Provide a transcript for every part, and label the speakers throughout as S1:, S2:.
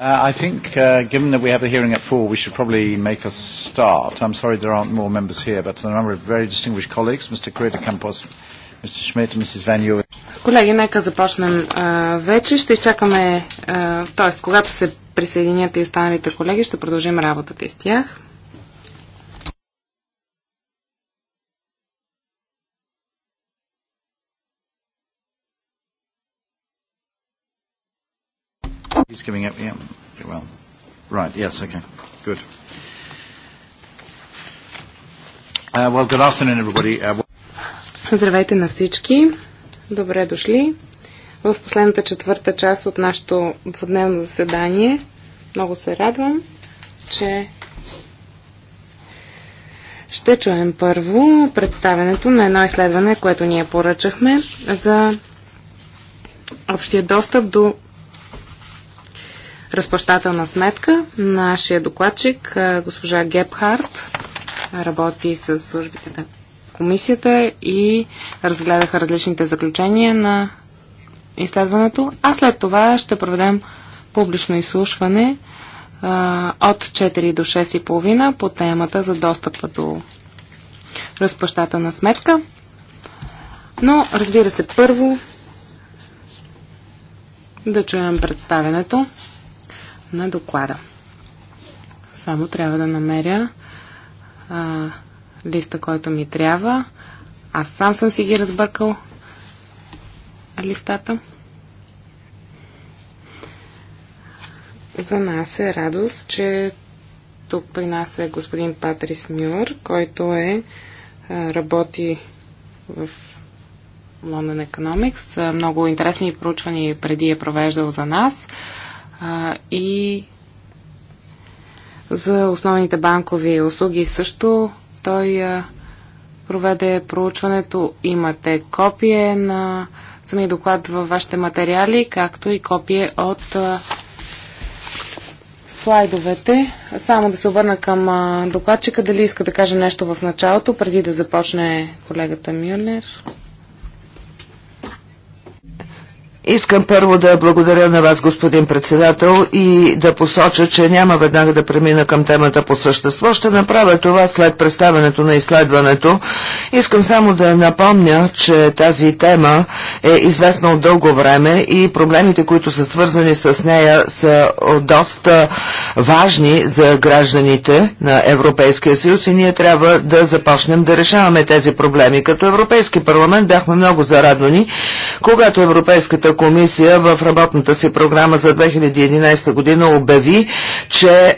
S1: I think, uh, given that we have a hearing at four, we should probably make a start. I'm sorry there aren't more members here, but there are a number of very distinguished colleagues, Mr. Correa Campos, Mr. Schmidt, Mrs. Van Uwe.
S2: Колеги, нека започнем а, вече. Ще изчакаме, т.е. когато се присъединят и останалите колеги, ще продължим работата с тях.
S1: He's giving up, yeah. Well, right, yes, okay, good. Uh, well, good afternoon, everybody. Uh,
S2: Здравейте на всички. Добре дошли в последната четвърта част от нашето двудневно заседание. Много се радвам, че ще чуем първо представенето на едно изследване, което ние поръчахме за общия достъп до разплащателна сметка. Нашия докладчик, госпожа Гепхарт, работи с службите на комисията и разгледаха различните заключения на изследването, а след това ще проведем публично изслушване от 4 до 6.30 по темата за достъпа до разплащателна сметка. Но, разбира се, първо да чуем представенето на доклада. Само трябва да намеря а, листа, който ми трябва. Аз сам съм си ги разбъркал листата. За нас е радост, че тук при нас е господин Патрис Мюр, който е работи в London Economics. Много интересни проучвания преди е провеждал за нас а, и за основните банкови услуги също той а, проведе проучването. Имате копие на самия доклад във вашите материали, както и копие от а, слайдовете. Само да се обърна към а, докладчика, дали иска да каже нещо в началото, преди да започне колегата Мюллер.
S3: Искам първо да благодаря на вас, господин председател, и да посоча, че няма веднага да премина към темата по същество. Ще направя това след представенето на изследването. Искам само да напомня, че тази тема е известна от дълго време и проблемите, които са свързани с нея, са доста важни за гражданите на Европейския съюз и ние трябва да започнем да решаваме тези проблеми. Като Европейски парламент бяхме много зарадвани, когато Европейската комисия в работната си програма за 2011 година обяви, че е,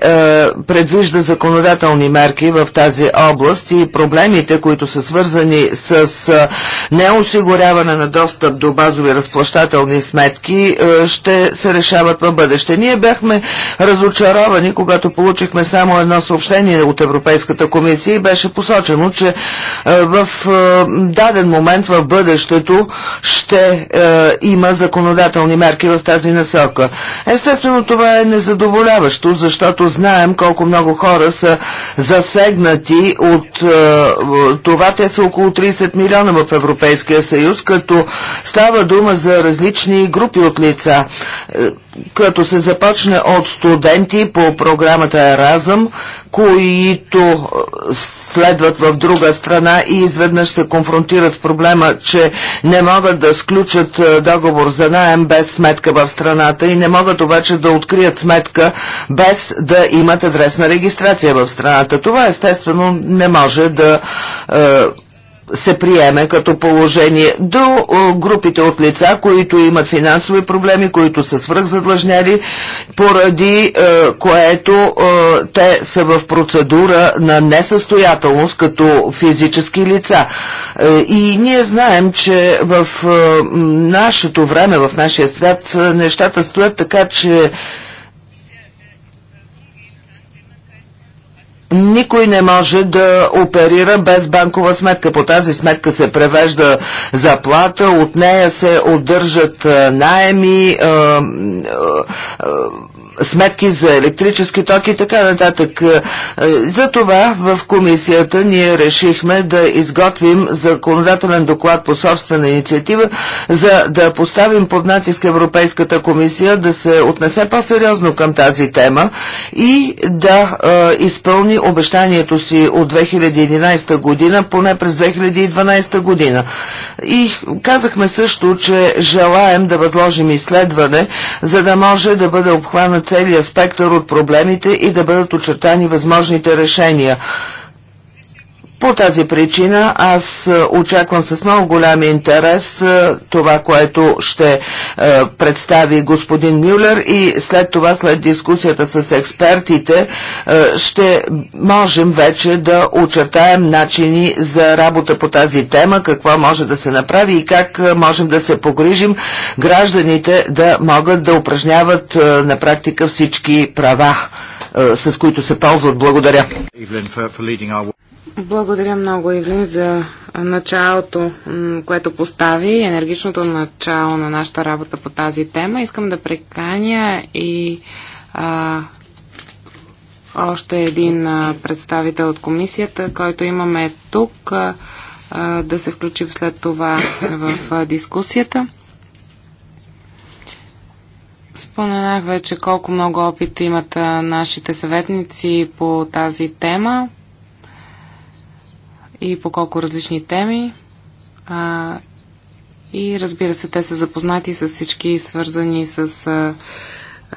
S3: предвижда законодателни мерки в тази област и проблемите, които са свързани с е, неосигуряване на достъп до базови разплащателни сметки, е, ще се решават в бъдеще. Ние бяхме разочаровани, когато получихме само едно съобщение от Европейската комисия и беше посочено, че в даден момент в бъдещето ще има за законодателни мерки в тази насока. Естествено това е незадоволяващо, защото знаем колко много хора са засегнати от е, това. Те са около 30 милиона в Европейския съюз, като става дума за различни групи от лица. Е, като се започне от студенти по програмата Еразъм, които е, следват в друга страна и изведнъж се конфронтират с проблема, че не могат да сключат е, договор за найем без сметка в страната и не могат обаче да открият сметка без да имат адресна регистрация в страната. Това естествено не може да е, се приеме като положение до е, групите от лица, които имат финансови проблеми, които са свръхзадлъжняли, поради е, което е, те са в процедура на несъстоятелност като физически лица. Е, и ние знаем, че в е, нашето време, в нашия свят, е, нещата стоят така, че никой не може да оперира без банкова сметка. По тази сметка се превежда заплата, от нея се отдържат найеми, е, е, сметки за електрически токи и така нататък. Е, за това в комисията ние решихме да изготвим законодателен доклад по собствена инициатива, за да поставим под натиск Европейската комисия да се отнесе по-сериозно към тази тема и да е, изпълни обещанието си от 2011 година, поне през 2012 година. И казахме също, че желаем да възложим изследване, за да може да бъде обхванат целия спектър от проблемите и да бъдат очертани възможните решения. По тази причина аз е, очаквам с много голям интерес е, това, което ще е, представи господин Мюллер и след това, след дискусията с експертите, ще можем вече да очертаем начини за работа по тази тема, какво може да се направи и как можем да се погрижим гражданите да могат да упражняват на практика всички права, с които се ползват. Благодаря.
S2: Благодаря много, Ивлин, за началото, което постави, енергичното начало на нашата работа по тази тема. Искам да преканя и а, още един а, представител от комисията, който имаме тук, а, а, да се включи след това в а, дискусията. Споменах вече колко много опит имат а, нашите съветници по тази тема и по колко различни теми. А, и разбира се, те са запознати с всички свързани с а,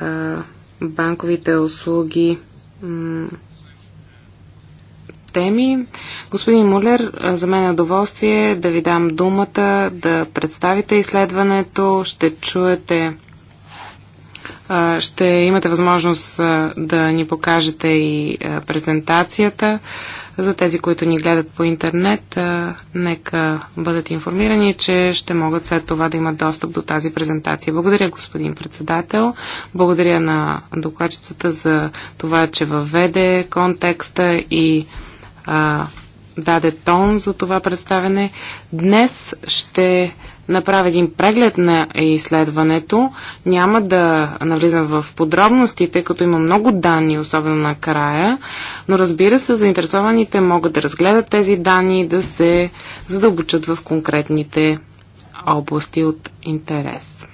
S2: а, банковите услуги теми. Господин Мулер, за мен е удоволствие да ви дам думата, да представите изследването, ще чуете ще имате възможност да ни покажете и презентацията. За тези, които ни гледат по интернет, нека бъдат информирани, че ще могат след това да имат достъп до тази презентация. Благодаря, господин председател. Благодаря на докладчицата за това, че въведе контекста и даде тон за това представене. Днес ще направя един преглед на изследването. Няма да навлизам в подробностите, като има много данни, особено на края, но разбира се, заинтересованите могат да разгледат тези данни и да се задълбочат в конкретните области от интерес.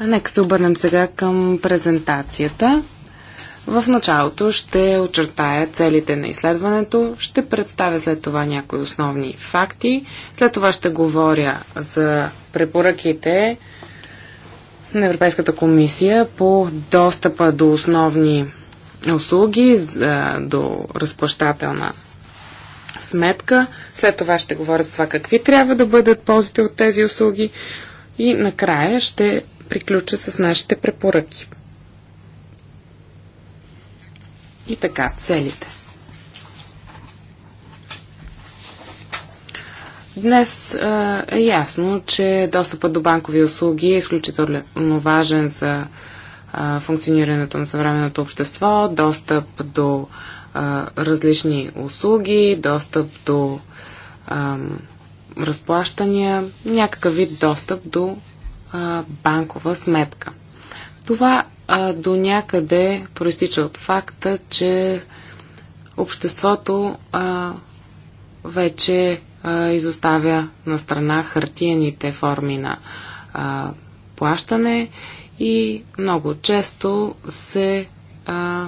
S2: А нека се обърнем сега към презентацията. В началото ще очертая целите на изследването, ще представя след това някои основни факти, след това ще говоря за препоръките на Европейската комисия по достъпа до основни услуги, до разплащателна сметка. След това ще говоря за това какви трябва да бъдат ползите от тези услуги и накрая ще приключа с нашите препоръки. И така, целите. Днес е ясно, че достъпът до банкови услуги е изключително важен за функционирането на съвременното общество, достъп до различни услуги, достъп до разплащания, някакъв вид достъп до банкова сметка. Това а, до някъде проистича от факта, че обществото а, вече а, изоставя на страна хартиените форми на а, плащане и много често се а,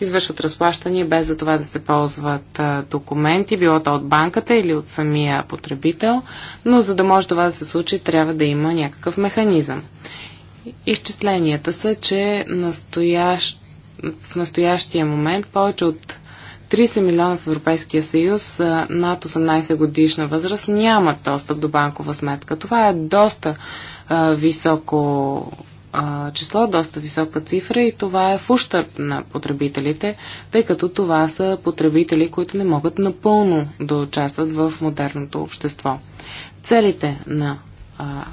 S2: извършват разплащания без за това да се ползват а, документи, било то от банката или от самия потребител, но за да може това да се случи, трябва да има някакъв механизъм. Изчисленията са, че настоящ, в настоящия момент повече от 30 милиона в Европейския съюз над 18 годишна възраст нямат достъп до банкова сметка. Това е доста а, високо а, число, доста висока цифра и това е в ущърп на потребителите, тъй като това са потребители, които не могат напълно да участват в модерното общество. Целите на а,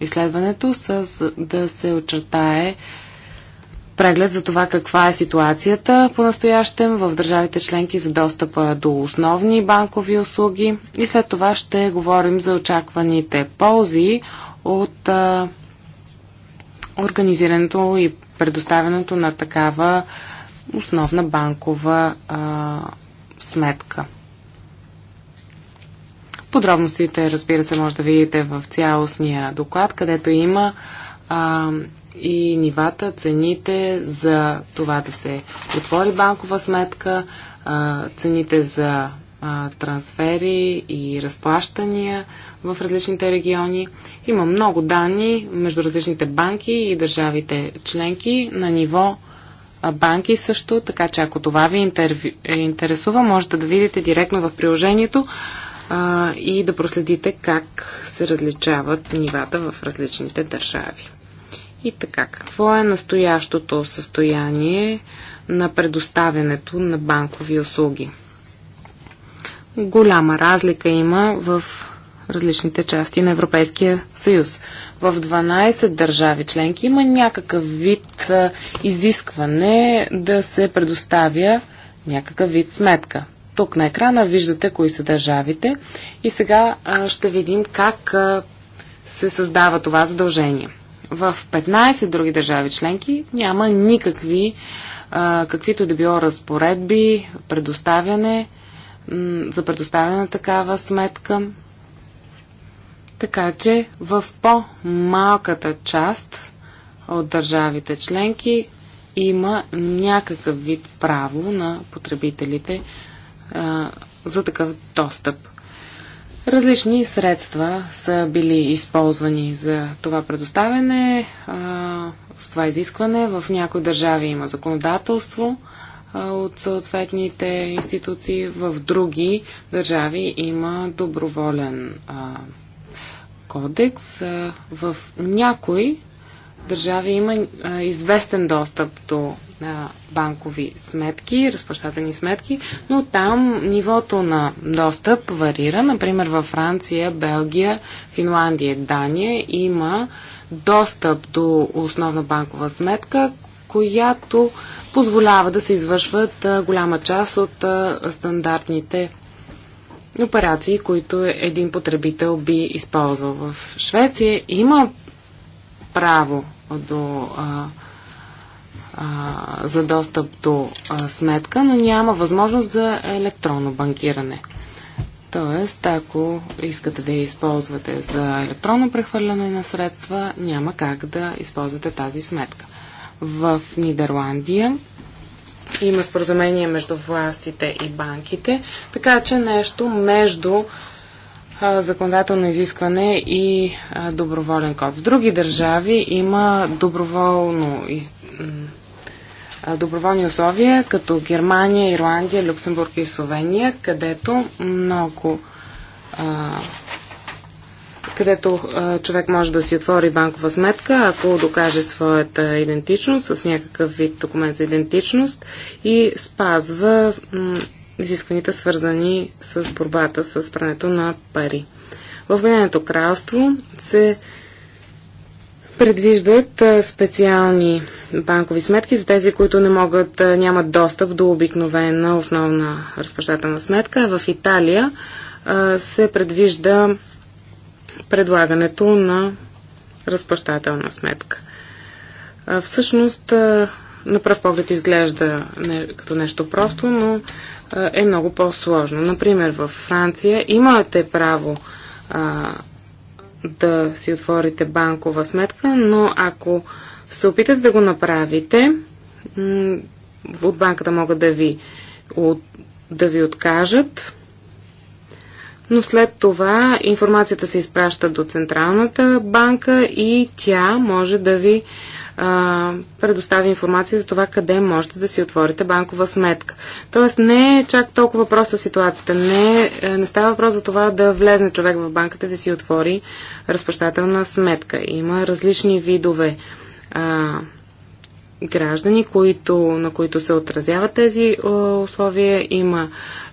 S2: изследването с да се очертае преглед за това каква е ситуацията по-настоящем в държавите членки за достъпа до основни банкови услуги и след това ще говорим за очакваните ползи от а, организирането и предоставянето на такава основна банкова а, сметка. Подробностите, разбира се, може да видите в цялостния доклад, където има а, и нивата, цените за това да се отвори банкова сметка, а, цените за а, трансфери и разплащания в различните региони. Има много данни между различните банки и държавите членки на ниво банки също, така че ако това ви интервю... Е интересува, можете да видите директно в приложението а, и да проследите как се различават нивата в различните държави. И така, какво е настоящото състояние на предоставянето на банкови услуги? Голяма разлика има в различните части на Европейския съюз. В 12 държави членки има някакъв вид а, изискване да се предоставя някакъв вид сметка. Тук на екрана виждате кои са държавите и сега ще видим как се създава това задължение. В 15 други държави членки няма никакви, каквито да било разпоредби, предоставяне, за предоставяне на такава сметка. Така че в по-малката част от държавите членки има някакъв вид право на потребителите а, за такъв достъп. Различни средства са били използвани за това предоставяне, а, с това изискване. В някои държави има законодателство а, от съответните институции, в други държави има доброволен а, кодекс. В някои държави има известен достъп до на банкови сметки, разплащателни сметки, но там нивото на достъп варира. Например, във Франция, Белгия, Финландия, Дания има достъп до основна банкова сметка, която позволява да се извършват голяма част от стандартните операции, които един потребител би използвал. В Швеция има право до а, за достъп до сметка, но няма възможност за електронно банкиране. Тоест, ако искате да я използвате за електронно прехвърляне на средства, няма как да използвате тази сметка. В Нидерландия има споразумение между властите и банките, така че нещо между законодателно изискване и доброволен код. В други държави има доброволно изискване доброволни условия, като Германия, Ирландия, Люксембург и Словения, където много където човек може да си отвори банкова сметка, ако докаже своята идентичност с някакъв вид документ за идентичност и спазва изискванията свързани с борбата с прането на пари. В Обединеното кралство се предвиждат специални банкови сметки за тези, които не могат, нямат достъп до обикновена основна разплащателна сметка. В Италия се предвижда предлагането на разплащателна сметка. Всъщност, на пръв поглед изглежда не, като нещо просто, но е много по-сложно. Например, в Франция имате право да си отворите банкова сметка, но ако се опитате да го направите, от банката могат да ви, от, да ви откажат, но след това информацията се изпраща до Централната банка и тя може да ви а, предостави информация за това къде можете да си отворите банкова сметка. Тоест не е чак толкова проста ситуацията. Не, е, не става въпрос за това да влезне човек в банката и да си отвори разпощателна сметка. Има различни видове а, граждани, които, на които се отразяват тези а, условия. Има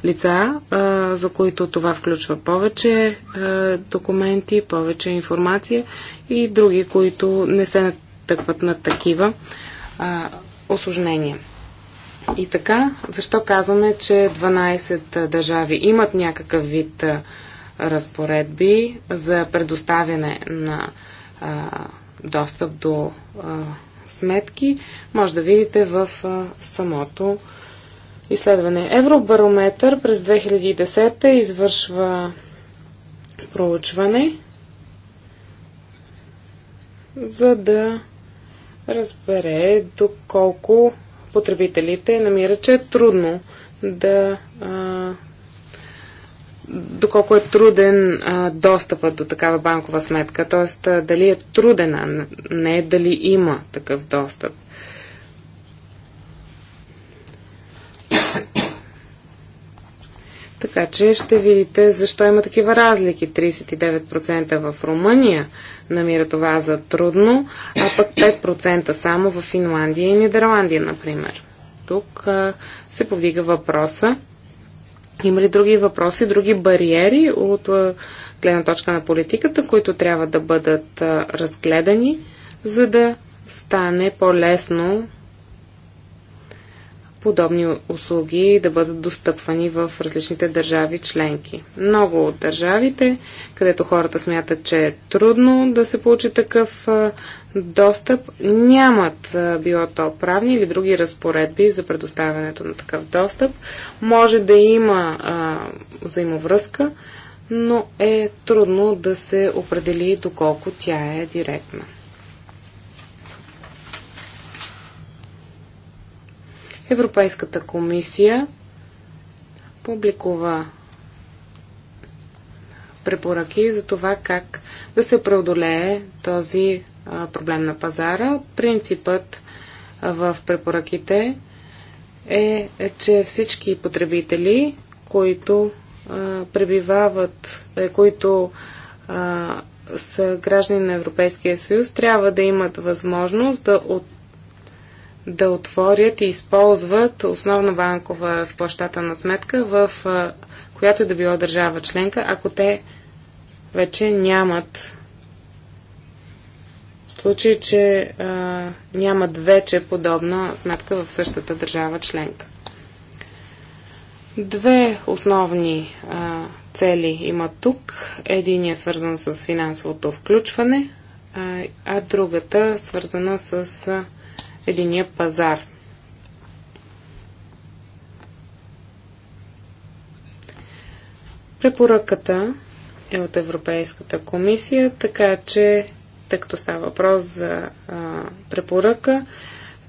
S2: лица, а, за които това включва повече а, документи, повече информация и други, които не се Тъкват на такива а, осложнения. И така, защо казваме, че 12 държави имат някакъв вид а, разпоредби за предоставяне на а, достъп до а, сметки, може да видите в а, самото изследване. Евробарометър през 2010 извършва проучване, за да разбере доколко потребителите намират, че е трудно да. А, доколко е труден а, достъпът до такава банкова сметка, т.е. дали е труден, а не дали има такъв достъп. Така че ще видите защо има такива разлики. 39% в Румъния намира това за трудно, а пък 5% само в Финландия и Нидерландия, например. Тук а, се повдига въпроса. Има ли други въпроси, други бариери от гледна точка на политиката, които трябва да бъдат а, разгледани, за да стане по-лесно подобни услуги да бъдат достъпвани в различните държави членки. Много от държавите, където хората смятат, че е трудно да се получи такъв достъп, нямат било то правни или други разпоредби за предоставянето на такъв достъп. Може да има а, взаимовръзка, но е трудно да се определи доколко тя е директна. Европейската комисия публикува препоръки за това как да се преодолее този проблем на пазара. Принципът в препоръките е, е, че всички потребители, които пребивават, е, които са граждани на Европейския съюз, трябва да имат възможност да от да отворят и използват основна банкова разплащателна сметка, в която е да била държава членка, ако те вече нямат в случай, че а, нямат вече подобна сметка в същата държава членка. Две основни а, цели има тук. Един е свързан с финансовото включване, а, а другата свързана с а, единия пазар. Препоръката е от Европейската комисия, така че, тъй като става въпрос за а, препоръка,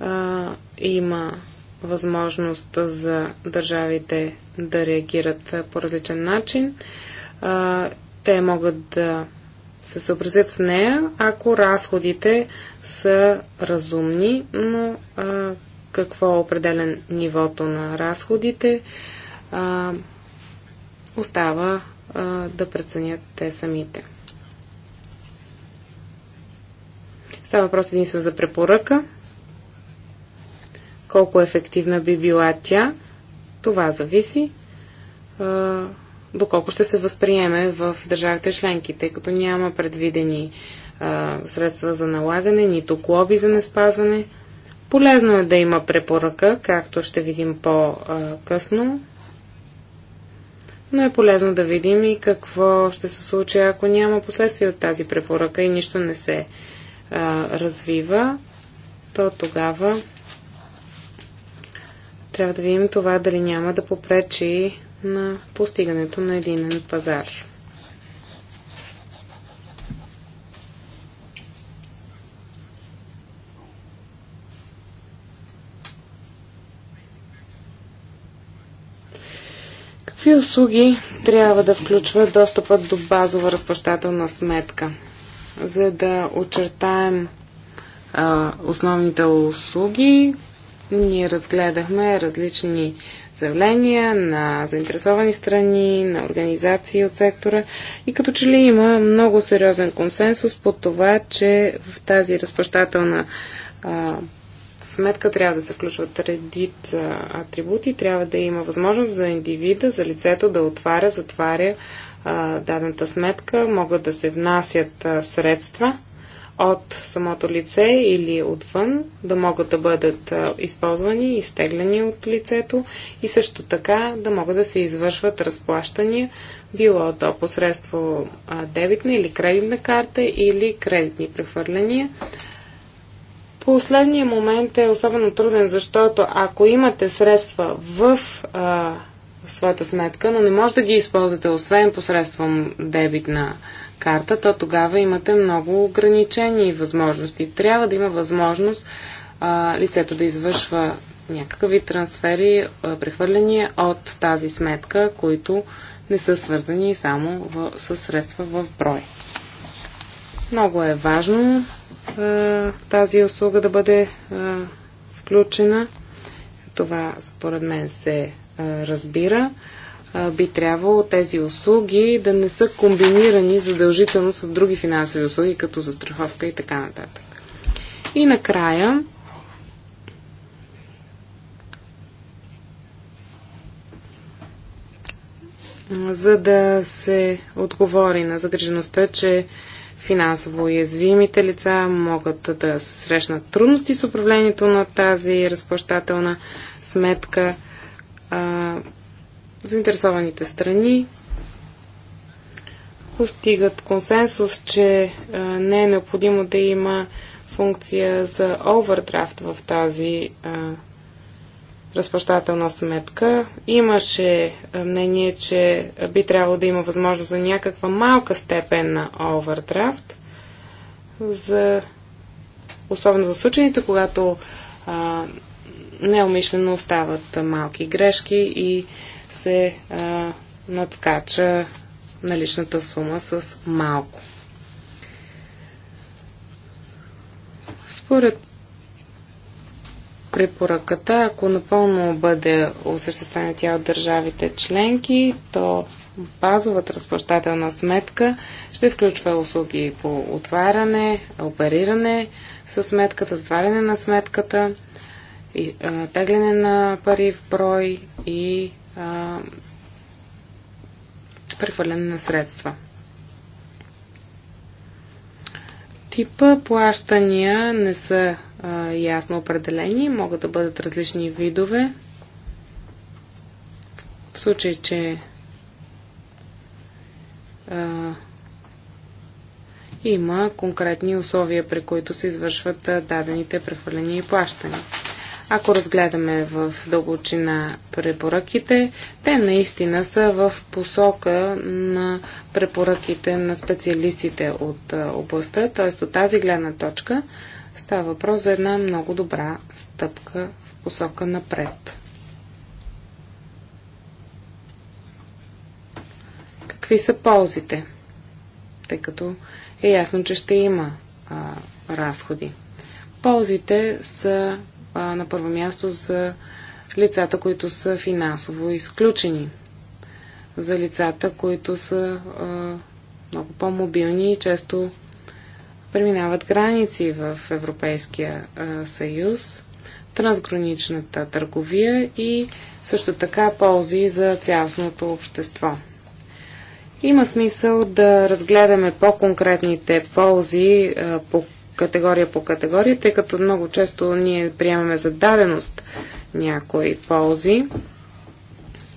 S2: а, има възможност за държавите да реагират по различен начин. А, те могат да се съобразят с нея, ако разходите са разумни, но а, какво е определен нивото на разходите, а, остава а, да преценят те самите. Става въпрос единствено за препоръка. Колко ефективна би била тя, това зависи. А, доколко ще се възприеме в държавите членки, тъй като няма предвидени а, средства за налагане, нито глоби за неспазване. Полезно е да има препоръка, както ще видим по-късно, но е полезно да видим и какво ще се случи, ако няма последствия от тази препоръка и нищо не се а, развива, то тогава трябва да видим това дали няма да попречи на постигането на единен пазар. Какви услуги трябва да включват достъпът до базова разплащателна сметка? За да очертаем а, основните услуги, ние разгледахме различни заявления на заинтересовани страни, на организации от сектора и като че ли има много сериозен консенсус по това, че в тази разпощателна а, сметка трябва да се включват редит а, атрибути, трябва да има възможност за индивида, за лицето да отваря, затваря а, дадената сметка, могат да се внасят а, средства – от самото лице или отвън, да могат да бъдат използвани, изтегляни от лицето и също така да могат да се извършват разплащания, било то посредство дебитна или кредитна карта или кредитни прехвърляния. Последният момент е особено труден, защото ако имате средства в а, в своята сметка, но не може да ги използвате освен посредством дебитна карта, карта, то тогава имате много ограничени възможности. Трябва да има възможност а, лицето да извършва някакви трансфери, а, прехвърляния от тази сметка, които не са свързани само в, с средства в брой. Много е важно а, тази услуга да бъде а, включена. Това според мен се а, разбира би трябвало тези услуги да не са комбинирани задължително с други финансови услуги, като застраховка и така нататък. И накрая, за да се отговори на загрижеността, че финансово уязвимите лица могат да срещнат трудности с управлението на тази разплащателна сметка заинтересованите страни постигат консенсус, че не е необходимо да има функция за овердрафт в тази разплащателна сметка. Имаше мнение, че би трябвало да има възможност за някаква малка степен на овердрафт, за, особено за случаите, когато а, неумишлено остават малки грешки и се а, надскача наличната сума с малко. Според препоръката, ако напълно бъде осъществена тя от държавите членки, то базовата разплащателна сметка ще включва услуги по отваряне, опериране с сметката, затваряне на сметката, и, а, тегляне на пари в брой и прехвърляне на средства. Типа плащания не са а, ясно определени, могат да бъдат различни видове. В случай, че а, има конкретни условия, при които се извършват дадените прехвърления и плащания. Ако разгледаме в дълбочина препоръките, те наистина са в посока на препоръките на специалистите от областта, т.е. от тази гледна точка става въпрос за една много добра стъпка в посока напред. Какви са ползите? Тъй като е ясно, че ще има а, разходи. Ползите са а, на първо място за лицата, които са финансово изключени, за лицата, които са а, много по-мобилни и често преминават граници в Европейския а, съюз, трансграничната търговия и също така ползи за цялостното общество. Има смисъл да разгледаме по-конкретните ползи, по категория по категория, тъй като много често ние приемаме за даденост някои ползи.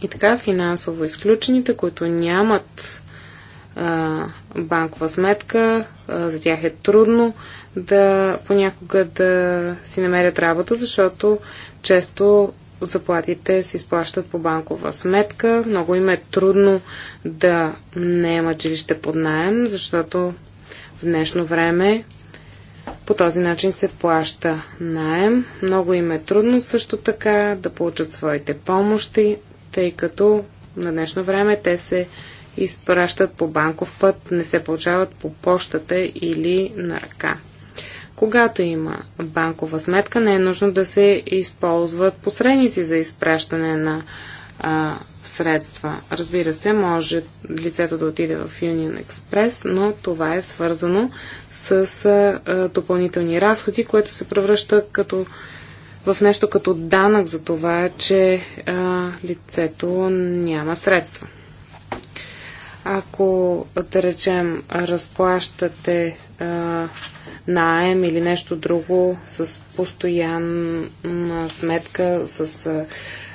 S2: И така финансово изключените, които нямат а, банкова сметка, а, за тях е трудно да понякога да си намерят работа, защото често заплатите се изплащат по банкова сметка. Много им е трудно да имат жилище под найем, защото в днешно време по този начин се плаща наем. Много им е трудно също така да получат своите помощи, тъй като на днешно време те се изпращат по банков път, не се получават по почтата или на ръка. Когато има банкова сметка, не е нужно да се използват посредници за изпращане на а, средства. Разбира се, може лицето да отиде в Union Express, но това е свързано с а, допълнителни разходи, което се превръща като, в нещо като данък за това, че а, лицето няма средства. Ако, да речем, разплащате а, наем или нещо друго с постоянна сметка, с а,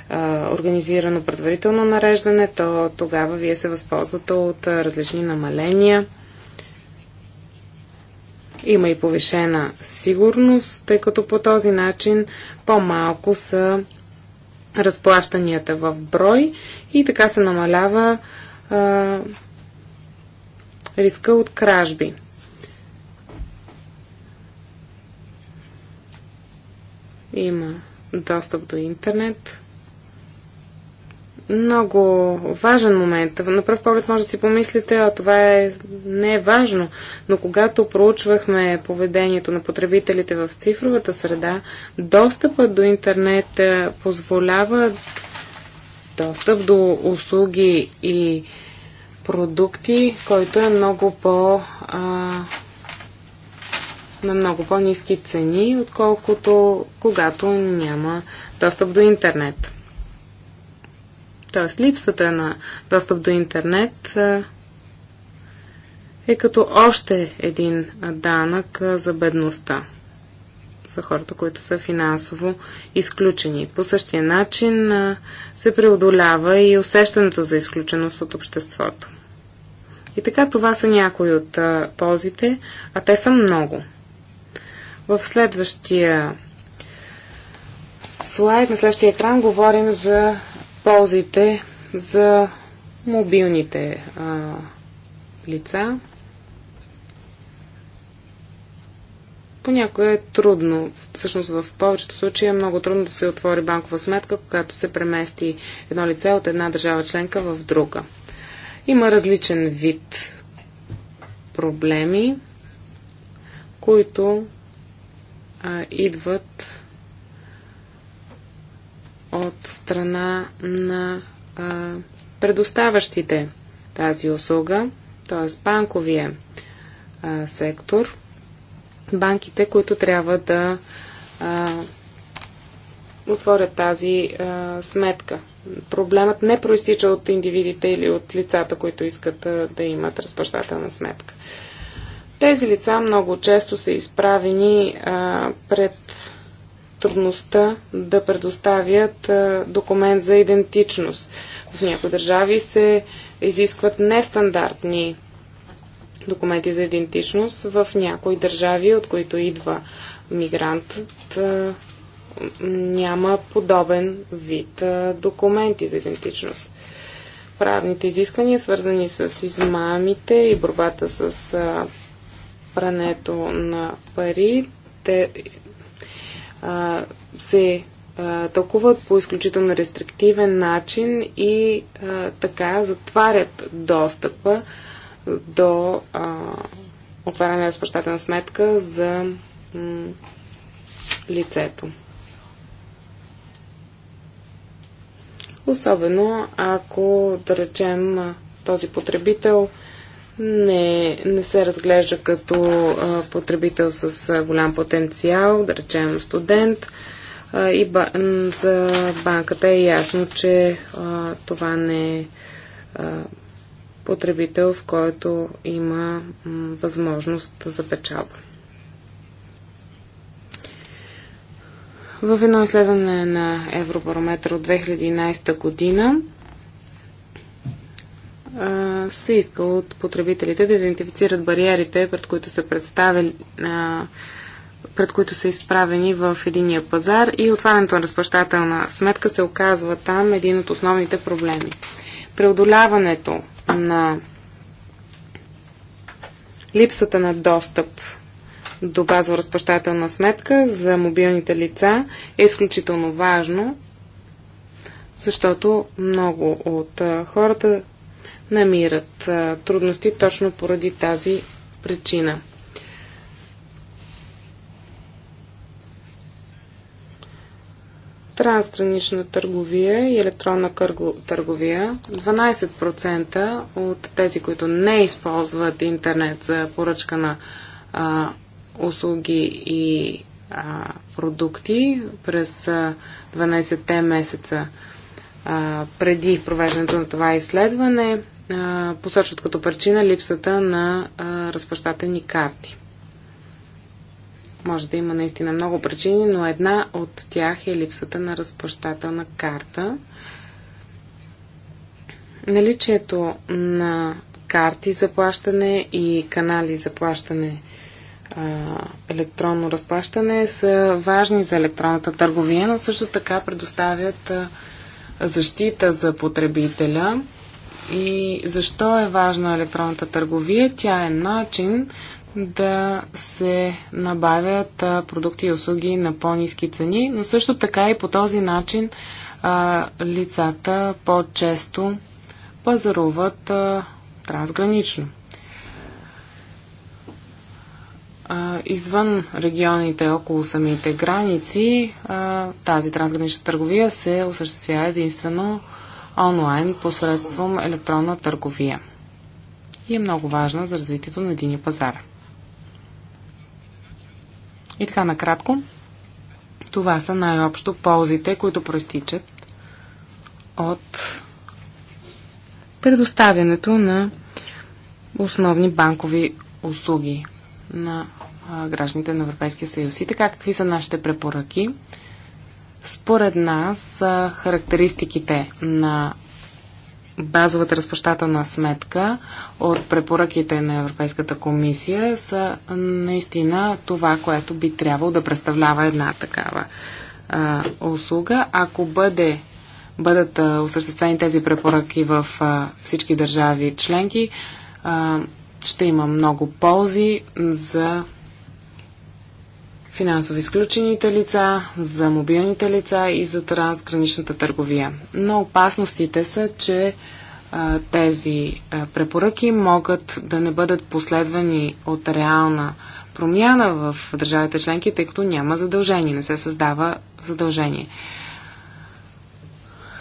S2: а, организирано предварително нареждане, то тогава вие се възползвате от а, различни намаления. Има и повишена сигурност, тъй като по този начин по-малко са разплащанията в брой и така се намалява а, риска от кражби. Има достъп до интернет много важен момент. На пръв поглед може да си помислите, а това е, не е важно. Но когато проучвахме поведението на потребителите в цифровата среда, достъпът до интернет е, позволява достъп до услуги и продукти, който е много по... А, на много по-низки цени, отколкото когато няма достъп до интернет. Т.е. липсата на достъп до интернет е като още един данък за бедността за хората, които са финансово изключени. По същия начин се преодолява и усещането за изключеност от обществото. И така, това са някои от ползите, а те са много. В следващия слайд, на следващия екран, говорим за ползите за мобилните а, лица. Понякога е трудно, всъщност в повечето случаи е много трудно да се отвори банкова сметка, когато се премести едно лице от една държава членка в друга. Има различен вид проблеми, които а, идват от страна на а, предоставащите тази услуга, т.е. банковия а, сектор, банките, които трябва да а, отворят тази а, сметка. Проблемът не проистича от индивидите или от лицата, които искат а, да имат разплащателна сметка. Тези лица много често са изправени а, пред трудността да предоставят документ за идентичност. В някои държави се изискват нестандартни документи за идентичност. В някои държави, от които идва мигрантът, няма подобен вид документи за идентичност. Правните изисквания, свързани с измамите и борбата с прането на пари, те а, се тълкуват по изключително рестриктивен начин и а, така затварят достъпа до а, отваряне на разпощателна сметка за лицето. Особено ако, да речем, този потребител не, не се разглежда като а, потребител с а, голям потенциал, да речем студент. А, и ба, за банката е ясно, че а, това не е а, потребител, в който има м, възможност за печалба. В едно изследване на Евробарометър от 2011 година се иска от потребителите да идентифицират бариерите, пред които са представени пред които са изправени в единия пазар и отварянето на разплащателна сметка се оказва там един от основните проблеми. Преодоляването на липсата на достъп до базова разплащателна сметка за мобилните лица е изключително важно, защото много от хората намират трудности точно поради тази причина. трансгранична търговия и електронна търговия, 12% от тези, които не използват интернет за поръчка на а, услуги и а, продукти през 12-те месеца а, преди провеждането на това изследване, посочват като причина липсата на а, карти. Може да има наистина много причини, но една от тях е липсата на разплащателна карта. Наличието на карти за плащане и канали за плащане, електронно разплащане са важни за електронната търговия, но също така предоставят защита за потребителя и защо е важна електронната търговия? Тя е начин да се набавят а, продукти и услуги на по-низки цени, но също така и по този начин а, лицата по-често пазаруват а, трансгранично. извън регионите около самите граници тази трансгранична търговия се осъществява единствено онлайн посредством електронна търговия и е много важна за развитието на единия пазар. И така накратко, това са най-общо ползите, които проистичат от предоставянето на основни банкови услуги на гражданите на Европейския съюз. И така, какви са нашите препоръки? Според нас характеристиките на базовата разпощателна сметка от препоръките на Европейската комисия са наистина това, което би трябвало да представлява една такава а, услуга. Ако бъде, бъдат а, осъществени тези препоръки в а, всички държави членки, а, ще има много ползи за финансово изключените лица, за мобилните лица и за трансграничната търговия. Но опасностите са, че а, тези а, препоръки могат да не бъдат последвани от реална промяна в държавите членки, тъй като няма задължение, не се създава задължение.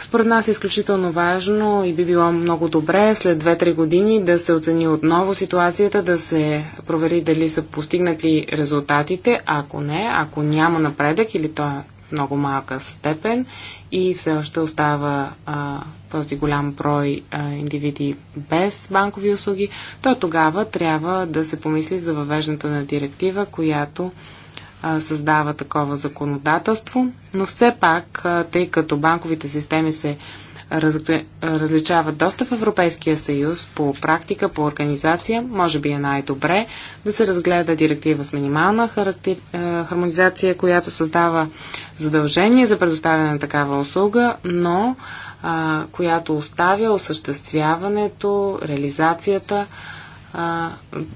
S2: Според нас е изключително важно и би било много добре след 2-3 години да се оцени отново ситуацията, да се провери дали са постигнати резултатите, ако не, ако няма напредък или то е в много малка степен и все още остава а, този голям брой а, индивиди без банкови услуги, то тогава трябва да се помисли за въвеждането на директива, която създава такова законодателство, но все пак, тъй като банковите системи се различават доста в Европейския съюз по практика, по организация, може би е най-добре да се разгледа директива с минимална характер... хармонизация, която създава задължение за предоставяне на такава услуга, но а, която оставя осъществяването, реализацията а,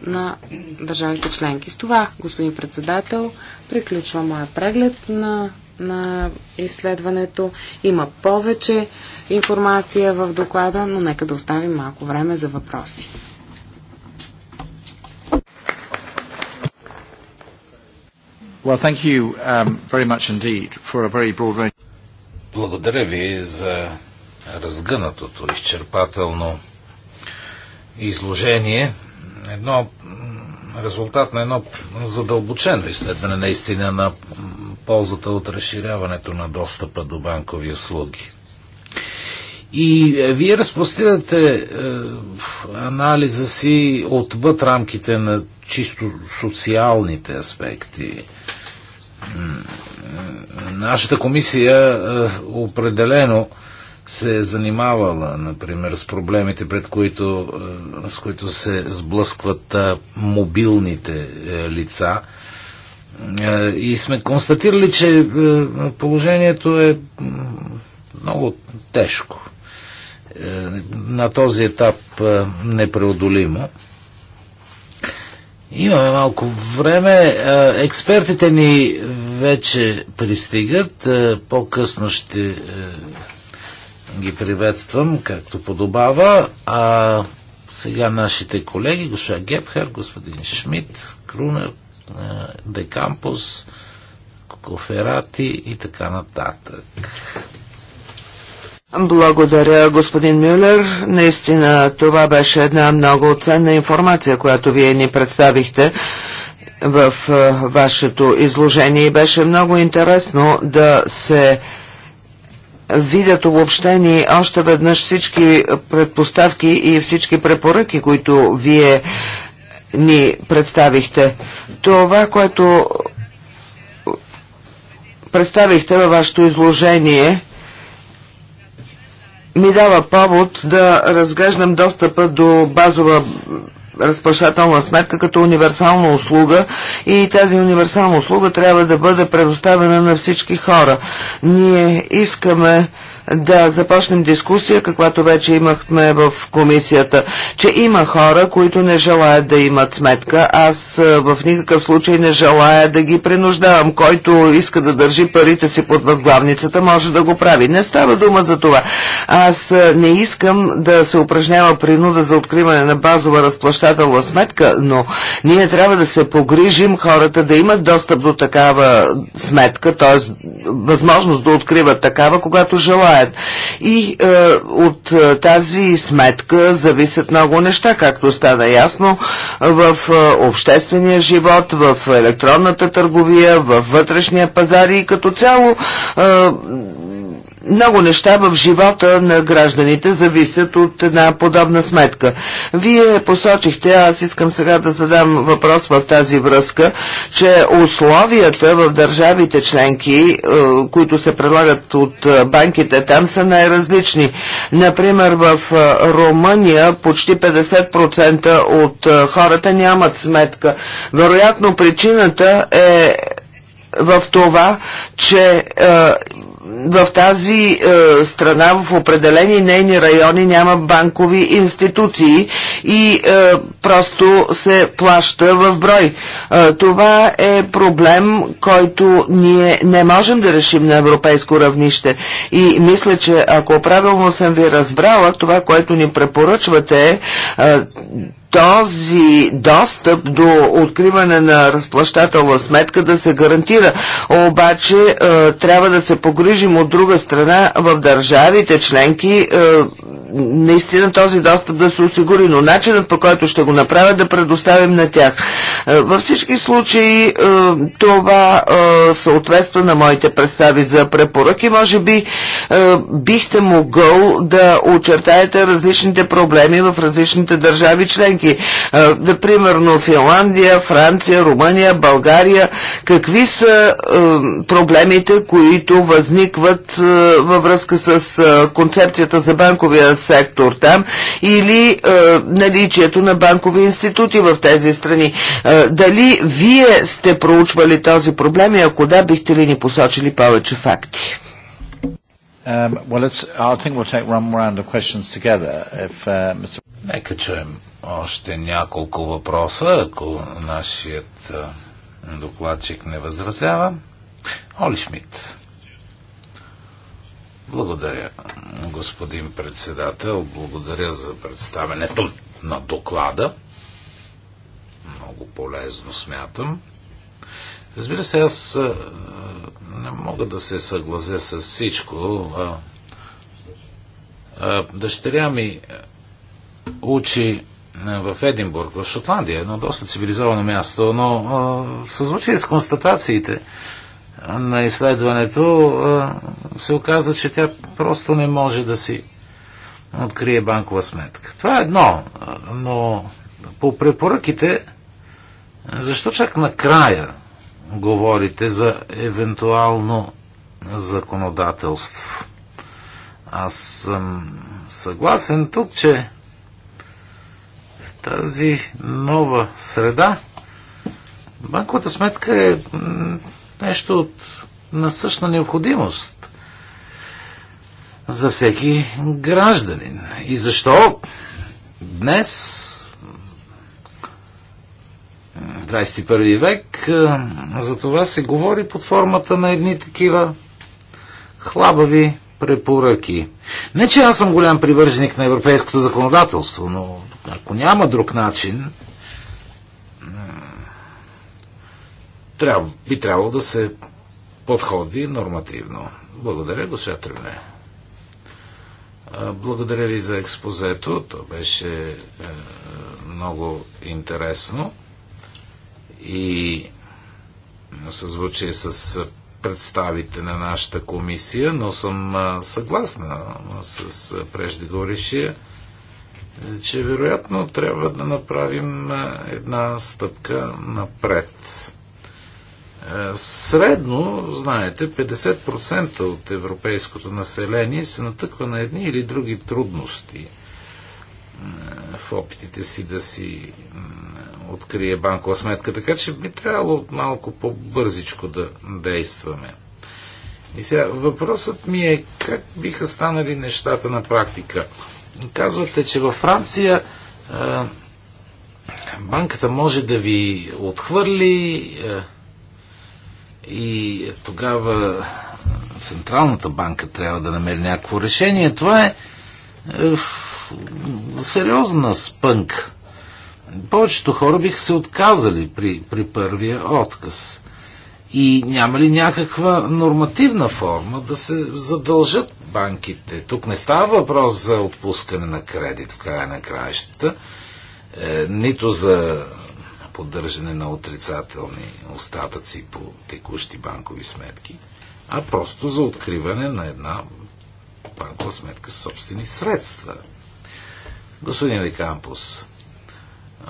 S2: на държавите членки. С това, господин председател, приключва моя преглед на, на изследването. Има повече информация в доклада, но нека да оставим малко време за въпроси.
S1: Well, thank you um, very much indeed for a very broad range.
S4: Благодаря ви за разгънатото, изчерпателно изложение едно резултат на едно задълбочено изследване наистина на ползата от разширяването на достъпа до банкови услуги. И е, вие разпростирате е, анализа си отвъд рамките на чисто социалните аспекти. Е, е, нашата комисия е, определено е, се е занимавала, например, с проблемите, пред които, е, с които се сблъскват е, мобилните е, лица. И сме констатирали, че положението е много тежко. На този етап непреодолимо. Имаме малко време. Експертите ни вече пристигат. По-късно ще ги приветствам, както подобава. А сега нашите колеги, госпожа Гепхер, господин Шмидт, Крунер, Декампус, Коферати и така нататък.
S3: Благодаря, господин Мюллер. Наистина, това беше една много ценна информация, която вие ни представихте в вашето изложение и беше много интересно да се видят обобщени още веднъж всички предпоставки и всички препоръки, които вие ни представихте. Това, което представихте във вашето изложение, ми дава повод да разглеждам достъпа до базова разпрашателна сметка като универсална услуга и тази универсална услуга трябва да бъде предоставена на всички хора. Ние искаме да започнем дискусия, каквато вече имахме в комисията, че има хора, които не желаят да имат сметка. Аз е, в никакъв случай не желая да ги принуждавам. Който иска да държи парите си под възглавницата, може да го прави. Не става дума за това. Аз е, не искам да се упражнява принуда за откриване на базова разплащателна сметка, но ние трябва да се погрижим хората да имат достъп до такава сметка, т.е. възможност да откриват такава, когато желаят знаят. И е, от е, тази сметка зависят много неща, както стана ясно в е, обществения живот, в електронната търговия, в вътрешния пазар и като цяло е, много неща в живота на гражданите зависят от една подобна сметка. Вие посочихте, аз искам сега да задам въпрос в тази връзка, че условията в държавите членки, е, които се предлагат от е, банките там, са най-различни. Например, в е, Румъния почти 50% от хората нямат сметка. Вероятно причината е в това, че в тази е, страна, в определени нейни райони няма банкови институции и е, просто се плаща в брой. Е, това е проблем, който ние не можем да решим на европейско равнище. И мисля, че ако правилно съм ви разбрала, това, което ни препоръчвате е този достъп до откриване на разплащателна сметка да се гарантира. Обаче е, трябва да се погрижим от друга страна в държавите членки е, наистина този достъп да се осигури, но начинът по който ще го направят да предоставим на тях. Е, във всички случаи е, това е, съответства на моите представи за препоръки. Може би бихте могъл да очертаете различните проблеми в различните държави членки. Да, примерно Финландия, Франция, Румъния, България. Какви са проблемите, които възникват във връзка с концепцията за банковия сектор там или е, наличието на банкови институти в тези страни. Е, дали вие сте проучвали този проблем и ако да, бихте ли ни посочили повече факти?
S1: Um, well, I think we'll take one round of questions together. If,
S4: uh, Mr. Нека чуем още няколко въпроса, ако нашият е, докладчик не възразява. Оли Шмидт. Благодаря, господин председател. Благодаря за представенето на доклада. Много полезно смятам. Разбира се, аз не мога да се съглася с всичко. Дъщеря ми учи в Единбург, в Шотландия, едно доста цивилизовано място, но съзвучи с констатациите на изследването се оказа, че тя просто не може да си открие банкова сметка. Това е едно, но по препоръките, защо чак накрая говорите за евентуално законодателство? Аз съм съгласен тук, че в тази нова среда банковата сметка е Нещо от насъщна необходимост за всеки гражданин. И защо днес 21 век. Е, за това се говори под формата на едни такива хлабави препоръки. Не, че аз съм голям привърженик на европейското законодателство, но ако няма друг начин трябва, би трябвало да се подходи нормативно. Благодаря, госпожа Тревне. Благодаря ви за експозето. То беше е, много интересно и съзвучие с представите на нашата комисия, но съм съгласна с преждеговорившия, че вероятно трябва да направим една стъпка напред е, средно, знаете, 50% от европейското население се натъква на едни или други трудности е, в опитите си да си открие банкова сметка. Така че би трябвало малко по-бързичко да действаме. И сега въпросът ми е как биха станали нещата на практика. Казвате, че във Франция е, банката може да ви отхвърли и тогава Централната банка трябва да намери някакво решение. Това е, е сериозна спънка. Повечето хора биха се отказали при, при първия отказ. И няма ли някаква нормативна форма да се задължат банките? Тук не става въпрос за отпускане на кредит в края на краищата, е, нито за поддържане на отрицателни остатъци по текущи банкови сметки, а просто за откриване на една банкова сметка с собствени средства. Господин Викампус,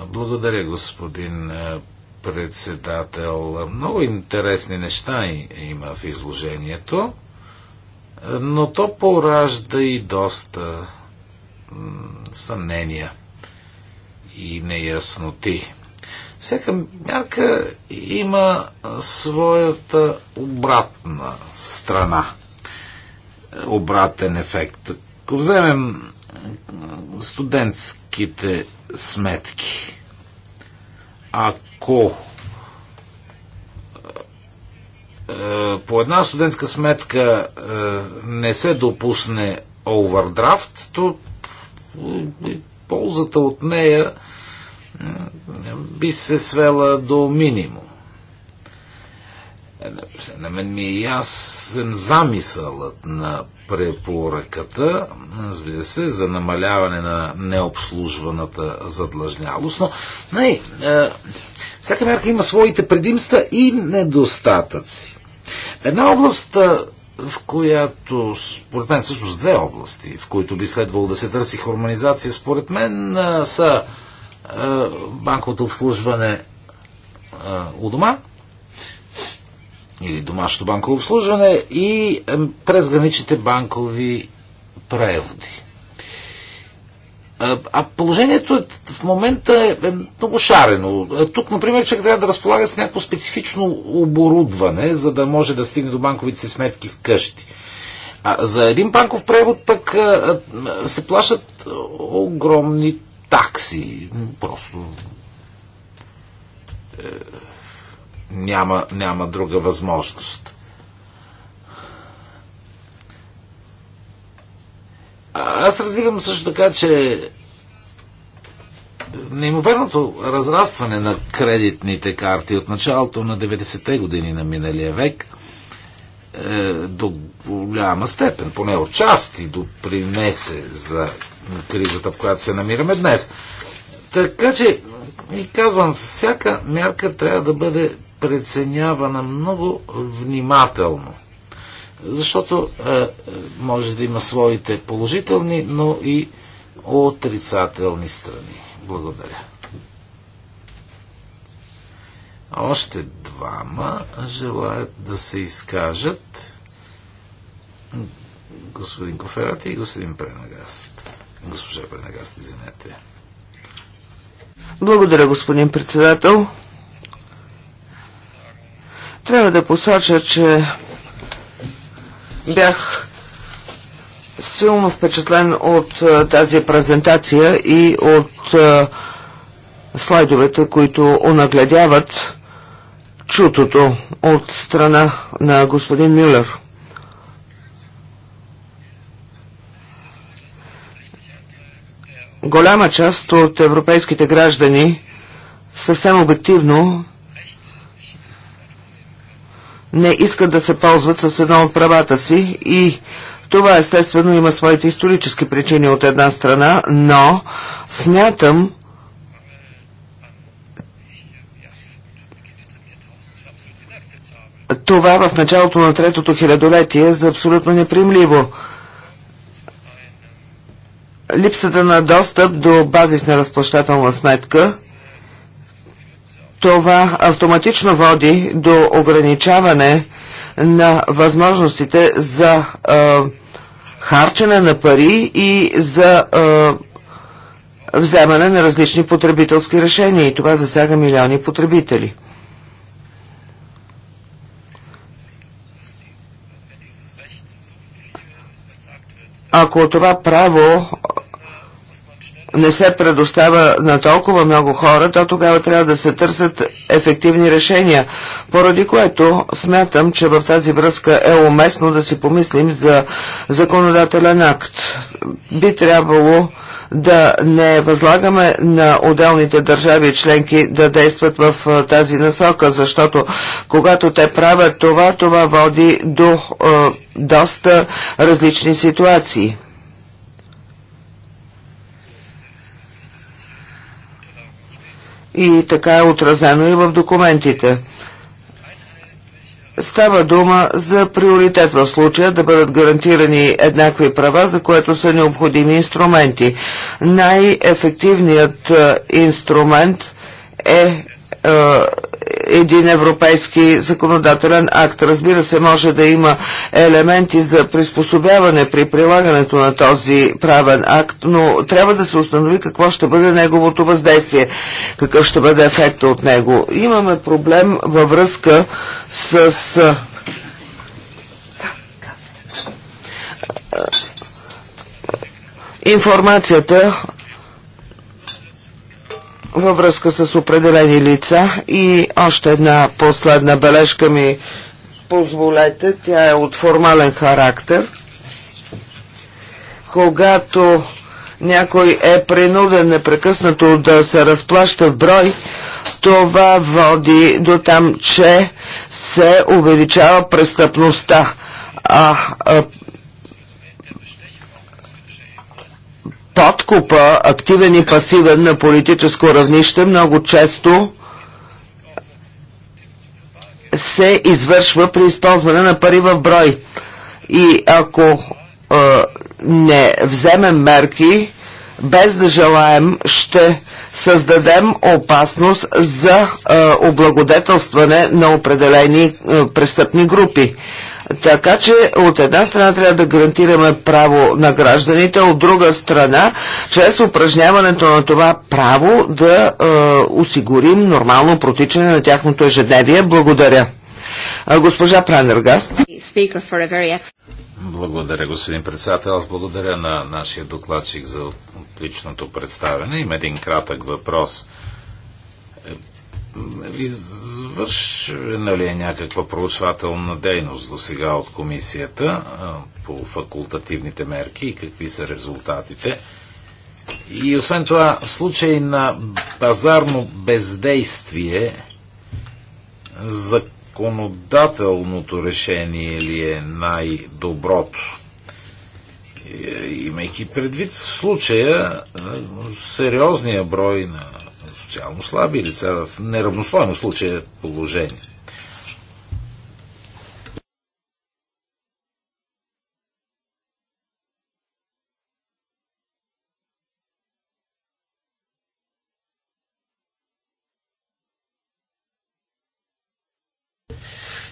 S4: благодаря, господин е, председател. Много интересни неща е, има в изложението, е, но то поражда и доста съмнения и неясноти. Всяка мярка има своята обратна страна, обратен ефект. Ако вземем студентските сметки, ако е, по една студентска сметка не се допусне овердрафт, то е, ползата от нея би се свела до минимум. На мен ми е ясен замисълът на препоръката, разбира се, за намаляване на необслужваната задлъжнялост, но не, е, всяка мярка има своите предимства и недостатъци. Една област, е, в която, според мен, всъщност две области, в които би следвало да се търси хармонизация, според мен е, са е, банковото обслужване е, у дома или домашното банково обслужване и е, през граничните банкови преводи. А положението в момента е много шарено. Тук, например, човек трябва да разполага с някакво специфично оборудване, за да може да стигне до банковите си сметки вкъщи. А за един банков превод пък се плащат огромни такси. Просто е, няма, няма друга възможност. А, аз разбирам също така, че неимоверното разрастване на кредитните карти от началото на 90-те години на миналия век е, до голяма степен, поне отчасти, допринесе за кризата, в която се намираме днес. Така че, и казвам, всяка мярка трябва да бъде преценявана много внимателно. Защото е, е, може да има своите положителни, но и отрицателни страни. Благодаря. Още двама желаят да се изкажат. Господин Коферати и господин Пренагаст. Госпожа Пренагаст, извинете.
S3: Благодаря, господин председател. Трябва да посоча, че бях силно впечатлен от тази презентация и от слайдовете, които онагледяват чутото от страна на господин Мюллер. голяма част от европейските граждани съвсем обективно не искат да се ползват с едно от правата си и това естествено има своите исторически причини от една страна, но смятам, това в началото на третото хилядолетие е за абсолютно неприемливо липсата на достъп до базисна разплащателна сметка, това автоматично води до ограничаване на възможностите за а, харчене на пари и за а, вземане на различни потребителски решения и това засяга милиони потребители. Ако това право не се предостава на толкова много хора, то тогава трябва да се търсят ефективни решения, поради което смятам, че в тази връзка е уместно да си помислим за законодателен акт. Би трябвало да не възлагаме на отделните държави и членки да действат в тази насока, защото когато те правят това, това води до е, доста различни ситуации. и така е отразено и в документите. Става дума за приоритет в случая да бъдат гарантирани еднакви права, за което са необходими инструменти. Най-ефективният е, инструмент е, е един европейски законодателен акт. Разбира се, може да има елементи за приспособяване при прилагането на този правен акт, но трябва да се установи какво ще бъде неговото въздействие, какъв ще бъде ефекта от него. Имаме проблем във връзка с информацията във връзка с определени лица. И още една последна бележка ми позволете, тя е от формален характер. Когато някой е принуден непрекъснато да се разплаща в брой, това води до там, че се увеличава престъпността. А, а подкупа, активен и пасивен на политическо равнище, много често се извършва при използване на пари в брой. И ако е, не вземем мерки, без да желаем, ще създадем опасност за е, облагодетелстване на определени е, престъпни групи. Така че от една страна трябва да гарантираме право на гражданите, от друга страна, чрез упражняването на това право да е, осигурим нормално протичане на тяхното ежедневие. Благодаря. Госпожа Пранергаст.
S4: Благодаря, господин председател. Аз благодаря на нашия докладчик за отличното представяне. Има един кратък въпрос. Нали, извършена ли е някаква проучвателна дейност до сега от комисията по факултативните мерки и какви са резултатите? И освен това, в случай на пазарно бездействие, законодателното решение ли е най-доброто? Имайки предвид в случая сериозния брой на социално слаби лица в неравностойно случая положение.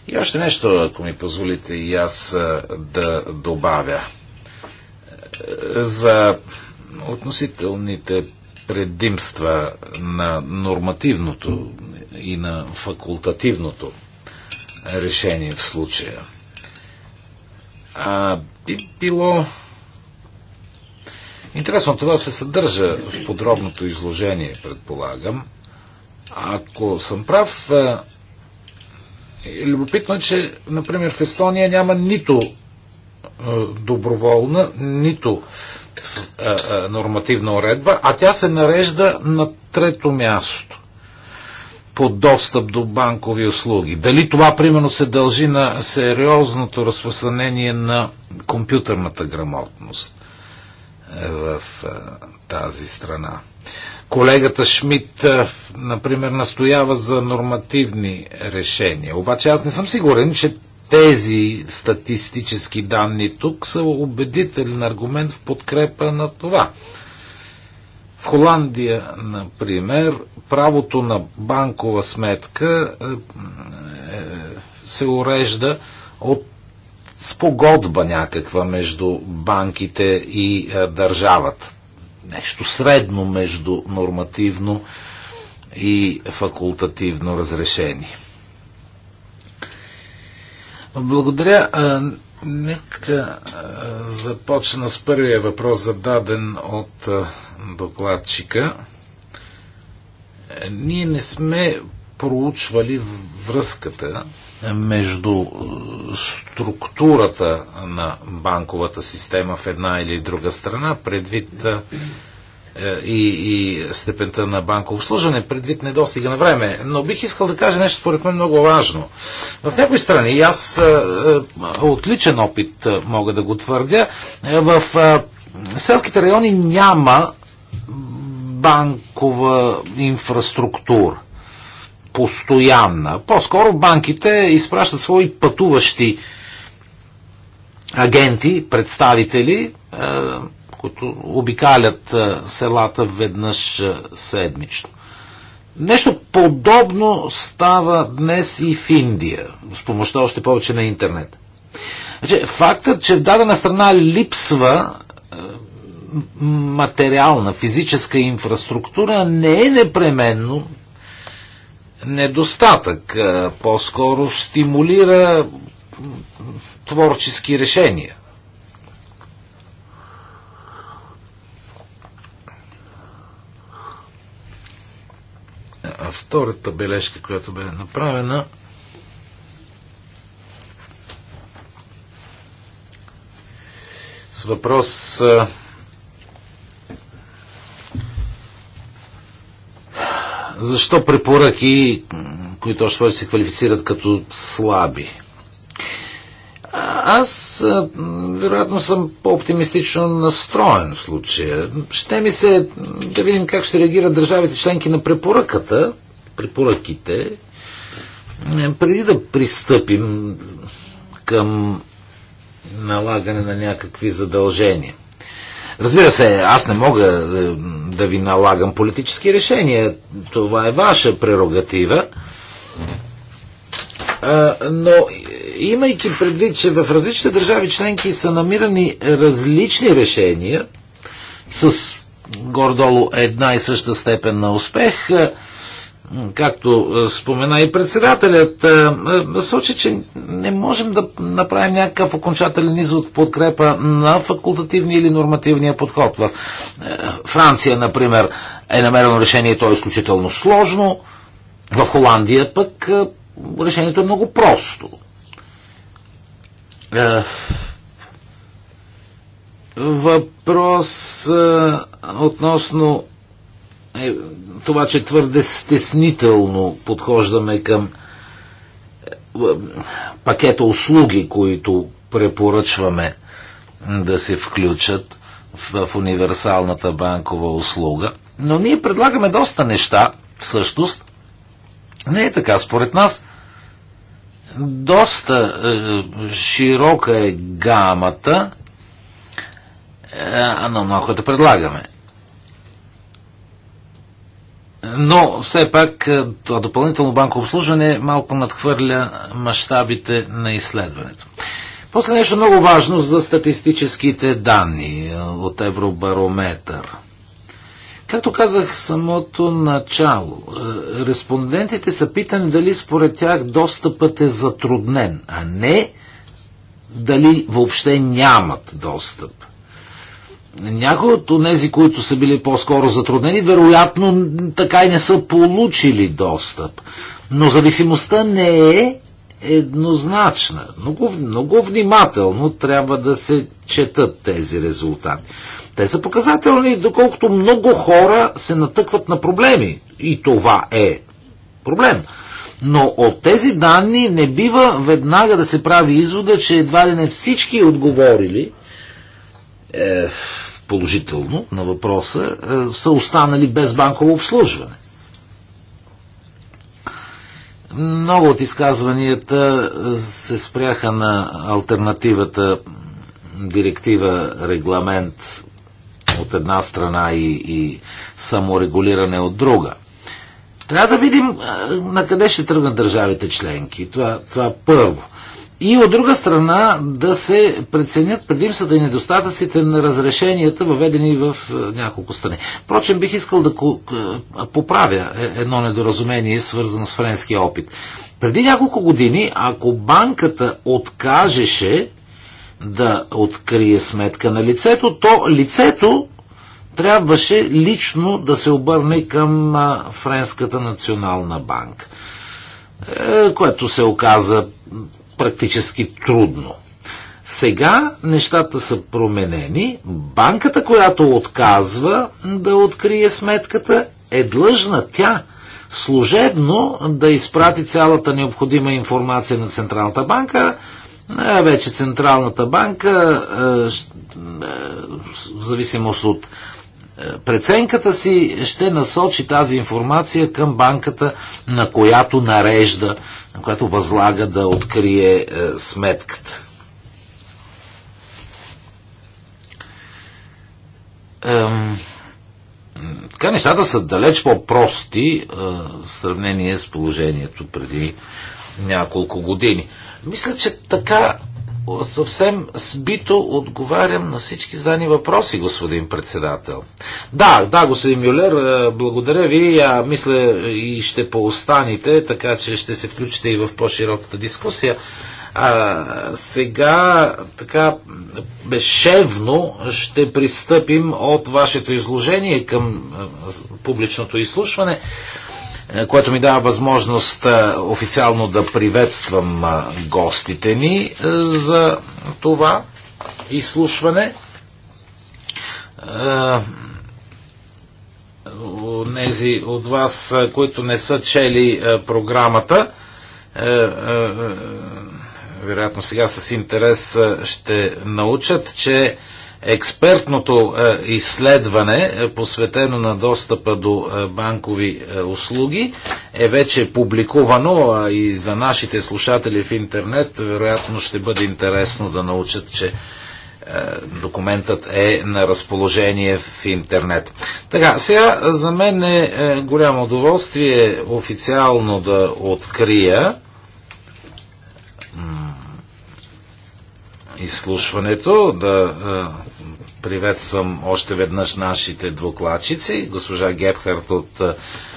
S4: И още нещо, ако ми позволите и аз да добавя. Е, за относителните предимства на нормативното и на факултативното решение в случая. А, би било интересно, това се съдържа в подробното изложение, предполагам. Ако съм прав, е любопитно е, че, например, в Естония няма нито доброволна, нито е, е, нормативна уредба, а тя се нарежда на трето място по достъп до банкови услуги. Дали това, примерно, се дължи на сериозното разпространение на компютърната грамотност е, в тази страна? Колегата Шмидт, например, настоява за нормативни решения. Обаче аз не съм сигурен, че тези статистически данни тук са убедителен аргумент в подкрепа на това. В Холандия, например, правото на банкова сметка е, е, се урежда от спогодба някаква между банките и е, държавата. Нещо средно между нормативно и факултативно разрешение. Благодаря. Нека започна с първия въпрос, зададен от докладчика. Ние не сме проучвали връзката между структурата на банковата система в една или друга страна, предвид е, и, и степента на банково обслужване, предвид недостига на време. Но бих искал да кажа нещо, според мен, много важно. В някои страни, и аз е, е, от личен опит мога да го твърдя, в селските райони няма банкова инфраструктура постоянна. По-скоро банките изпращат свои пътуващи агенти, представители които обикалят селата веднъж седмично. Нещо подобно става днес и в Индия, с помощта още повече на интернет. Значи, фактът, че в дадена страна липсва материална, физическа инфраструктура не е непременно недостатък. По-скоро стимулира творчески решения. А втората бележка, която бе направена, с въпрос защо препоръки, които още се квалифицират като слаби, аз вероятно съм по-оптимистично настроен в случая. Ще ми се да видим как ще реагират държавите членки на препоръката, препоръките, преди да пристъпим към налагане на някакви задължения. Разбира се, аз не мога е, да ви налагам политически решения. Това е ваша прерогатива но имайки предвид, че в различните държави членки са намирани различни решения с гордолу една и съща степен на успех, както спомена и председателят, сочи, че не можем да направим някакъв окончателен извод в подкрепа на факултативния или нормативния подход. В Франция, например, е намерено решение, то е изключително сложно. В Холандия пък решението е много просто. Е, въпрос е, относно е, това, че твърде стеснително подхождаме към пакета услуги, които препоръчваме да се включат в универсалната банкова услуга. Но ние предлагаме доста неща, всъщност, не е така. Според нас доста е, широка е гамата е, на това, което предлагаме. Но все пак е, това допълнително банково обслужване малко надхвърля мащабите на изследването. После нещо много важно за статистическите данни от Евробарометър – Както казах в самото начало, е, респондентите са питани дали според тях достъпът е затруднен, а не дали въобще нямат достъп. Някои от тези, които са били по-скоро затруднени, вероятно така и не са получили достъп. Но зависимостта не е еднозначна. Много, много внимателно трябва да се четат тези резултати. Те са показателни, доколкото много хора се натъкват на проблеми. И това е проблем. Но от тези данни не бива веднага да се прави извода, че едва ли не всички отговорили е, положително на въпроса е, са останали без банково обслужване. Много от изказванията е, се спряха на альтернативата директива, регламент от една страна и, и саморегулиране от друга. Трябва да видим на къде ще тръгнат държавите членки. Това, това първо. И от друга страна да се преценят предимствата и недостатъците на разрешенията, въведени в няколко страни. Впрочем, бих искал да поправя е, едно недоразумение, свързано с френския опит. Преди няколко години, ако банката откажеше да открие сметка на лицето, то лицето трябваше лично да се обърне към Френската национална банка, е, което се оказа практически трудно. Сега нещата са променени. Банката, която отказва да открие сметката, е длъжна тя служебно да изпрати цялата необходима информация на Централната банка, вече Централната банка, в зависимост от преценката си, ще насочи тази информация към банката, на която нарежда, на която възлага да открие е, сметката. Ем, така нещата са далеч по-прости е, в сравнение с положението преди няколко години. Мисля, че така съвсем сбито отговарям на всички задани въпроси, господин председател. Да, да, господин Мюлер, е, благодаря ви. Я мисля и ще поостанете, така че ще се включите и в по-широката дискусия. А, сега така безшевно ще пристъпим от вашето изложение към е, публичното изслушване. Е, което ми дава възможност е, официално да приветствам е, гостите ни за това изслушване. Нези от вас, които не са чели програмата, вероятно сега с интерес ще научат, че експертното е, изследване, е, посветено на достъпа до е, банкови услуги, е вече публикувано и за нашите слушатели в интернет вероятно ще бъде интересно да научат, че документът е на разположение в интернет. Така, сега за мен е голямо удоволствие официално да открия изслушването, да приветствам още веднъж нашите двуклачици, госпожа Гебхарт от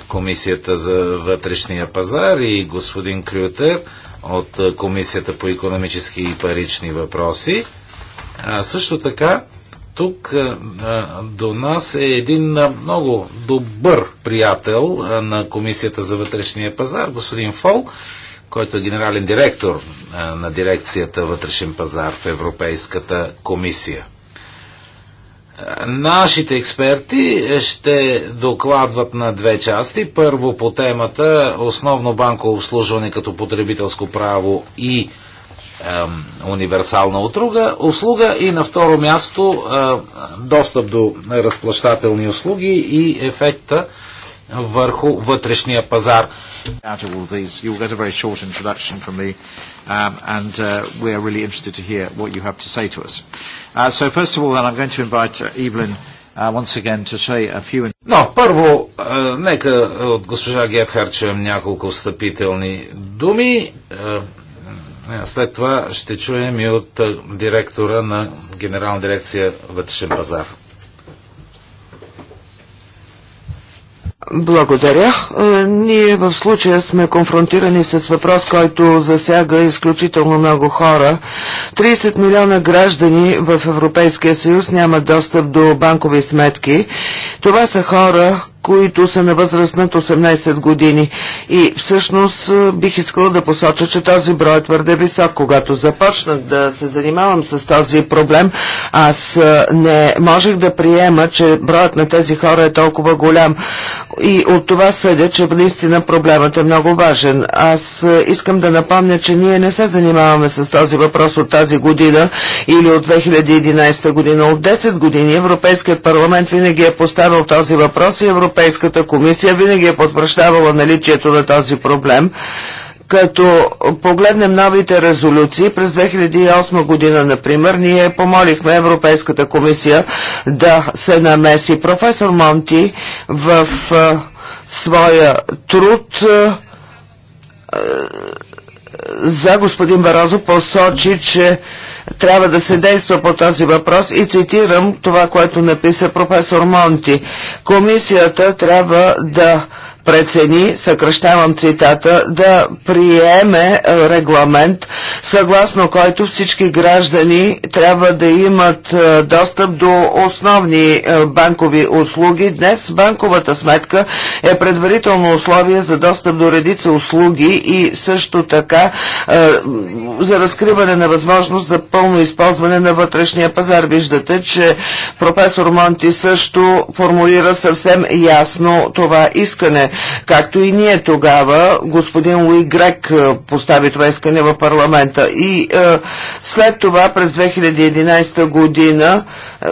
S4: Комисията за вътрешния пазар и господин Крютер от Комисията по економически и парични въпроси. А също така, тук а, до нас е един а, много добър приятел а, на Комисията за вътрешния пазар, господин Фол, който е генерален директор на дирекцията Вътрешен пазар в Европейската комисия. Нашите експерти ще докладват на две части. Първо по темата основно банково обслужване като потребителско право и ем, универсална отруга, услуга и на второ място е, достъп до разплащателни услуги и ефекта върху вътрешния пазар out of all these. You'll get a very short
S1: introduction from me, um, and uh, we're really interested to hear what you have to say to us. Uh, so first of all, then, I'm going to invite uh, Evelyn uh, once again to say a few...
S4: Но, първо, uh, нека от госпожа Гебхар чуем няколко встъпителни думи. Uh, след това ще чуем и от uh, директора на Генерална дирекция Вътрешен пазар.
S3: Благодаря. Е, ние в случая сме конфронтирани с въпрос, който засяга изключително много хора. 30 милиона граждани в Европейския съюз нямат достъп до банкови сметки. Това са хора, които са на възраст над 18 години. И всъщност бих искала да посоча, че този брой е твърде висок. Когато започнах да се занимавам с този проблем, аз не можех да приема, че броят на тези хора е толкова голям. И от това съдя, че наистина проблемът е много важен. Аз искам да напомня, че ние не се занимаваме с този въпрос от тази година или от 2011 година. От 10 години Европейският парламент винаги е поставил този въпрос и Европейският Европейската комисия винаги е подпрощавала наличието на този проблем. Като погледнем новите резолюции, през 2008 година, например, ние помолихме Европейската комисия да се намеси. Професор Монти в а, своя труд а, за господин Барозо посочи, че трябва да се действа по този въпрос и цитирам това, което написа професор Монти. Комисията трябва да прецени, съкръщавам цитата, да приеме е, регламент, съгласно който всички граждани трябва да имат е, достъп до основни е, банкови услуги. Днес банковата сметка е предварително условие за достъп до редица услуги и също така за разкриване на възможност за пълно използване на вътрешния пазар. Виждате, че професор Монти също формулира съвсем ясно това искане. Както и ние тогава, господин Луи Грек е, постави това искане в парламента. И е, след това през 2011 година е,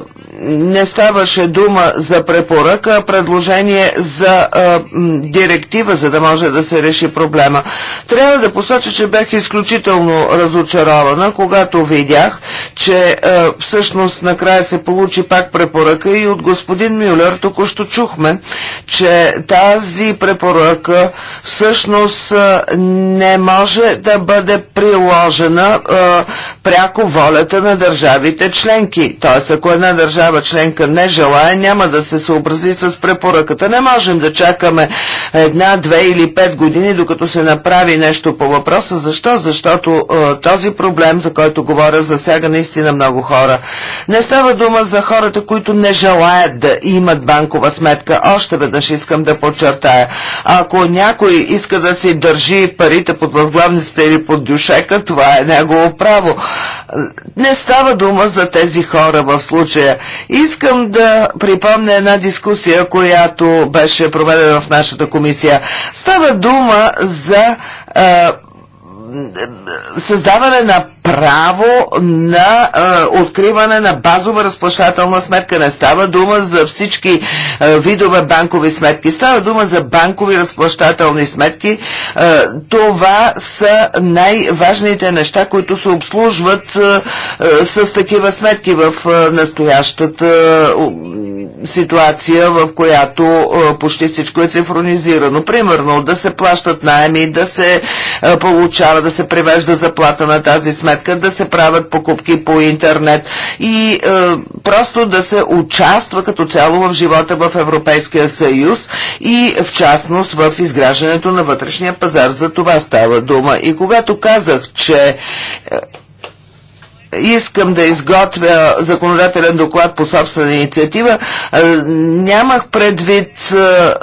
S3: не ставаше дума за препоръка, а предложение за а, директива, за да може да се реши проблема. Трябва да посоча, че бях изключително разочарована, когато видях, че а, всъщност накрая се получи пак препоръка и от господин Мюллер току-що чухме, че тази препоръка всъщност а, не може да бъде приложена а, пряко волята на държавите членки. Тоест, ако една държава държава членка не желая, няма да се съобрази с препоръката. Не можем да чакаме една, две или пет години, докато се направи нещо по въпроса. Защо? Защото е, този проблем, за който говоря, засяга наистина много хора. Не става дума за хората, които не желаят да имат банкова сметка. Още веднъж искам да подчертая. Ако някой иска да си държи парите под възглавницата или под дюшека, това е негово право. Не става дума за тези хора в случая. Искам да припомня една дискусия, която беше проведена в нашата комисия. Става дума за е, създаване на право на а, откриване на базова разплащателна сметка. Не става дума за всички а, видове банкови сметки. Става дума за банкови разплащателни сметки. А, това са най-важните неща, които се обслужват а, а, с такива сметки в а, настоящата а, ситуация, в която а, почти всичко е цифронизирано. Примерно да се плащат найеми, да се а, получава, да се превежда заплата на тази сметка сметка, да се правят покупки по интернет и е, просто да се участва като цяло в живота в Европейския съюз и в частност в изграждането на вътрешния пазар. За това става дума. И когато казах, че е, искам да изготвя законодателен доклад по собствена инициатива, е, нямах предвид е,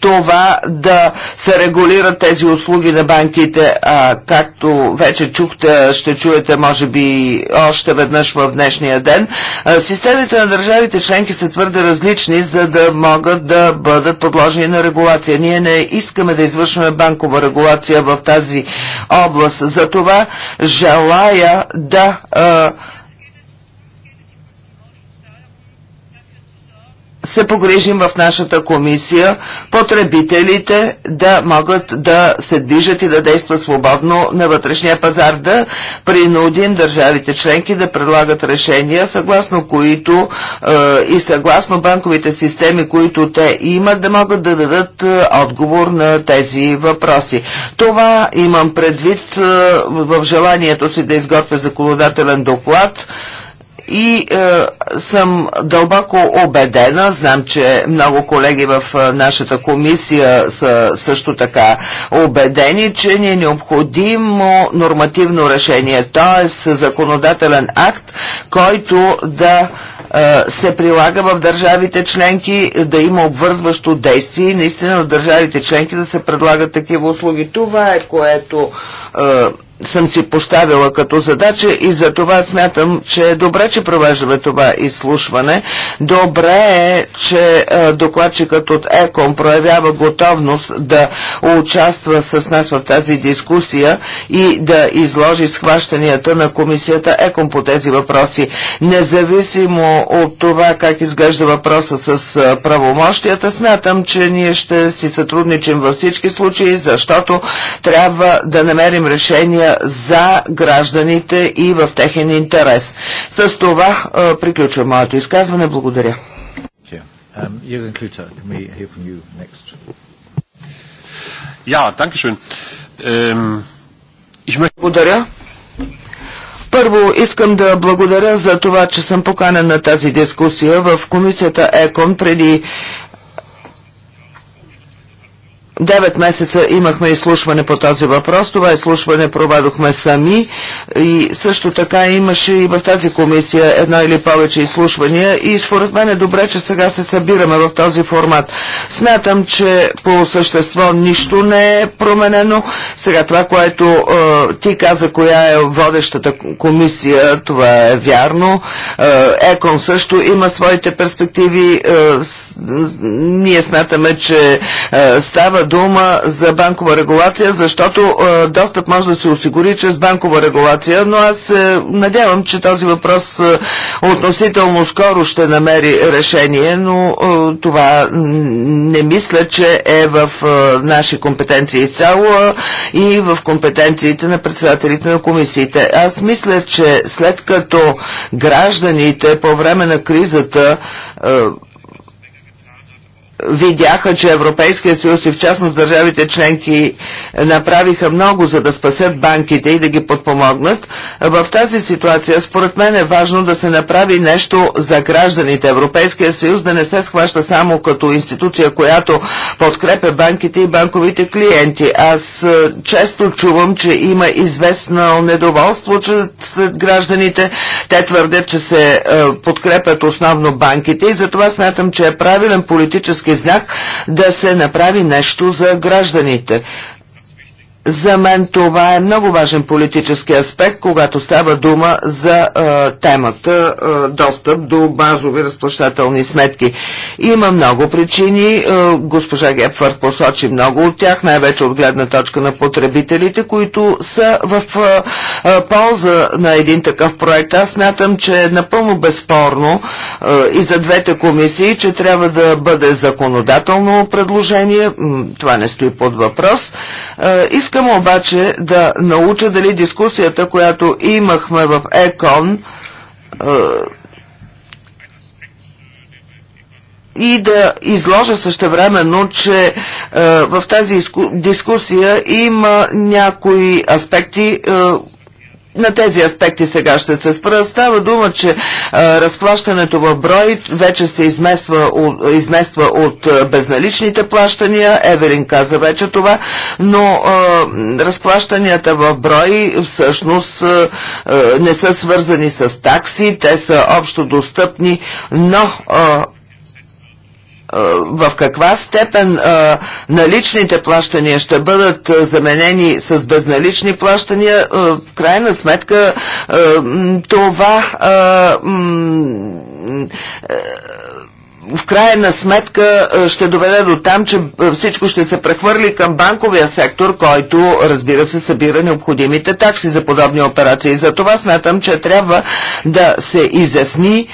S3: това да се регулират тези услуги на банките, а, както вече чухте, ще чуете може би още веднъж в днешния ден. А, системите на държавите членки са твърде различни, за да могат да бъдат подложени на регулация. Ние не искаме да извършваме банкова регулация в тази област. Затова желая да а, се погрижим в нашата комисия потребителите да могат да се движат и да действат свободно на вътрешния пазар, да принудим държавите членки да предлагат решения, съгласно които е, и съгласно банковите системи, които те имат, да могат да дадат е, отговор на тези въпроси. Това имам предвид е, в желанието си да изготвя законодателен доклад. Е, и е, съм дълбоко убедена, знам, че много колеги в е, нашата комисия са също така убедени, че ни е необходимо нормативно решение, т.е. законодателен акт, който да е, се прилага в държавите членки, да има обвързващо действие и наистина в държавите членки да се предлагат такива услуги. Това е което е, съм си поставила като задача и за това смятам, че е добре, че провеждаме това изслушване. Добре е, че е, докладчикът от ЕКОМ проявява готовност да участва с нас в тази дискусия и да изложи схващанията на комисията ЕКОМ по тези въпроси. Независимо от това как изглежда въпроса с е, правомощията, смятам, че ние ще си сътрудничим във всички случаи, защото трябва да намерим решение действия за гражданите и в техен интерес. С това е, приключва моето изказване. Благодаря. Um, ähm, благодаря. Първо искам да благодаря за това, че съм поканен на тази дискусия в комисията ЕКОН преди Девет месеца имахме изслушване по този въпрос. Това изслушване проведохме сами и също така имаше и в тази комисия едно или повече изслушвания и според мен е добре, че сега се събираме в този формат. Смятам, че по същество нищо не е променено. Сега това, което е, ти каза, коя е водещата комисия, това е вярно. Е, ЕКОН също има своите перспективи. Е, с, ние смятаме, че е, става дума за банкова регулация, защото е, достъп може да се осигури чрез банкова регулация, но аз се надявам, че този въпрос е, относително скоро ще намери решение, но е, това не мисля, че е в е, наши компетенции изцяло и в компетенциите на председателите на комисиите. Аз мисля, че след като гражданите по време на кризата е, видяха, че Европейския съюз и в частност държавите членки направиха много за да спасят банките и да ги подпомогнат. В тази ситуация според мен е важно да се направи нещо за гражданите. Европейския съюз да не се схваща само като институция, която подкрепя банките и банковите клиенти. Аз е, често чувам, че има известно недоволство че след гражданите. Те твърдят, че се е, подкрепят основно банките и затова смятам, че е правилен политически знак да се направи нещо за гражданите. За мен това е много важен политически аспект, когато става дума за е, темата е, достъп до базови разплащателни сметки. Има много причини, е, госпожа Гепфърд посочи много от тях, най-вече от гледна точка на потребителите, които са в е, е, полза на един такъв проект. Аз смятам, че е напълно безспорно е, и за двете комисии, че трябва да бъде законодателно предложение, това не стои под въпрос. Е, Искам обаче да науча дали дискусията, която имахме в ЕКОН, е, и да изложа същевременно, че е, в тази дискусия има някои аспекти, е, на тези аспекти сега ще се спра. Става дума, че а, разплащането в брой вече се измества от, измества от а, безналичните плащания. Евелин каза вече това, но а, разплащанията в брой всъщност а, а, не са свързани с такси, те са общо достъпни, но а, в каква степен наличните плащания ще бъдат заменени с безналични плащания, в крайна сметка това в крайна сметка ще доведе до там, че всичко ще се прехвърли към банковия сектор, който разбира се събира необходимите такси за подобни операции. За това смятам, че трябва да се изясни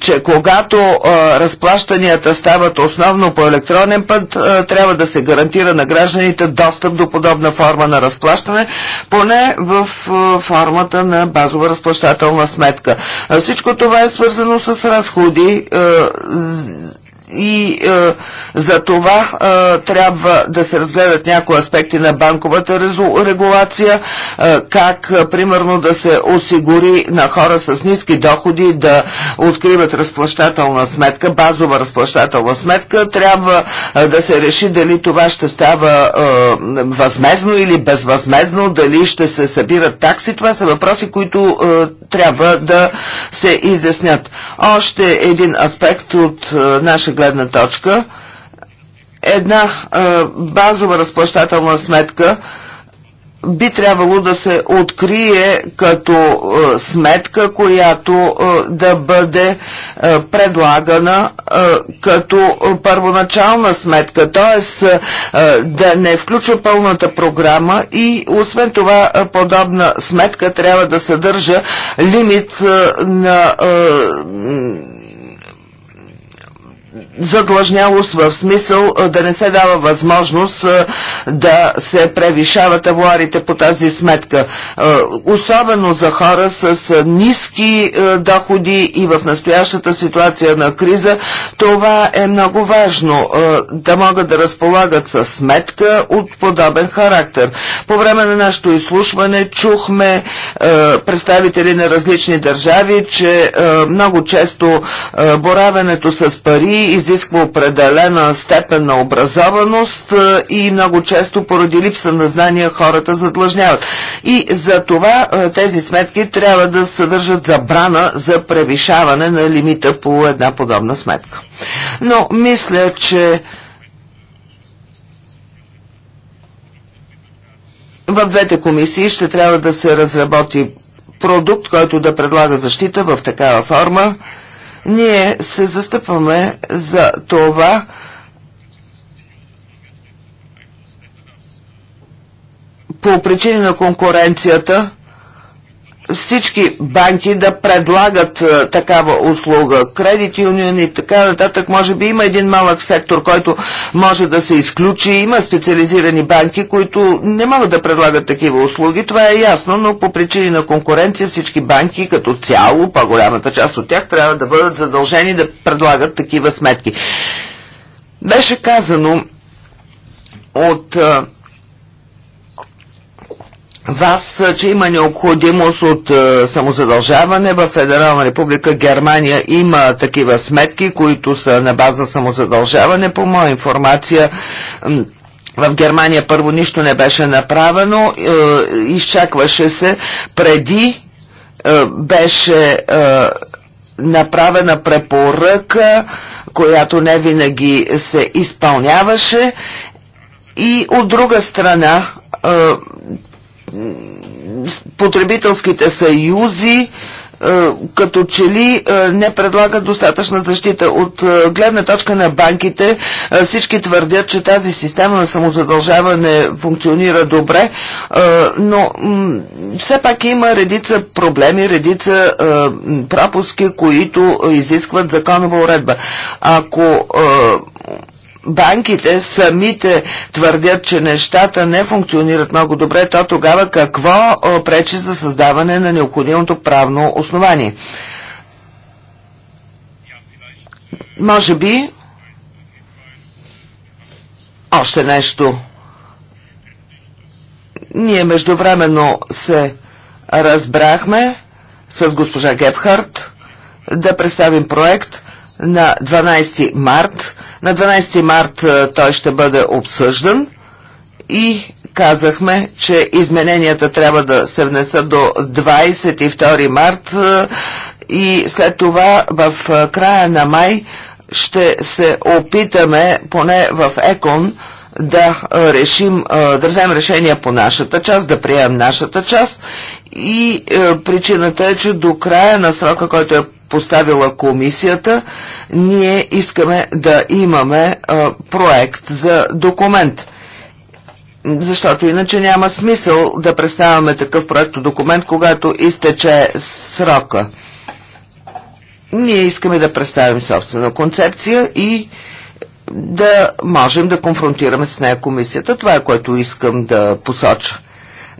S3: че когато а, разплащанията стават основно по електронен път, а, трябва да се гарантира на гражданите достъп до подобна форма на разплащане, поне в а, формата на базова разплащателна сметка. А, всичко това е свързано с разходи. А, и е, за това е, трябва да се разгледат някои аспекти на банковата регулация, е, как е, примерно да се осигури на хора с ниски доходи да откриват разплащателна сметка, базова разплащателна сметка, трябва е, да се реши дали това ще става е, възмезно или безвъзмезно, дали ще се събират такси. Това са въпроси, които е, трябва да се изяснят. Още един аспект от е, наша гледна точка. Една а, базова разплащателна сметка би трябвало да се открие като а, сметка, която а, да бъде а, предлагана като първоначална сметка, т.е. да не включва пълната програма и освен това подобна сметка трябва да съдържа лимит на задлъжнялост в смисъл да не се дава възможност да се превишават авуарите по тази сметка. Особено за хора с ниски доходи и в настоящата ситуация на криза, това е много важно да могат да разполагат с сметка от подобен характер. По време на нашето изслушване чухме представители на различни държави, че много често боравенето с пари и изисква определена степен на образованост и много често поради липса на знания хората задлъжняват. И за това тези сметки трябва да съдържат забрана за превишаване на лимита по една подобна сметка. Но мисля, че в двете комисии ще трябва да се разработи продукт, който да предлага защита в такава форма, ние се застъпваме за това, по причини на конкуренцията всички банки да предлагат е, такава услуга, кредит юнион и така нататък. Може би има един малък сектор, който може да се изключи. Има специализирани банки, които не могат да предлагат такива услуги. Това е ясно, но по причини на конкуренция всички банки като цяло, по-голямата част от тях, трябва да бъдат задължени да предлагат такива сметки. Беше казано от е, вас, че има необходимост от е, самозадължаване. В Федерална република Германия има такива сметки, които са на база самозадължаване. По моя информация, в Германия първо нищо не беше направено, е, изчакваше се преди е, беше е, направена препоръка, която не винаги се изпълняваше и от друга страна е, потребителските съюзи е, като че ли е, не предлагат достатъчна защита. От е, гледна точка на банките всички твърдят, че тази система на самозадължаване функционира добре, но все пак има редица проблеми, редица пропуски, които изискват законова уредба. Ако банките самите твърдят, че нещата не функционират много добре, то тогава какво пречи за създаване на необходимото правно основание? Може би още нещо. Ние междувременно се разбрахме с госпожа Гепхарт да представим проект на 12 март на 12 март е, той ще бъде обсъждан и казахме, че измененията трябва да се внесат до 22 март е, и след това в е, края на май ще се опитаме, поне в ЕКОН, да решим, да вземем решение по нашата част, да приемем нашата част и причината е, че до края на срока, който е поставила комисията, ние искаме да имаме а, проект за документ. Защото иначе няма смисъл да представяме такъв проект документ, когато изтече срока. Ние искаме да представим собствена концепция и да можем да конфронтираме с нея комисията. Това е което искам да посоча.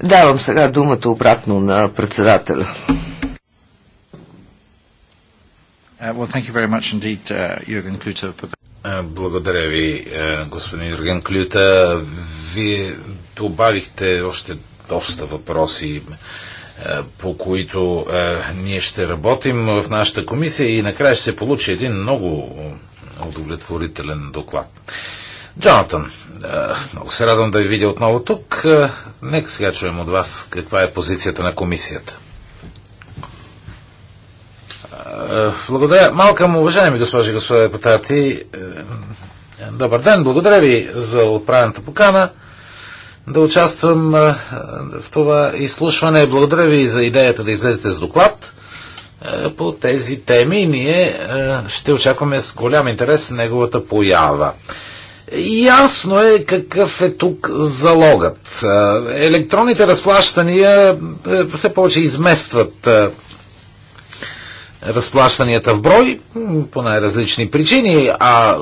S3: Давам сега думата обратно на председателя.
S1: Uh, well, thank you very much indeed, uh,
S4: е, Благодаря ви, е, господин Юрген Клюта. Вие добавихте още доста въпроси, е, по които ние ще работим в нашата комисия и накрая ще се получи един много удовлетворителен доклад. Джонатан, много се радвам да ви видя отново тук. Нека сега чуем от вас каква е позицията на комисията. Е, благодаря. Малка му, уважаеми госпожи и господа депутати, е, добър ден. Благодаря ви за отправената покана да участвам е, в това изслушване. Благодаря ви за идеята да излезете с доклад по тези теми. Ние ще очакваме с голям интерес неговата поява. Ясно е какъв е тук залогът. Електронните разплащания все повече изместват разплащанията в брой по най-различни причини, а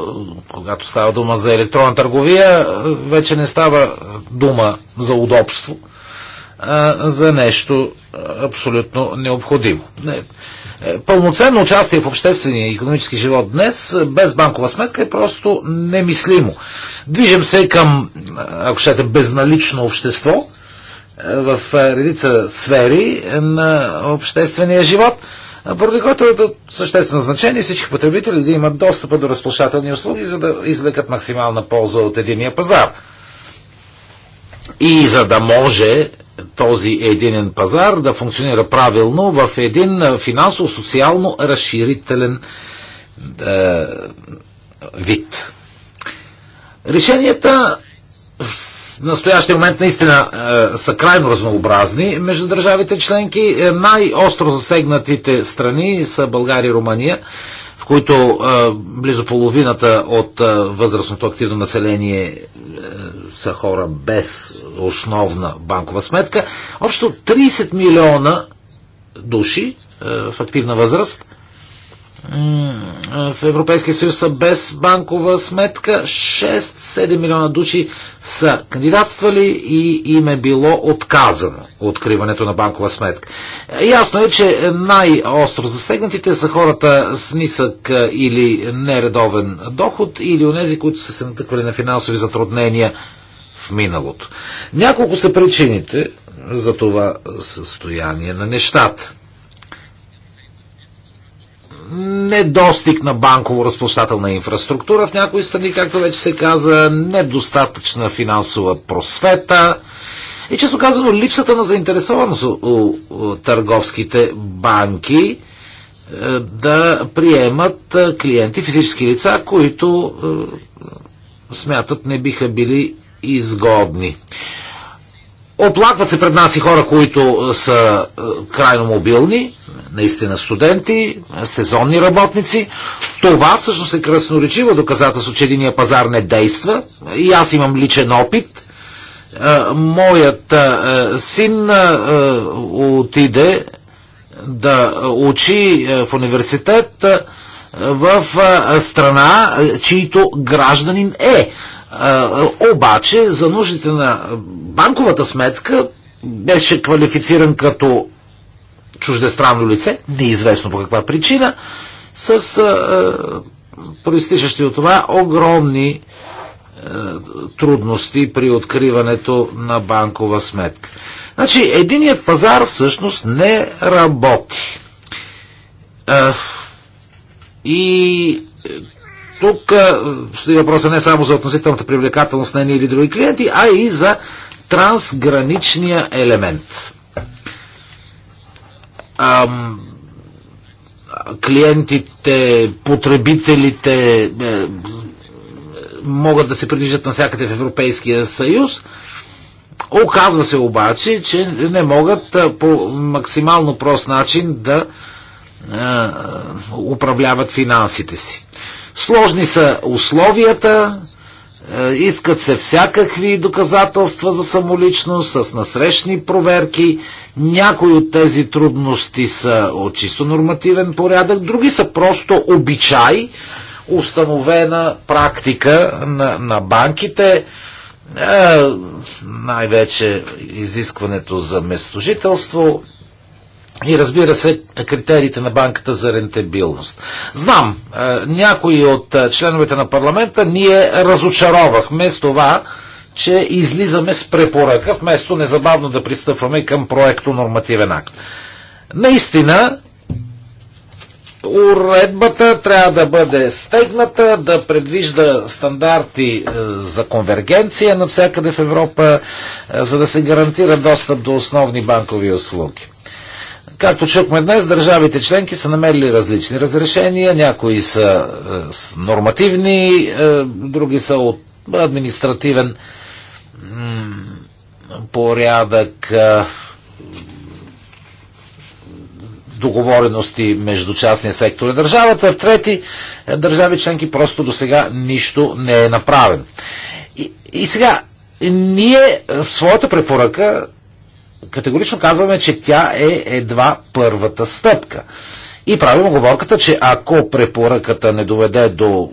S4: когато става дума за електронна търговия, вече не става дума за удобство, а за нещо абсолютно необходимо. Е, пълноценно участие в обществения и економически живот днес е, без банкова сметка е просто немислимо. Движим се към, ако щете, безналично общество е, в редица сфери на обществения живот – поради което е от съществено значение всички потребители да имат достъпа до разплащателни услуги, за да извлекат максимална полза от единия пазар. И за да може този единен пазар да функционира правилно в един финансово-социално разширителен е, вид. Решенията в настоящия момент наистина е, са крайно разнообразни между държавите членки. Е, най-остро засегнатите страни са България и Румъния, в които е, близо половината от е, възрастното активно население е, са хора без основна банкова сметка. Общо 30 милиона души е, в активна възраст – в Европейския съюз са без банкова сметка. 6-7 милиона души са кандидатствали и им е било отказано откриването на банкова сметка. Ясно е, че най-остро засегнатите са хората с нисък или нередовен доход или онези, които са се натъквали на финансови затруднения в миналото. Няколко са причините за това състояние на нещата недостиг на банково-разплащателна инфраструктура в някои страни, както вече се каза, недостатъчна финансова просвета и често казано липсата на заинтересованост у, търговските банки е, да приемат е, клиенти, физически лица, които е, смятат не биха били изгодни. Оплакват се пред нас и хора, които е, са е, крайно мобилни, наистина студенти, е, сезонни работници. Това всъщност е красноречиво доказателство, че единия пазар не действа. И аз имам личен опит. Моят син отиде да учи в университет в страна, чийто гражданин е обаче за нуждите на банковата сметка беше квалифициран като чуждестранно лице, неизвестно по каква причина, с проистичащи от това огромни трудности при откриването на банкова сметка. Значи, единият пазар всъщност не работи. И тук е, стои въпроса не само за относителната привлекателност на едни или други клиенти, а и за трансграничния елемент. Ам, клиентите, потребителите е, могат да се придвижат навсякъде в Европейския съюз. Оказва се обаче, че не могат е, по максимално прост начин да е, управляват финансите си. Сложни са условията, е, искат се всякакви доказателства за самоличност, с насрещни проверки. Някои от тези трудности са от чисто нормативен порядък, други са просто обичай, установена практика на, на банките, е, най-вече изискването за местожителство, и разбира се, критериите на банката за рентабилност. Знам, е, някои от е, членовете на парламента ние разочаровахме с това, че излизаме с препоръка, вместо незабавно да пристъпваме към проекто нормативен акт. Наистина, уредбата трябва да бъде стегната, да предвижда стандарти е, за конвергенция навсякъде в Европа, за да се гарантира достъп до основни банкови услуги. Както чухме днес, държавите членки са намерили различни разрешения. Някои са е, нормативни, е, други са от административен порядък е, договорености между частния сектор и държавата, в трети държави членки просто до сега нищо не е направено. И, и сега, ние в своята препоръка категорично казваме, че тя е едва първата стъпка. И правим оговорката, че ако препоръката не доведе до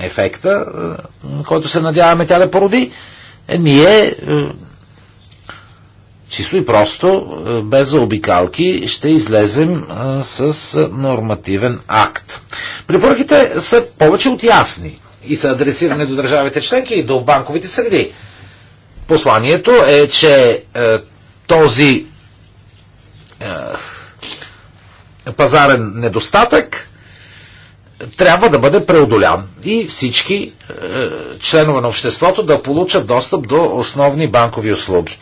S4: ефекта, е, който се надяваме тя да породи, е, ние е, чисто и просто, без заобикалки, ще излезем с нормативен акт. Препоръките са повече от ясни и са адресирани до държавите членки и до банковите среди. Посланието е, че този е, пазарен недостатък трябва да бъде преодолян и всички е, членове на обществото да получат достъп до основни банкови услуги.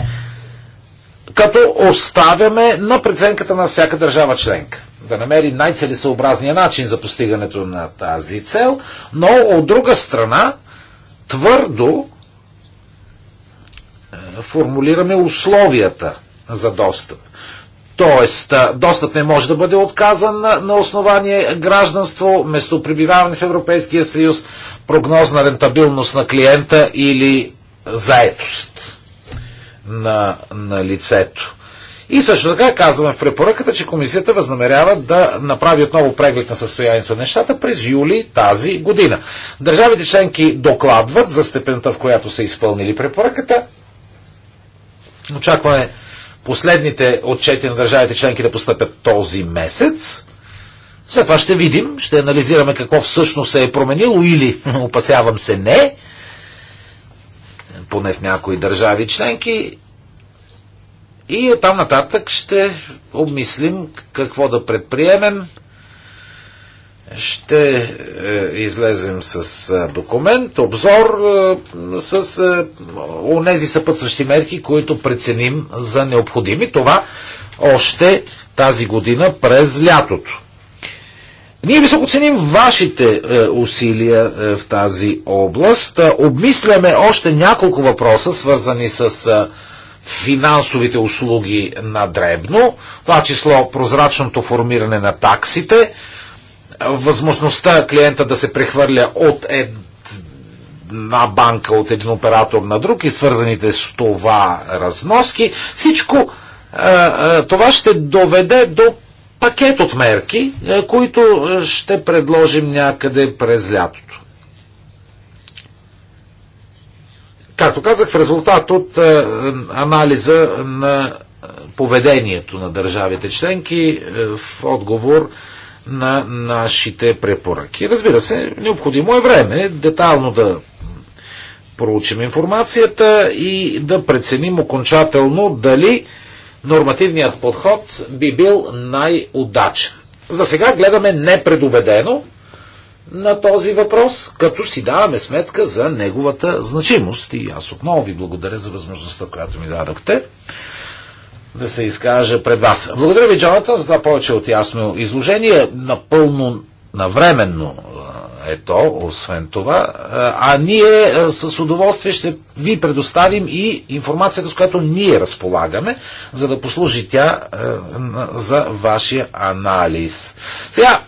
S4: Като оставяме на преценката на всяка държава членка да намери най-целесообразния начин за постигането на тази цел, но от друга страна твърдо формулираме условията за достъп. Тоест, достъп не може да бъде отказан на основание гражданство, местопребиваване в Европейския съюз, прогнозна рентабилност на клиента или заетост на, на лицето. И също така казваме в препоръката, че комисията възнамерява да направи отново преглед на състоянието на нещата през юли тази година. Държавите членки докладват за степента, в която са изпълнили препоръката Очакваме последните отчети на държавите членки да постъпят този месец. След това ще видим, ще анализираме какво всъщност се е променило или, опасявам се, не, поне в някои държави членки. И оттам нататък ще обмислим какво да предприемем ще е, излезем с е, документ, обзор е, с онези съпътстващи мерки, които преценим за необходими. Това още тази година през лятото. Ние високо ценим вашите усилия в тази област. Обмисляме още няколко въпроса, свързани с финансовите услуги на дребно, това число прозрачното формиране на таксите, възможността клиента да се прехвърля от една банка, от един оператор на друг и свързаните с това разноски, всичко това ще доведе до пакет от мерки, които ще предложим някъде през лятото. Както казах, в резултат от анализа на поведението на държавите членки в отговор на нашите препоръки. Разбира се, необходимо е време детайлно да проучим информацията и да преценим окончателно дали нормативният подход би бил най-удачен. За сега гледаме непредубедено на този въпрос, като си даваме сметка за неговата значимост. И аз отново ви благодаря за възможността, която ми дадохте да се изкажа пред вас. Благодаря ви, Джонатан, за това повече от ясно изложение. Напълно навременно е то, освен това. А ние с удоволствие ще ви предоставим и информацията, с която ние разполагаме, за да послужи тя за вашия анализ. Сега,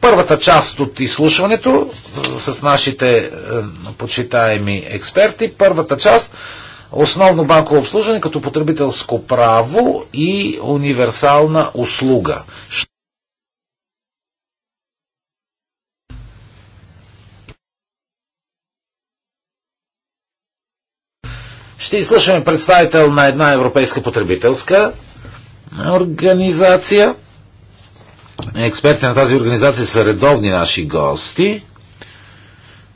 S4: първата част от изслушването с нашите почитаеми експерти, първата част основно банково обслужване като потребителско право и универсална услуга. Ще изслушаме представител на една европейска потребителска организация. Експерти на тази организация са редовни наши гости.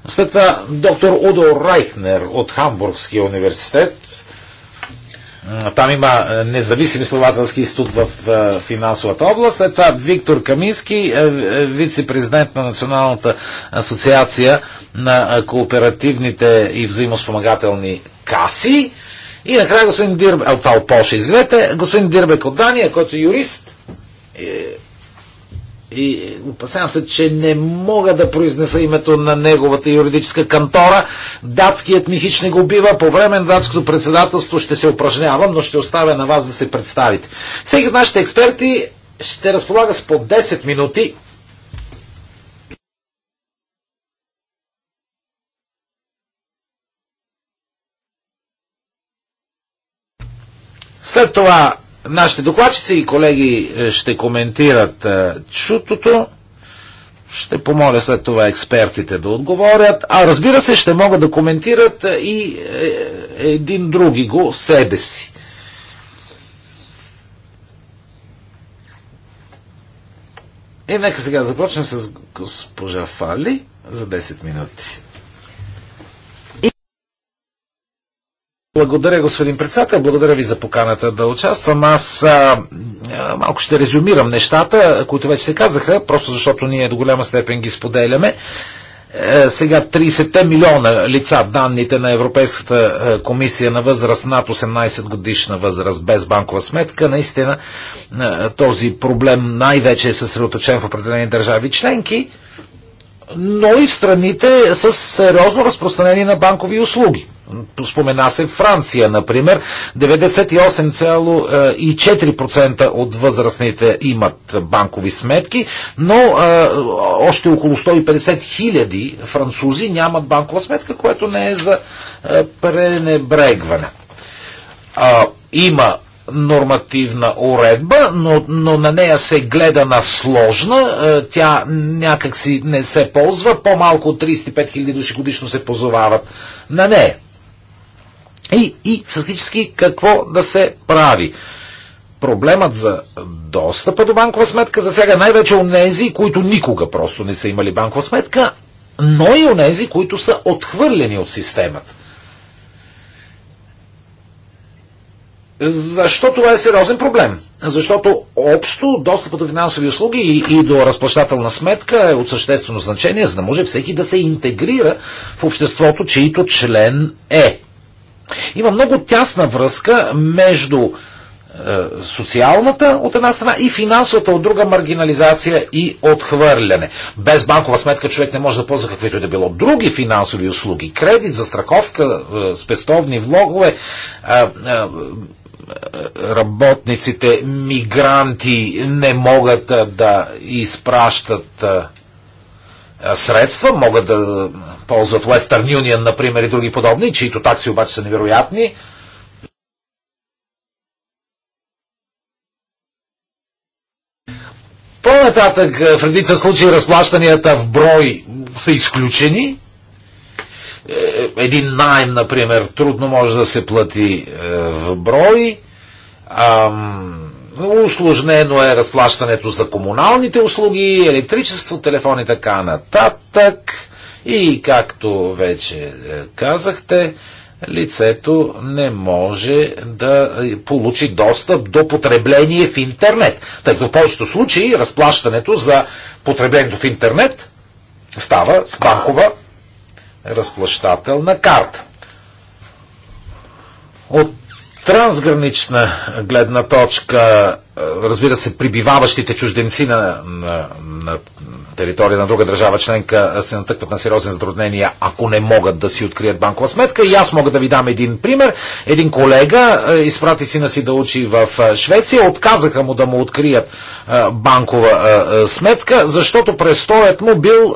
S4: След това доктор Удо Райхнер от Хамбургския университет. Там има е, независим изследователски институт в е, финансовата област. След това Виктор Камински, е, вице-президент на Националната асоциация на кооперативните и взаимоспомагателни каси. И накрая господин Дирбек, това от Польша, извинете, господин Дирбек от Дания, който е юрист, и опасявам се, че не мога да произнеса името на неговата юридическа кантора. Датският ми хич не го бива. По време на датското председателство ще се упражнявам, но ще оставя на вас да се представите. Всеки от нашите експерти ще разполага с по 10 минути След това Нашите докладчици и колеги е, ще коментират е, чутото. Ще помоля след това експертите да отговорят. А разбира се, ще могат да коментират е, и един други го себе си. И нека сега започнем с госпожа Фали за 10 минути. Благодаря, господин председател. Благодаря ви за поканата да участвам. Аз а, малко ще резюмирам нещата, които вече се казаха, просто защото ние до голяма степен ги споделяме. Е, сега 30 милиона лица, данните на Европейската е, комисия на възраст над 18 годишна възраст без банкова сметка, наистина е, този проблем най-вече е съсредоточен в определени държави членки но и в страните с сериозно разпространение на банкови услуги. Спомена се Франция, например, 98,4% е, от възрастните имат банкови сметки, но а, е, още около 150 хиляди французи нямат банкова сметка, което не е за а, е, пренебрегване. А, има нормативна уредба, но, но на нея се гледа на сложна, е, тя някакси не се ползва, по-малко от 35 000 души годишно се позовават на нея. И, и фактически какво да се прави? Проблемът за достъпа до банкова сметка засяга най-вече онези, които никога просто не са имали банкова сметка, но и онези, които са отхвърлени от системата. Защо това е сериозен проблем? Защото общо достъпът до финансови услуги и, и до разплащателна сметка е от съществено значение, за да може всеки да се интегрира в обществото, чието член е. Има много тясна връзка между е, социалната от една страна и финансовата от друга маргинализация и отхвърляне. Без банкова сметка човек не може да ползва каквито и да било други финансови услуги. Кредит, застраховка, е, спестовни влогове, е, работниците мигранти не могат да изпращат средства, могат да ползват Western Union, например, и други подобни, чието такси обаче са невероятни. По-нататък в редица случаи разплащанията в брой са изключени, е, един найм, например, трудно може да се плати е, в брой. Усложнено е разплащането за комуналните услуги, електричество, телефон и така нататък. И както вече е, казахте, лицето не може да получи достъп до потребление в интернет. Тъй като в повечето случаи разплащането за потреблението в интернет става с банкова разплащателна карта. От трансгранична гледна точка, разбира се, прибиваващите чужденци на, на, на територия на друга държава членка се натъкват на сериозни затруднения, ако не могат да си открият банкова сметка. И аз мога да ви дам един пример. Един колега изпрати сина си да учи в Швеция. Отказаха му да му открият банкова сметка, защото престоят му бил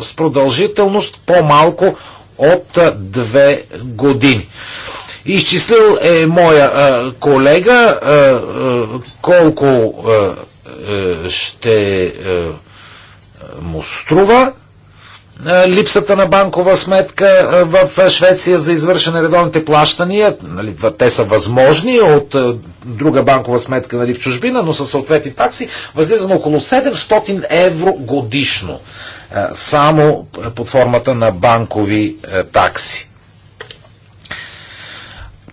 S4: с продължителност по-малко от две години. Изчислил е моя а, колега а, а, колко а, а, е, ще а, му струва липсата на банкова сметка в Швеция за извършене редовните плащания. Нали, те са възможни от друга банкова сметка нали, в чужбина, но със съответни такси възлиза на около 700 евро годишно. Само под формата на банкови такси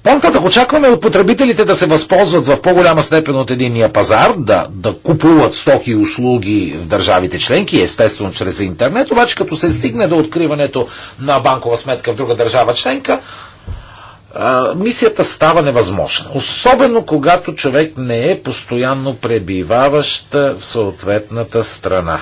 S4: по ако очакваме от потребителите да се възползват в по-голяма степен от единния пазар, да, да купуват стоки и услуги в държавите членки, естествено чрез интернет, обаче като се стигне до откриването на банкова сметка в друга държава членка, мисията става невъзможна. Особено когато човек не е постоянно пребиваващ в съответната страна.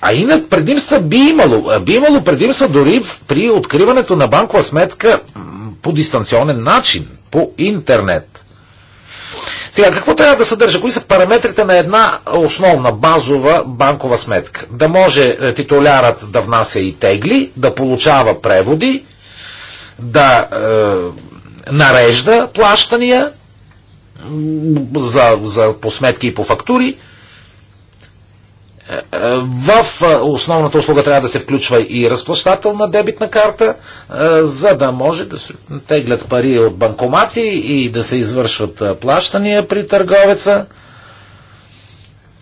S4: А инак предимства би имало. Би имало предимства дори при откриването на банкова сметка по дистанционен начин, по интернет. Сега, какво трябва да съдържа? Кои са параметрите на една основна, базова банкова сметка? Да може е, титулярът да внася и тегли, да получава преводи, да е, нарежда плащания за, за посметки и по фактури – е, е, в е, основната услуга трябва да се включва и разплащателна дебитна карта, за да може да се теглят пари от банкомати и да се извършват плащания при търговеца.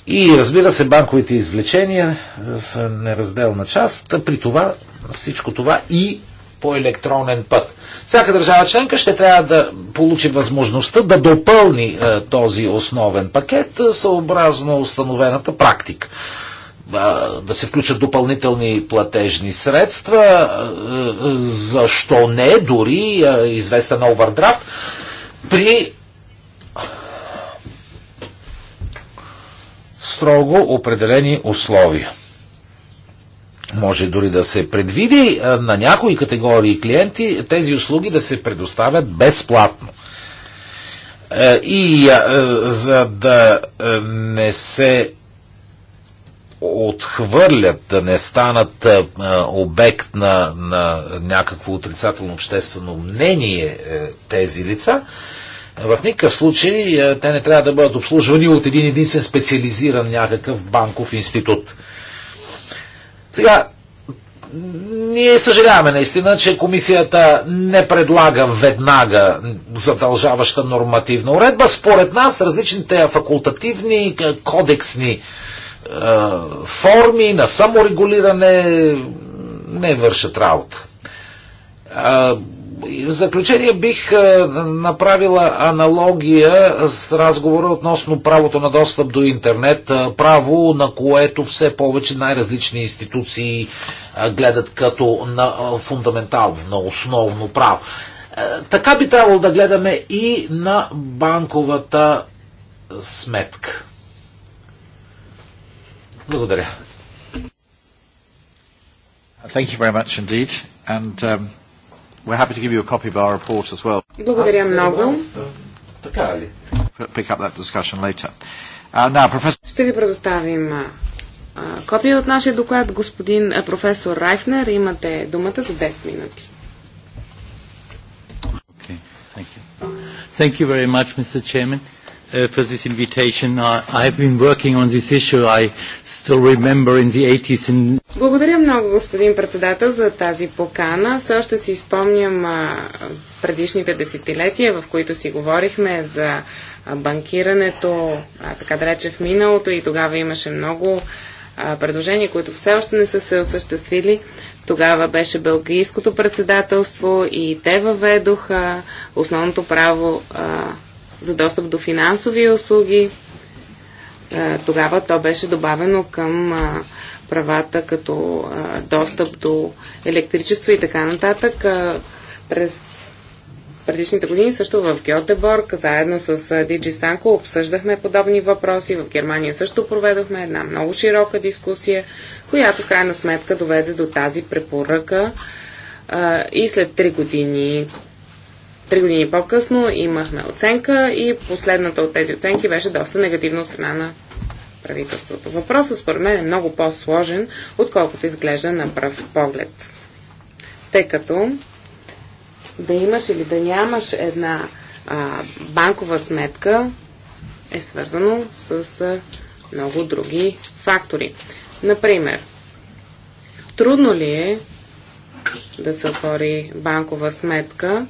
S4: И разбира се, банковите извлечения са неразделна част. При това, всичко това и по електронен път. Всяка държава членка ще трябва да получи възможността да допълни е, този основен пакет е, съобразно установената практика. Е, да се включат допълнителни платежни средства, е, е, защо не, дори е, известен овърдрафт, при строго определени условия. Може дори да се предвиди на някои категории клиенти тези услуги да се предоставят безплатно. Е, и е, за да е, не се отхвърлят, да не станат обект на, на някакво отрицателно обществено мнение тези лица, в никакъв случай те не трябва да бъдат обслужвани от един единствен специализиран някакъв банков институт. Сега, ние съжаляваме наистина, че комисията не предлага веднага задължаваща нормативна уредба. Според нас различните факултативни, кодексни е, форми на саморегулиране не вършат работа. Е, в заключение бих е, направила аналогия с разговора относно правото на достъп до интернет, е, право на което все повече най-различни институции е, гледат като на фундаментално, на основно право. Така би трябвало да гледаме и на банковата сметка. Благодаря. Thank you very much
S1: indeed. And, um... We're happy to give you a copy of our report as well.
S2: Благодаря много. Така ли?
S1: Pick up that discussion later. Uh, now, professor...
S2: Ще ви предоставим uh, копия от нашия доклад. Господин uh, професор Райфнер, имате думата за 10 минути.
S4: Okay, thank you. Thank you very much, Mr. Chairman uh, for this invitation. I, I have been working on this issue. I still remember in the 80s and...
S2: Благодаря много, господин председател, за тази покана. Все още си спомням а, предишните десетилетия, в които си говорихме за банкирането, а, така да рече в миналото и тогава имаше много а, предложения, които все още не са се осъществили. Тогава беше Белгийското председателство и те въведоха основното право а, за достъп до финансови услуги. Е, тогава то беше добавено към е, правата като е, достъп до електричество и така нататък. През предишните години също в Гьотеборг, заедно с Диджи Санко, обсъждахме подобни въпроси. В Германия също проведохме една много широка дискусия, която в крайна сметка доведе до тази препоръка. И след три години Три години по-късно имахме оценка и последната от тези оценки беше доста негативна от страна на правителството. Въпросът според мен е много по-сложен, отколкото изглежда на пръв поглед. Тъй като да имаш или да нямаш една а, банкова сметка е свързано с а, много други фактори. Например, трудно ли е да се отвори банкова сметка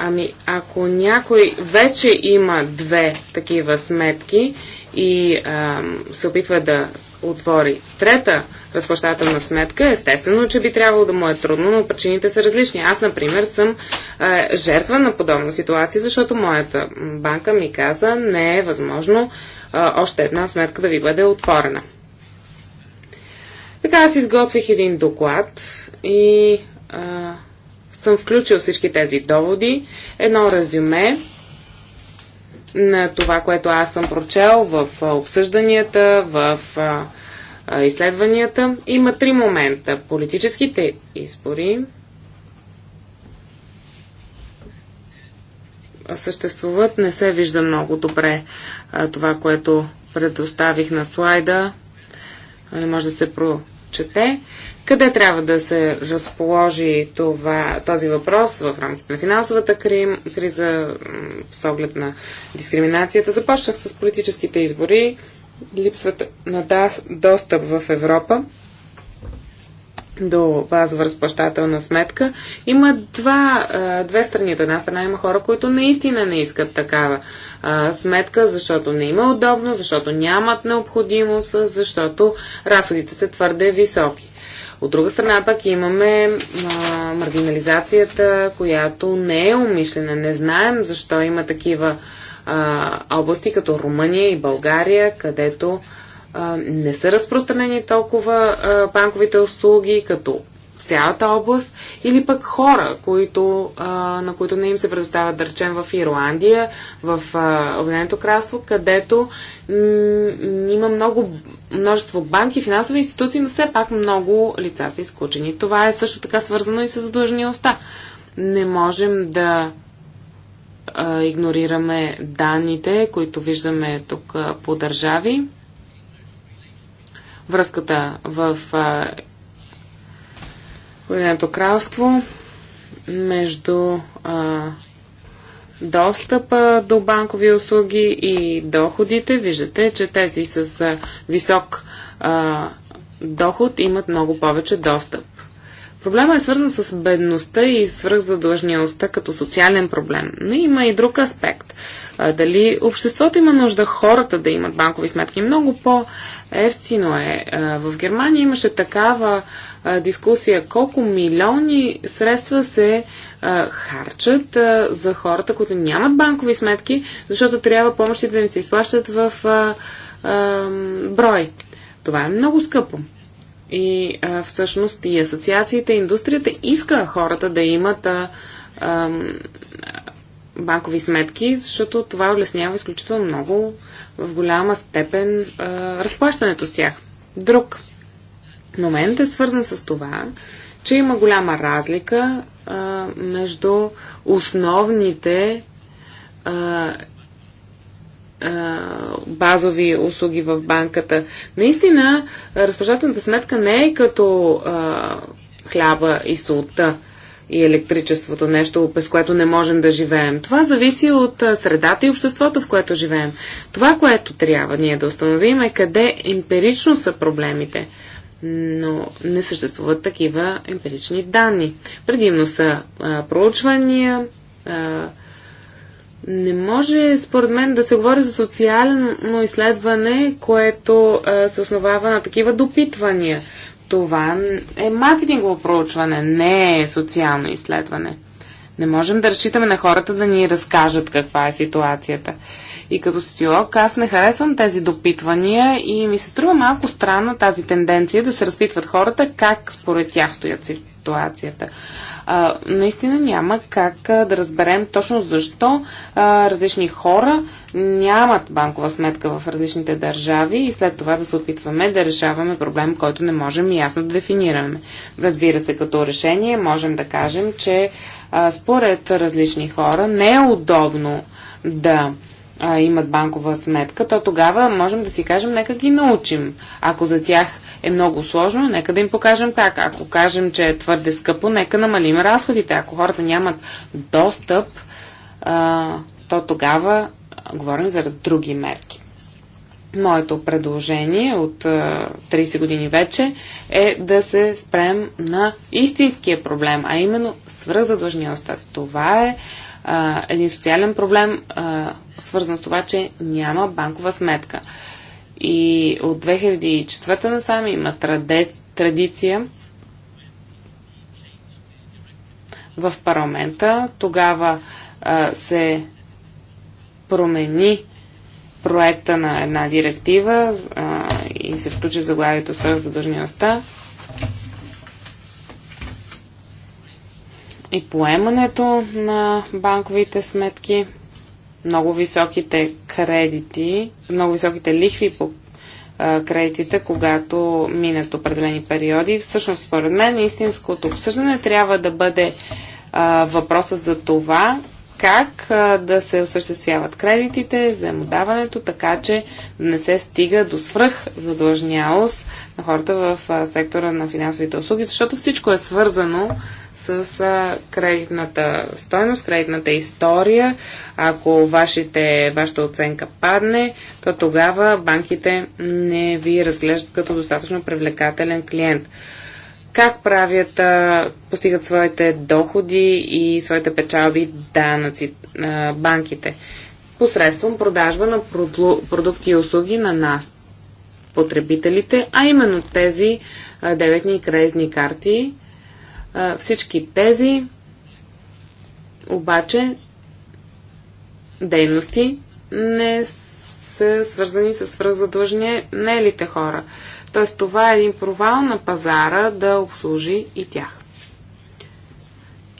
S2: Ами, ако някой вече има две такива сметки и а, се опитва да отвори трета разплащателна сметка, естествено, че би трябвало да му е трудно, но причините са различни. Аз, например, съм е, жертва на подобна ситуация, защото моята банка ми каза, не е възможно е, още една сметка да ви бъде отворена. Така аз изготвих един доклад и е, съм включил всички тези доводи, едно резюме на това, което аз съм прочел в обсъжданията, в изследванията. Има три момента. Политическите избори, съществуват. Не се вижда много добре а, това, което предоставих на слайда. Не може да се прочете. Къде трябва да се разположи това, този въпрос в рамките на финансовата криза с оглед на дискриминацията? Започнах с политическите избори, липсват на достъп в Европа до базова разплащателна сметка. Има два, две страни. От една страна има хора, които наистина не искат такава сметка, защото не има е удобно, защото нямат необходимост, защото разходите са твърде високи. От друга страна пък имаме а, маргинализацията, която не е умишлена. Не знаем защо има такива а, области като Румъния и България, където а, не са разпространени толкова а, банковите услуги, като цялата област, или пък хора, които, а, на които не им се предоставят, да речем, в Ирландия, в Обединеното кралство, където има много, множество банки, финансови институции, но все пак много лица са изключени. Това е също така свързано и с задължеността. Не можем да а, игнорираме данните, които виждаме тук а, по държави връзката в а, Обединеното кралство между а, достъпа до банкови услуги и доходите. Виждате, че тези с а, висок а, доход имат много повече достъп. Проблема е свързан с бедността и свръхзадлъжнялостта като социален проблем. Но има и друг аспект. А, дали обществото има нужда хората да имат банкови сметки? Много по-ефтино е. А, в Германия имаше такава дискусия колко милиони средства се а, харчат а, за хората, които нямат банкови сметки, защото трябва помощите да им се изплащат в а, а, брой. Това е много скъпо. И а, всъщност и асоциациите, и индустрията иска хората да имат а, а, банкови сметки, защото това улеснява изключително много в голяма степен а, разплащането с тях. Друг момент е свързан с това, че има голяма разлика а, между основните а, а, базови услуги в банката. Наистина, разпочатната сметка не е като а, хляба и солта и електричеството, нещо без което не можем да живеем. Това зависи от средата и обществото, в което живеем. Това, което трябва ние да установим е къде емпирично са проблемите – но не съществуват такива емпирични данни. Предимно са а, проучвания. А, не може, според мен, да се говори за социално изследване, което а, се основава на такива допитвания. Това е маркетингово проучване, не е социално изследване. Не можем да разчитаме на хората да ни разкажат каква е ситуацията. И като социолог аз не харесвам тези допитвания и ми се струва малко странна тази тенденция да се разпитват хората как според тях стоят ситуацията. А, наистина няма как да разберем точно защо а, различни хора нямат банкова сметка в различните държави и след това да се опитваме да решаваме проблем, който не можем ясно да дефинираме. Разбира се, като решение можем да кажем, че а, според различни хора не е удобно да а, имат банкова сметка, то тогава можем да си кажем, нека ги научим. Ако за тях е много сложно, нека да им покажем как. Ако кажем, че е твърде скъпо, нека намалим разходите. Ако хората нямат достъп, а, то тогава говорим за други мерки. Моето предложение от а, 30 години вече е да се спрем на истинския проблем, а именно свръхзадлъжнилостта. Това е а, един социален проблем, а, свързан с това, че няма банкова сметка. И от 2004 насам има традиция в парламента. Тогава а, се промени проекта на една директива а, и се включи в заглавието свърхзадължеността. И поемането на банковите сметки много високите кредити, много високите лихви по кредитите, когато минат определени периоди. Всъщност, според мен, истинското обсъждане трябва да бъде а, въпросът за това как а, да се осъществяват кредитите, заемодаването, така че не се стига до свръх задлъжнялост на хората в а, сектора на финансовите услуги, защото всичко е свързано с кредитната стойност, кредитната история. Ако вашите, вашата оценка падне, то тогава банките не ви разглеждат като достатъчно привлекателен клиент. Как правят, постигат своите доходи и своите печалби данъци, банките? Посредством продажба на продукти и услуги на нас, потребителите, а именно тези деветни и кредитни карти, всички тези обаче дейности не са свързани с нелите хора. Тоест това е един провал на пазара да обслужи и тях.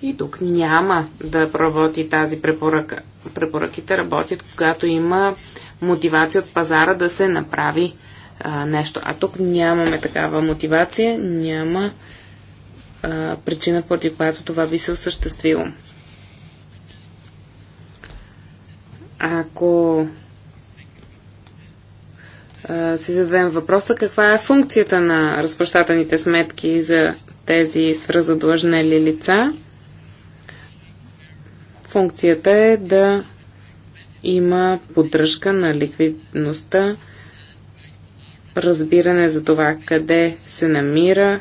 S2: И тук няма да проработи тази препоръка. Препоръките работят, когато има мотивация от пазара да се направи а, нещо. А тук нямаме такава мотивация, няма а, причина, поради която това би се осъществило. Ако а, си зададем въпроса каква е функцията на разпрощателните сметки за тези свръзадлъжнели лица, функцията е да има поддръжка на ликвидността, разбиране за това къде се намира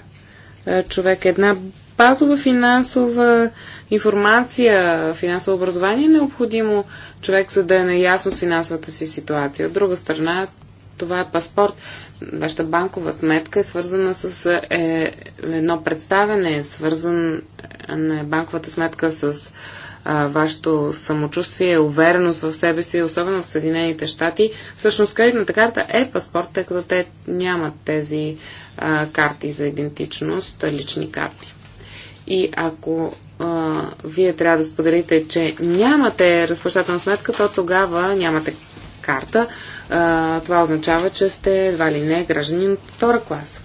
S2: е, човек. Една базова финансова информация, финансово образование е необходимо човек, за да е наясно с финансовата си ситуация. От друга страна, това е паспорт. Вашата банкова сметка е свързана с е, е едно представене, е свързан на е, банковата сметка с вашето самочувствие, увереност в себе си, особено в Съединените щати. Всъщност кредитната карта е паспорт, тъй като те нямат тези а, карти за идентичност, лични карти. И ако а, вие трябва да споделите, че нямате разплащателна сметка, то тогава нямате карта. А, това означава, че сте едва ли не гражданин от втора класа.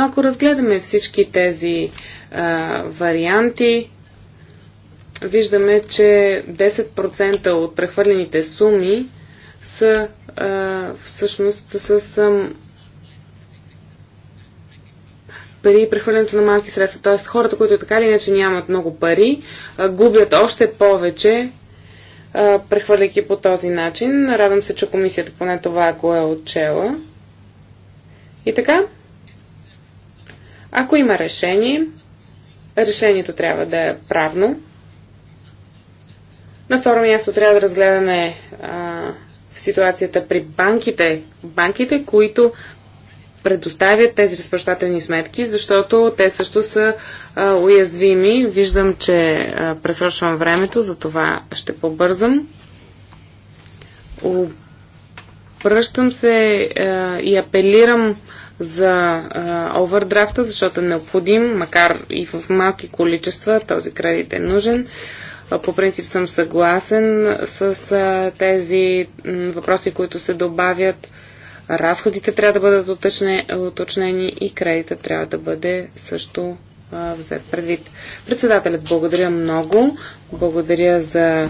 S2: Но ако разгледаме всички тези а, варианти, виждаме, че 10% от прехвърлените суми са а, всъщност с. А, при прехвърлянето на малки средства. Тоест хората, които така или иначе нямат много пари, губят още повече, прехвърляйки по този начин. Радвам се, че комисията поне това, ако е отчела. И така, ако има решение, решението трябва да е правно. На второ място трябва да разгледаме а, ситуацията при банките. Банките, които предоставят тези разпръщателни сметки, защото те също са а, уязвими. Виждам, че а, пресрочвам времето, за това ще побързам. Пръщам се а, и апелирам за овърдрафта, защото е необходим, макар и в малки количества, този кредит е нужен. По принцип съм съгласен с тези въпроси, които се добавят. Разходите трябва да бъдат уточнени и кредита трябва да бъде също взет предвид. Председателят, благодаря много. Благодаря за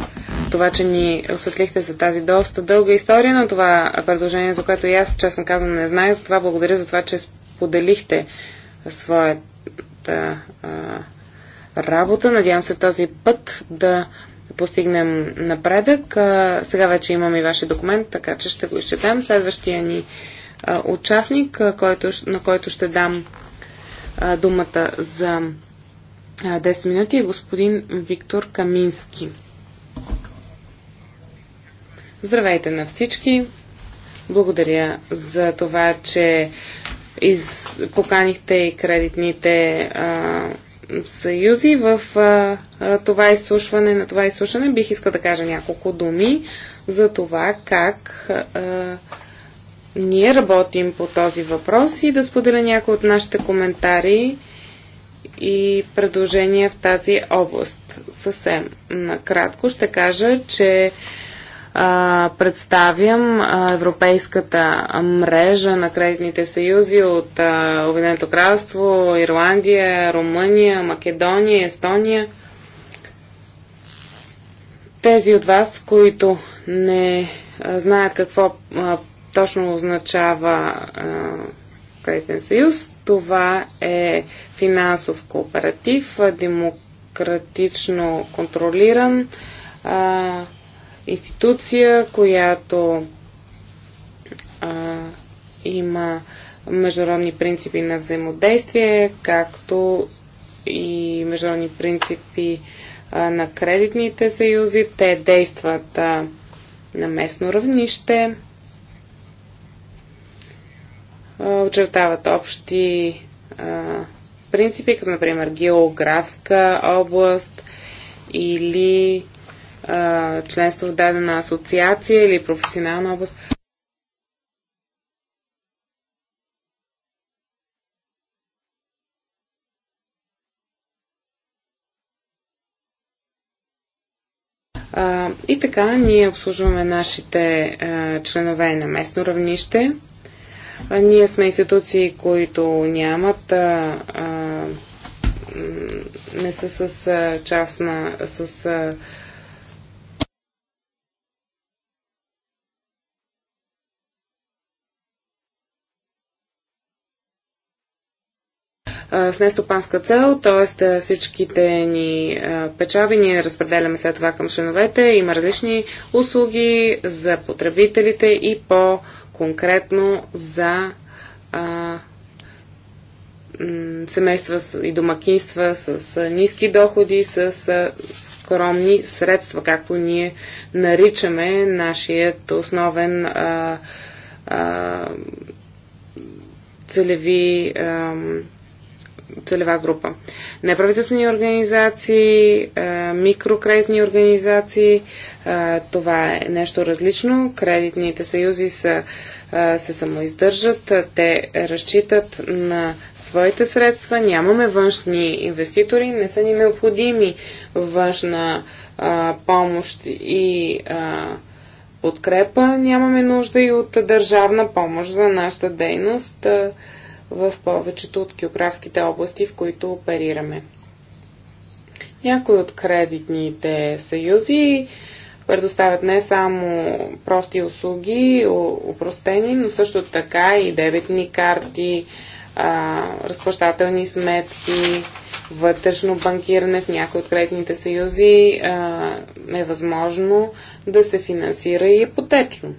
S2: това, че ни осветлихте за тази доста дълга история на това предложение, за което и аз, честно казвам, не знае. Затова благодаря за това, че споделихте своята а, работа. Надявам се този път да постигнем напредък. А, сега вече имам и вашия документ, така че ще го изчетем. Следващия ни а, участник, който, на който ще дам думата за 10 минути е господин Виктор Камински. Здравейте на всички! Благодаря за това, че из... поканихте и кредитните а, съюзи в а, това изслушване. На това изслушване бих искал да кажа няколко думи за това как а, ние работим по този въпрос и да споделя някои от нашите коментари и предложения в тази област. Съвсем накратко ще кажа, че а, представям а, Европейската мрежа на кредитните съюзи от Обединеното кралство, Ирландия, Румъния, Македония, Естония. Тези от вас, които не знаят какво точно означава а, кредитен съюз. Това е финансов кооператив, демократично контролиран а, институция, която а, има международни принципи на взаимодействие, както и международни принципи а, на кредитните съюзи. Те действат а, на местно равнище очертават общи принципи, като например географска област или членство в дадена асоциация или професионална област. и така ние обслужваме нашите членове на местно равнище ние сме институции, които нямат, а, а, не са с а, частна, с а, с нестопанска цел, т.е. всичките ни печави ние разпределяме след това към членовете. Има различни услуги за потребителите и по- конкретно за а, семейства и домакинства с ниски доходи, с скромни средства, както ние наричаме нашият основен а, а, целеви а, целева група. Неправителствени организации, микрокредитни организации, това е нещо различно. Кредитните съюзи са, се самоиздържат, те разчитат на своите средства, нямаме външни инвеститори, не са ни необходими външна помощ и подкрепа, нямаме нужда и от държавна помощ за нашата дейност в повечето от географските области, в които оперираме. Някои от кредитните съюзи предоставят не само прости услуги, упростени, но също така и дебетни карти, разплащателни сметки, вътрешно банкиране в някои от кредитните съюзи е възможно да се финансира и ипотечно.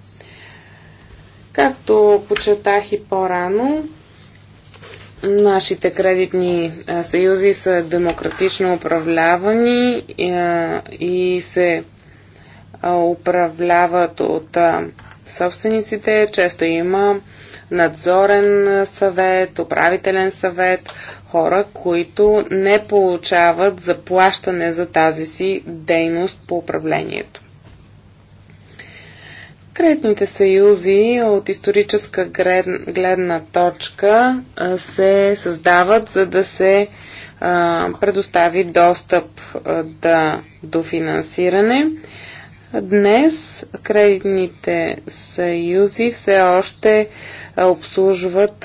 S2: Както почетах и по-рано, Нашите кредитни съюзи са демократично управлявани и се управляват от собствениците. Често има надзорен съвет, управителен съвет, хора, които не получават заплащане за тази си дейност по управлението. Кредитните съюзи от историческа гледна точка се създават, за да се предостави достъп да, до финансиране. Днес кредитните съюзи все още обслужват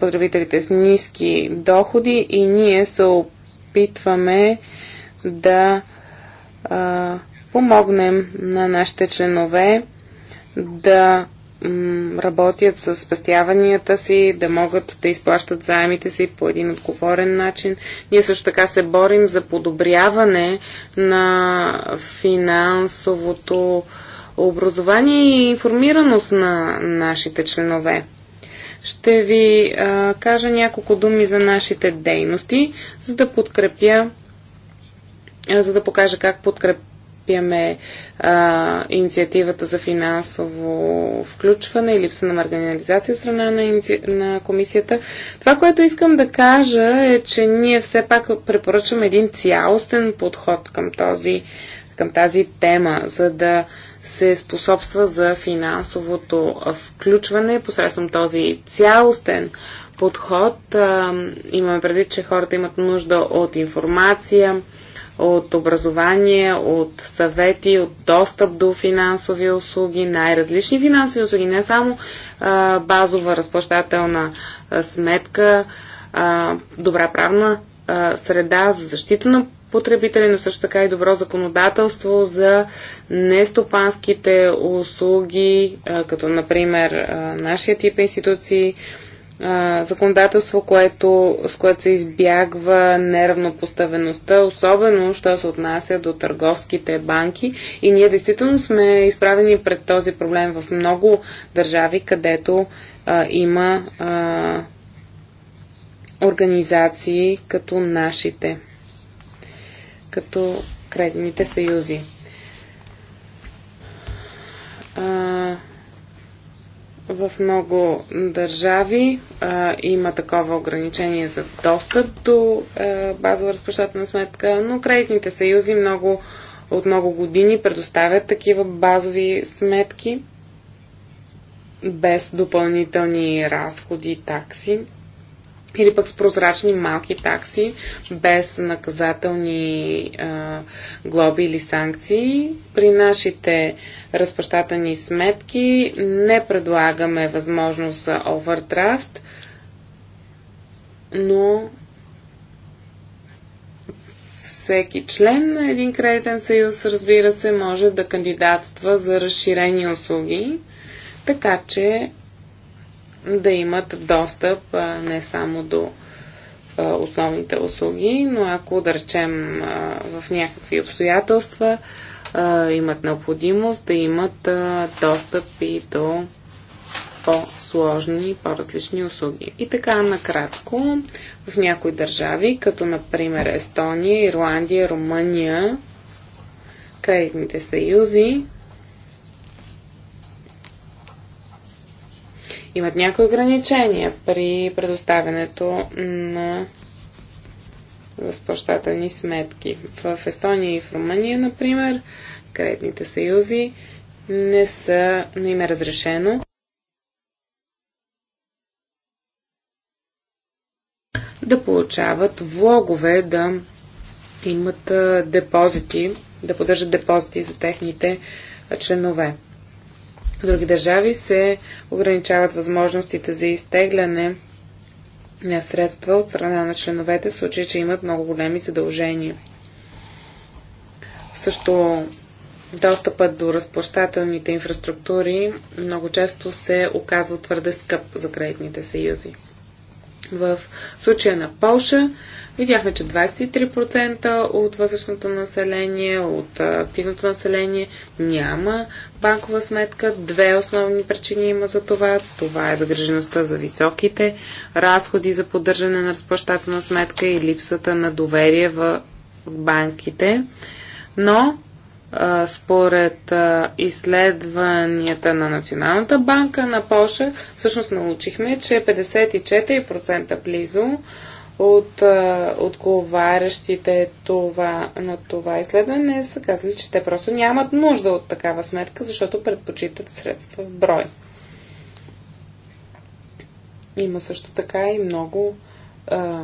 S2: потребителите с ниски доходи и ние се опитваме да помогнем на нашите членове да работят с спестяванията си, да могат да изплащат заемите си по един отговорен начин. Ние също така се борим за подобряване на финансовото образование и информираност на нашите членове. Ще ви а, кажа няколко думи за нашите дейности, за да подкрепя, а, за да покажа как подкреп, подкрепяме а, инициативата за финансово включване и липса на маргинализация от страна на, инци... на комисията. Това, което искам да кажа е, че ние все пак препоръчваме един цялостен подход към, този, към тази тема, за да се способства за финансовото включване посредством този цялостен подход. А, имаме предвид, че хората имат нужда от информация, от образование, от съвети, от достъп до финансови услуги, най-различни финансови услуги, не само а, базова разплащателна сметка, а, добра правна а, среда за защита на потребители, но също така и добро законодателство за нестопанските услуги, а, като например а, нашия тип институции, законодателство, което, с което се избягва неравнопоставеността, особено, що се отнася до търговските банки. И ние действително сме изправени пред този проблем в много държави, където а, има а, организации като нашите, като кредитните съюзи. А, в много държави а, има такова ограничение за достъп до а, базова разплащателна сметка, но кредитните съюзи много, от много години предоставят такива базови сметки без допълнителни разходи и такси или пък с прозрачни малки такси, без наказателни а, глоби или санкции. При нашите разпощатани сметки не предлагаме възможност за овердрафт, но всеки член на един кредитен съюз, разбира се, може да кандидатства за разширени услуги, така че да имат достъп не само до основните услуги, но ако, да речем, в някакви обстоятелства имат необходимост да имат достъп и до по-сложни, по-различни услуги. И така, накратко, в някои държави, като например Естония, Ирландия, Румъния, кредитните съюзи, имат някои ограничения при предоставянето на възплащателни сметки. В Естония и в Румъния, например, кредитните съюзи не са, не им е разрешено да получават влогове, да имат депозити, да поддържат депозити за техните членове. В други държави се ограничават възможностите за изтегляне на средства от страна на членовете, в случай, че имат много големи задължения. Също достъпът до разплащателните инфраструктури много често се оказва твърде скъп за кредитните съюзи. В случая на Полша видяхме, че 23% от възрастното население, от активното население няма банкова сметка. Две основни причини има за това. Това е загрежеността за високите разходи за поддържане на разплащателна сметка и липсата на доверие в банките. Но според изследванията на Националната банка на Польша, всъщност научихме, че 54% близо от отговарящите това, на това изследване са казали, че те просто нямат нужда от такава сметка, защото предпочитат средства в брой. Има също така и много а,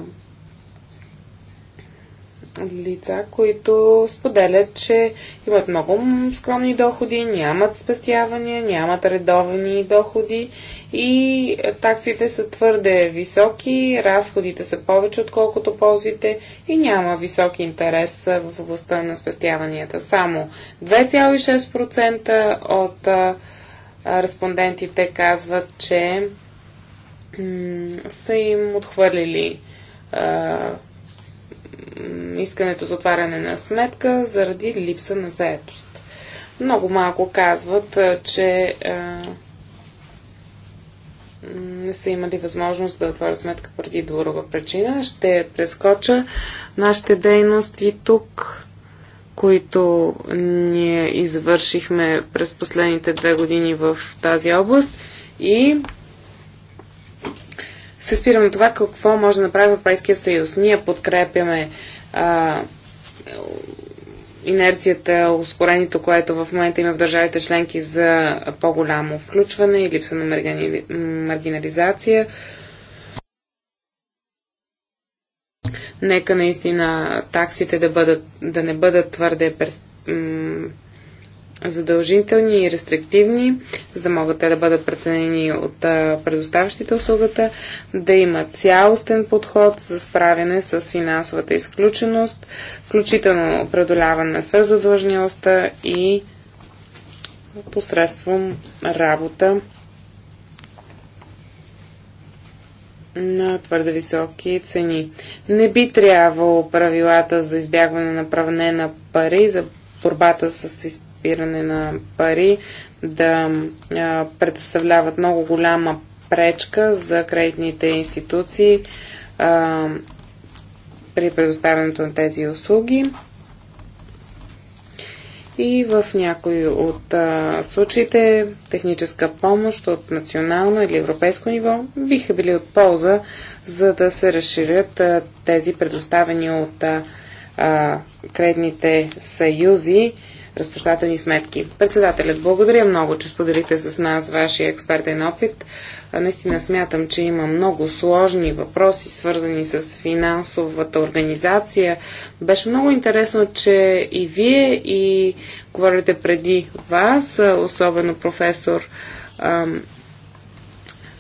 S2: лица, които споделят, че имат много скромни доходи, нямат спестявания, нямат редовни доходи и таксите са твърде високи, разходите са повече отколкото ползите и няма висок интерес в областта на спестяванията. Само 2,6% от респондентите казват, че са им отхвърлили искането за отваряне на сметка заради липса на заетост. Много малко казват, че не са имали възможност да отворят сметка преди друга причина. Ще прескоча нашите дейности тук, които ние извършихме през последните две години в тази област и се спирам на това какво може да направи Европейския съюз. Ние подкрепяме а, инерцията, ускорението, което в момента има в държавите членки за по-голямо включване и липса на маргинализация. Нека наистина таксите да, бъдат, да не бъдат твърде перспективни задължителни и рестриктивни, за да могат те да бъдат преценени от предоставящите услугата, да има цялостен подход за справяне с финансовата изключеност, включително преодоляване на свързадлъжнялостта и посредством работа на твърде високи цени. Не би трябвало правилата за избягване на правене на пари, за борбата с изпълнението изпиране на пари да представляват много голяма пречка за кредитните институции а, при предоставянето на тези услуги. И в някои от а, случаите техническа помощ от национално или европейско ниво биха били от полза, за да се разширят а, тези предоставени от а, кредитните съюзи разпощателни сметки. Председателят, благодаря много, че споделите с нас вашия експертен опит. Наистина смятам, че има много сложни въпроси, свързани с финансовата организация. Беше много интересно, че и вие, и говорите преди вас, особено професор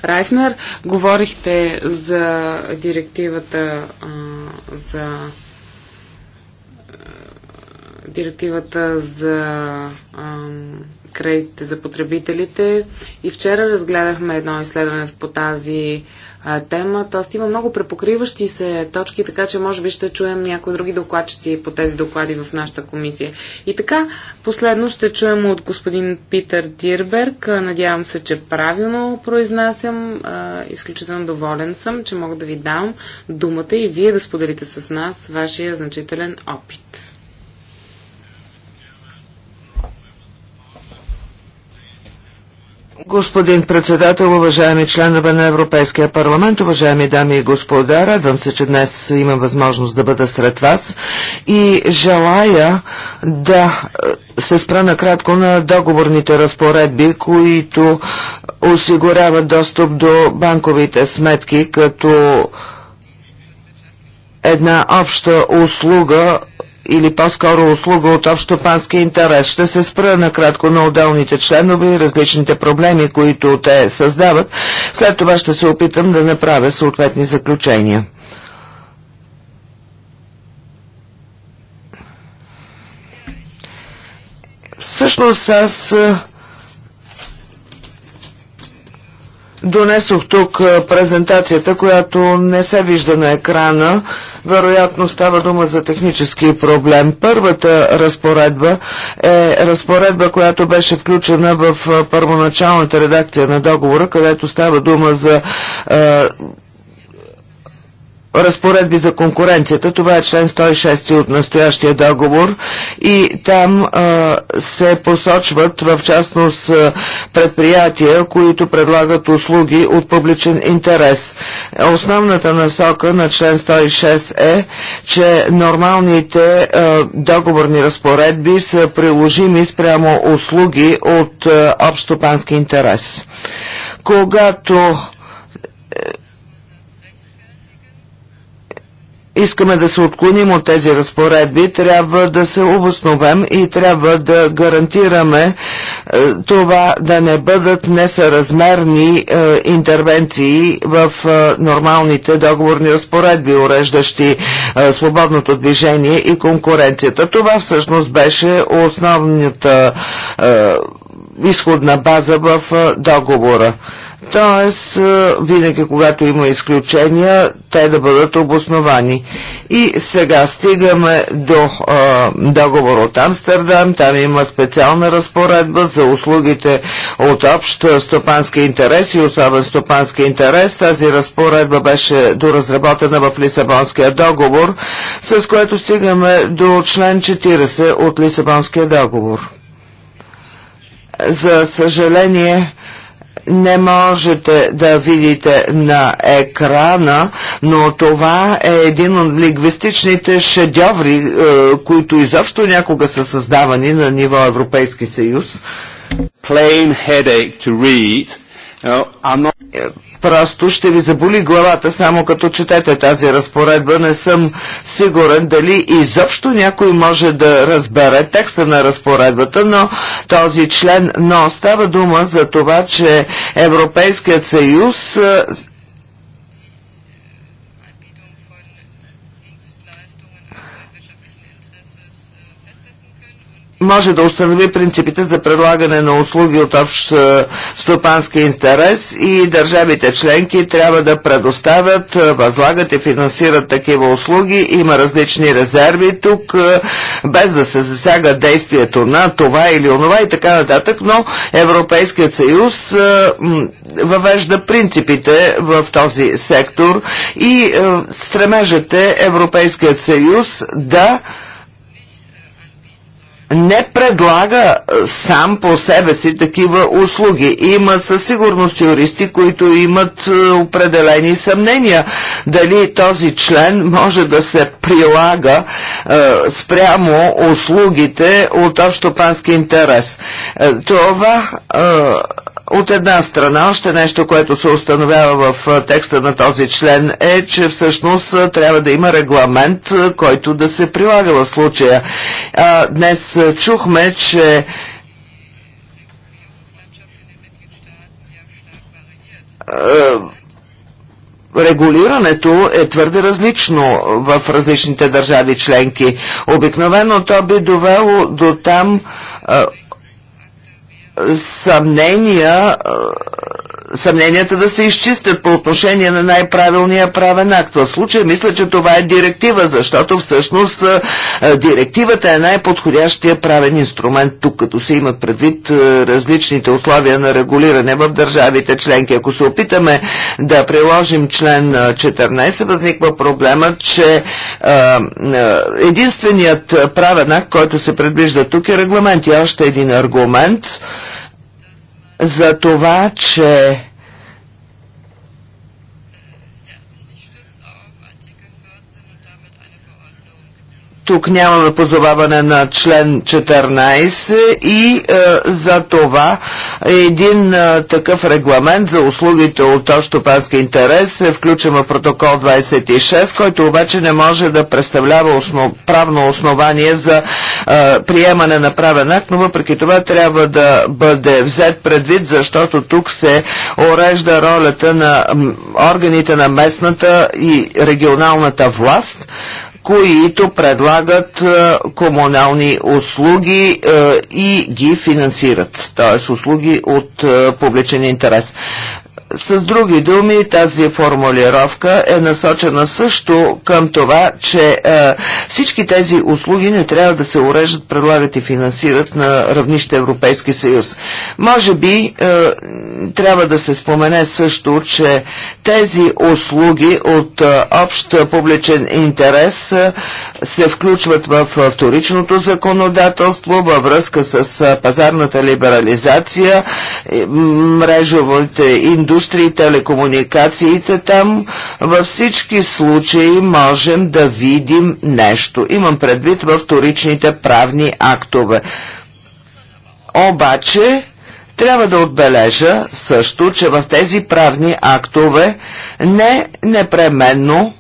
S2: Райфнер, говорихте за директивата а, за директивата за кредитите за потребителите. И вчера разгледахме едно изследване по тази а, тема. Тоест има много препокриващи се точки, така че може би ще чуем някои други докладчици по тези доклади в нашата комисия. И така, последно ще чуем от господин Питър Тирберг. Надявам се, че правилно произнасям. А, изключително доволен съм, че мога да ви дам думата и вие да споделите с нас вашия значителен опит.
S3: Господин председател, уважаеми членове на Европейския парламент, уважаеми дами и господа, радвам се, че днес имам възможност да бъда сред вас и желая да е, се спра накратко на договорните разпоредби, които осигуряват достъп до банковите сметки като една обща услуга или по-скоро услуга от общопански интерес. Ще се спра накратко на отделните членове и различните проблеми, които те създават. След това ще се опитам да направя съответни заключения. Всъщност аз донесох тук презентацията, която не се вижда на екрана. Вероятно става дума за технически проблем. Първата разпоредба е разпоредба, която беше включена в първоначалната редакция на договора, където става дума за е, разпоредби за конкуренцията. Това е член 106 от настоящия договор и там а, се посочват в частност предприятия, които предлагат услуги от публичен интерес. Основната насока на член 106 е, че нормалните а, договорни разпоредби са приложими спрямо услуги от общопански интерес. Когато искаме да се отклоним от тези разпоредби, трябва да се обосновем и трябва да гарантираме е, това да не бъдат несъразмерни е, интервенции в е, нормалните договорни разпоредби, уреждащи свободното движение и конкуренцията. Това всъщност беше основната изходна база в договора. Тоест, винаги когато има изключения, те да бъдат обосновани. И сега стигаме до а, договор от Амстердам. Там има специална разпоредба за услугите от общ стопански интерес и особен стопански интерес. Тази разпоредба беше доразработена в Лисабонския договор, с което стигаме до член 40 от Лисабонския договор. За съжаление, не можете да видите на екрана, но това е един от лингвистичните шедеври, е, които изобщо някога са създавани на ниво Европейски съюз. Plain headache to read. not... Е, Просто ще ви заболи главата само като четете тази разпоредба. Не съм сигурен дали изобщо някой може да разбере текста на разпоредбата, но този член, но става дума за това, че Европейският съюз може да установи принципите за предлагане на услуги от общ стопански интерес и държавите членки трябва да предоставят, възлагат и финансират такива услуги. Има различни резерви тук, без да се засяга действието на това или онова и така нататък, но Европейският съюз въвежда принципите в този сектор и стремежете Европейският съюз да не предлага сам по себе си такива услуги. Има със сигурност юристи, които имат определени съмнения дали този член може да се прилага е, спрямо услугите от общопански интерес. Е, това е, от една страна, още нещо, което се установява в текста на този член е, че всъщност трябва да има регламент, който да се прилага в случая. Днес чухме, че регулирането е твърде различно в различните държави членки. Обикновено то би довело до там съмнения съмненията да се изчистят по отношение на най-правилния правен акт. В случай мисля, че това е директива, защото всъщност директивата е най-подходящия правен инструмент тук, като се имат предвид различните условия на регулиране в държавите членки. Ако се опитаме да приложим член 14, възниква проблема, че единственият правен акт, който се предвижда тук е регламент. И още един аргумент – за това, че Тук нямаме позоваване на член 14 и е, за това е един е, такъв регламент за услугите от общопански интерес е включен в протокол 26, който обаче не може да представлява основ, правно основание за е, приемане на правен акт, но въпреки това трябва да бъде взет предвид, защото тук се орежда ролята на органите на местната и регионалната власт които предлагат е, комунални услуги е, и ги финансират, т.е. услуги от е, публичен интерес. С други думи, тази формулировка е насочена също към това, че е, всички тези услуги не трябва да се уреждат, предлагат и финансират на равнище Европейски съюз. Може би е, трябва да се спомене също, че тези услуги от е, общ публичен интерес е, се включват в вторичното законодателство във връзка с пазарната либерализация, мрежовите индустрии, телекомуникациите там. Във всички случаи можем да видим нещо. Имам предвид във вторичните правни актове. Обаче, трябва да отбележа също, че в тези правни актове не непременно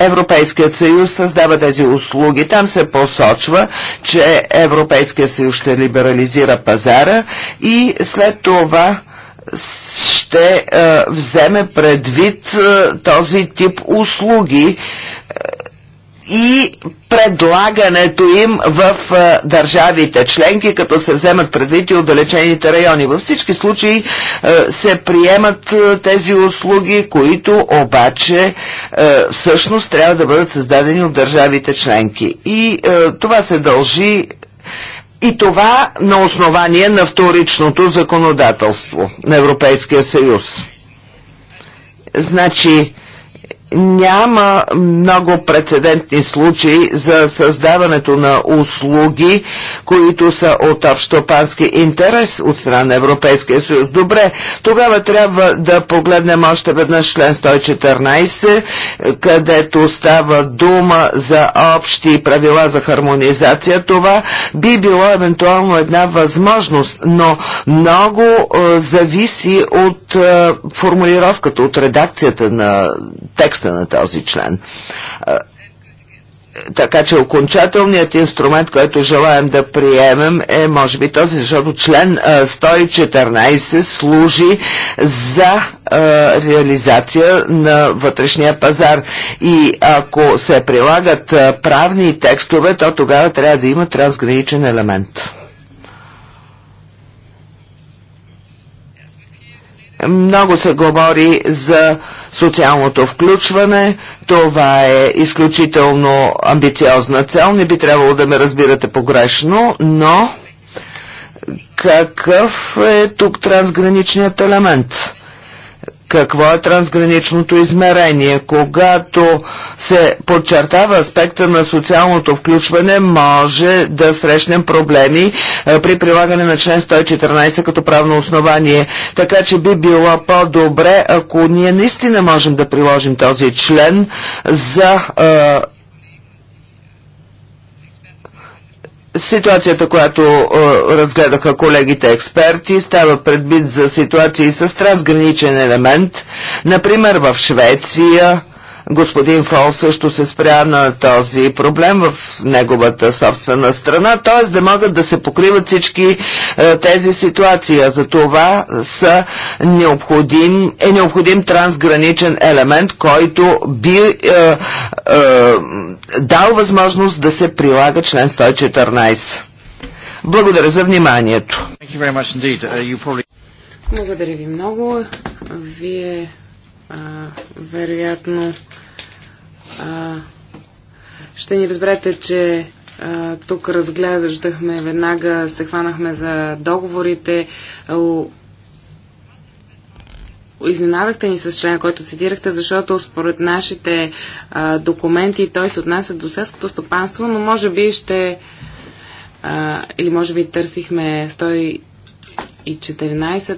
S3: Европейският съюз създава тези услуги. Там се посочва, че Европейският съюз ще либерализира пазара и след това ще е, вземе предвид е, този тип услуги и предлагането им в а, държавите членки, като се вземат предвид и отдалечените райони. Във всички случаи а, се приемат а, тези услуги, които обаче всъщност трябва да бъдат създадени от държавите членки. И това се дължи и това на основание на вторичното законодателство на Европейския съюз. Значи, няма много прецедентни случаи за създаването на услуги, които са от общопански интерес от страна на Европейския съюз. Добре, тогава трябва да погледнем още веднъж член 114, където става дума за общи правила за хармонизация. Това би било евентуално една възможност, но много е, зависи от е, формулировката, от редакцията на текста текста на този член. Така че окончателният инструмент, който желаем да приемем е може би този, защото член 114 служи за реализация на вътрешния пазар. И ако се прилагат правни текстове, то тогава трябва да има трансграничен елемент. Много се говори за социалното включване. Това е изключително амбициозна цел. Не би трябвало да ме разбирате погрешно, но какъв е тук трансграничният елемент? какво е трансграничното измерение. Когато се подчертава аспекта на социалното включване, може да срещнем проблеми е, при прилагане на член 114 като правно основание. Така че би било по-добре, ако ние наистина можем да приложим този член за е, Ситуацията, която е, разгледаха колегите експерти, става предвид за ситуации с трансграничен елемент, например в Швеция, Господин Фол също се спря на този проблем в неговата собствена страна, т.е. да могат да се покриват всички е, тези ситуации. За това са необходим, е необходим трансграничен елемент, който би е, е, дал възможност да се прилага член 114. Благодаря за вниманието. Uh,
S2: Благодаря ви много. Вие а, вероятно ще ни разберете, че а, тук разглеждахме, веднага се хванахме за договорите. Изненадахте ни с член, който цитирахте, защото според нашите а, документи той се отнася до селското стопанство, но може би ще а, или може би търсихме 114,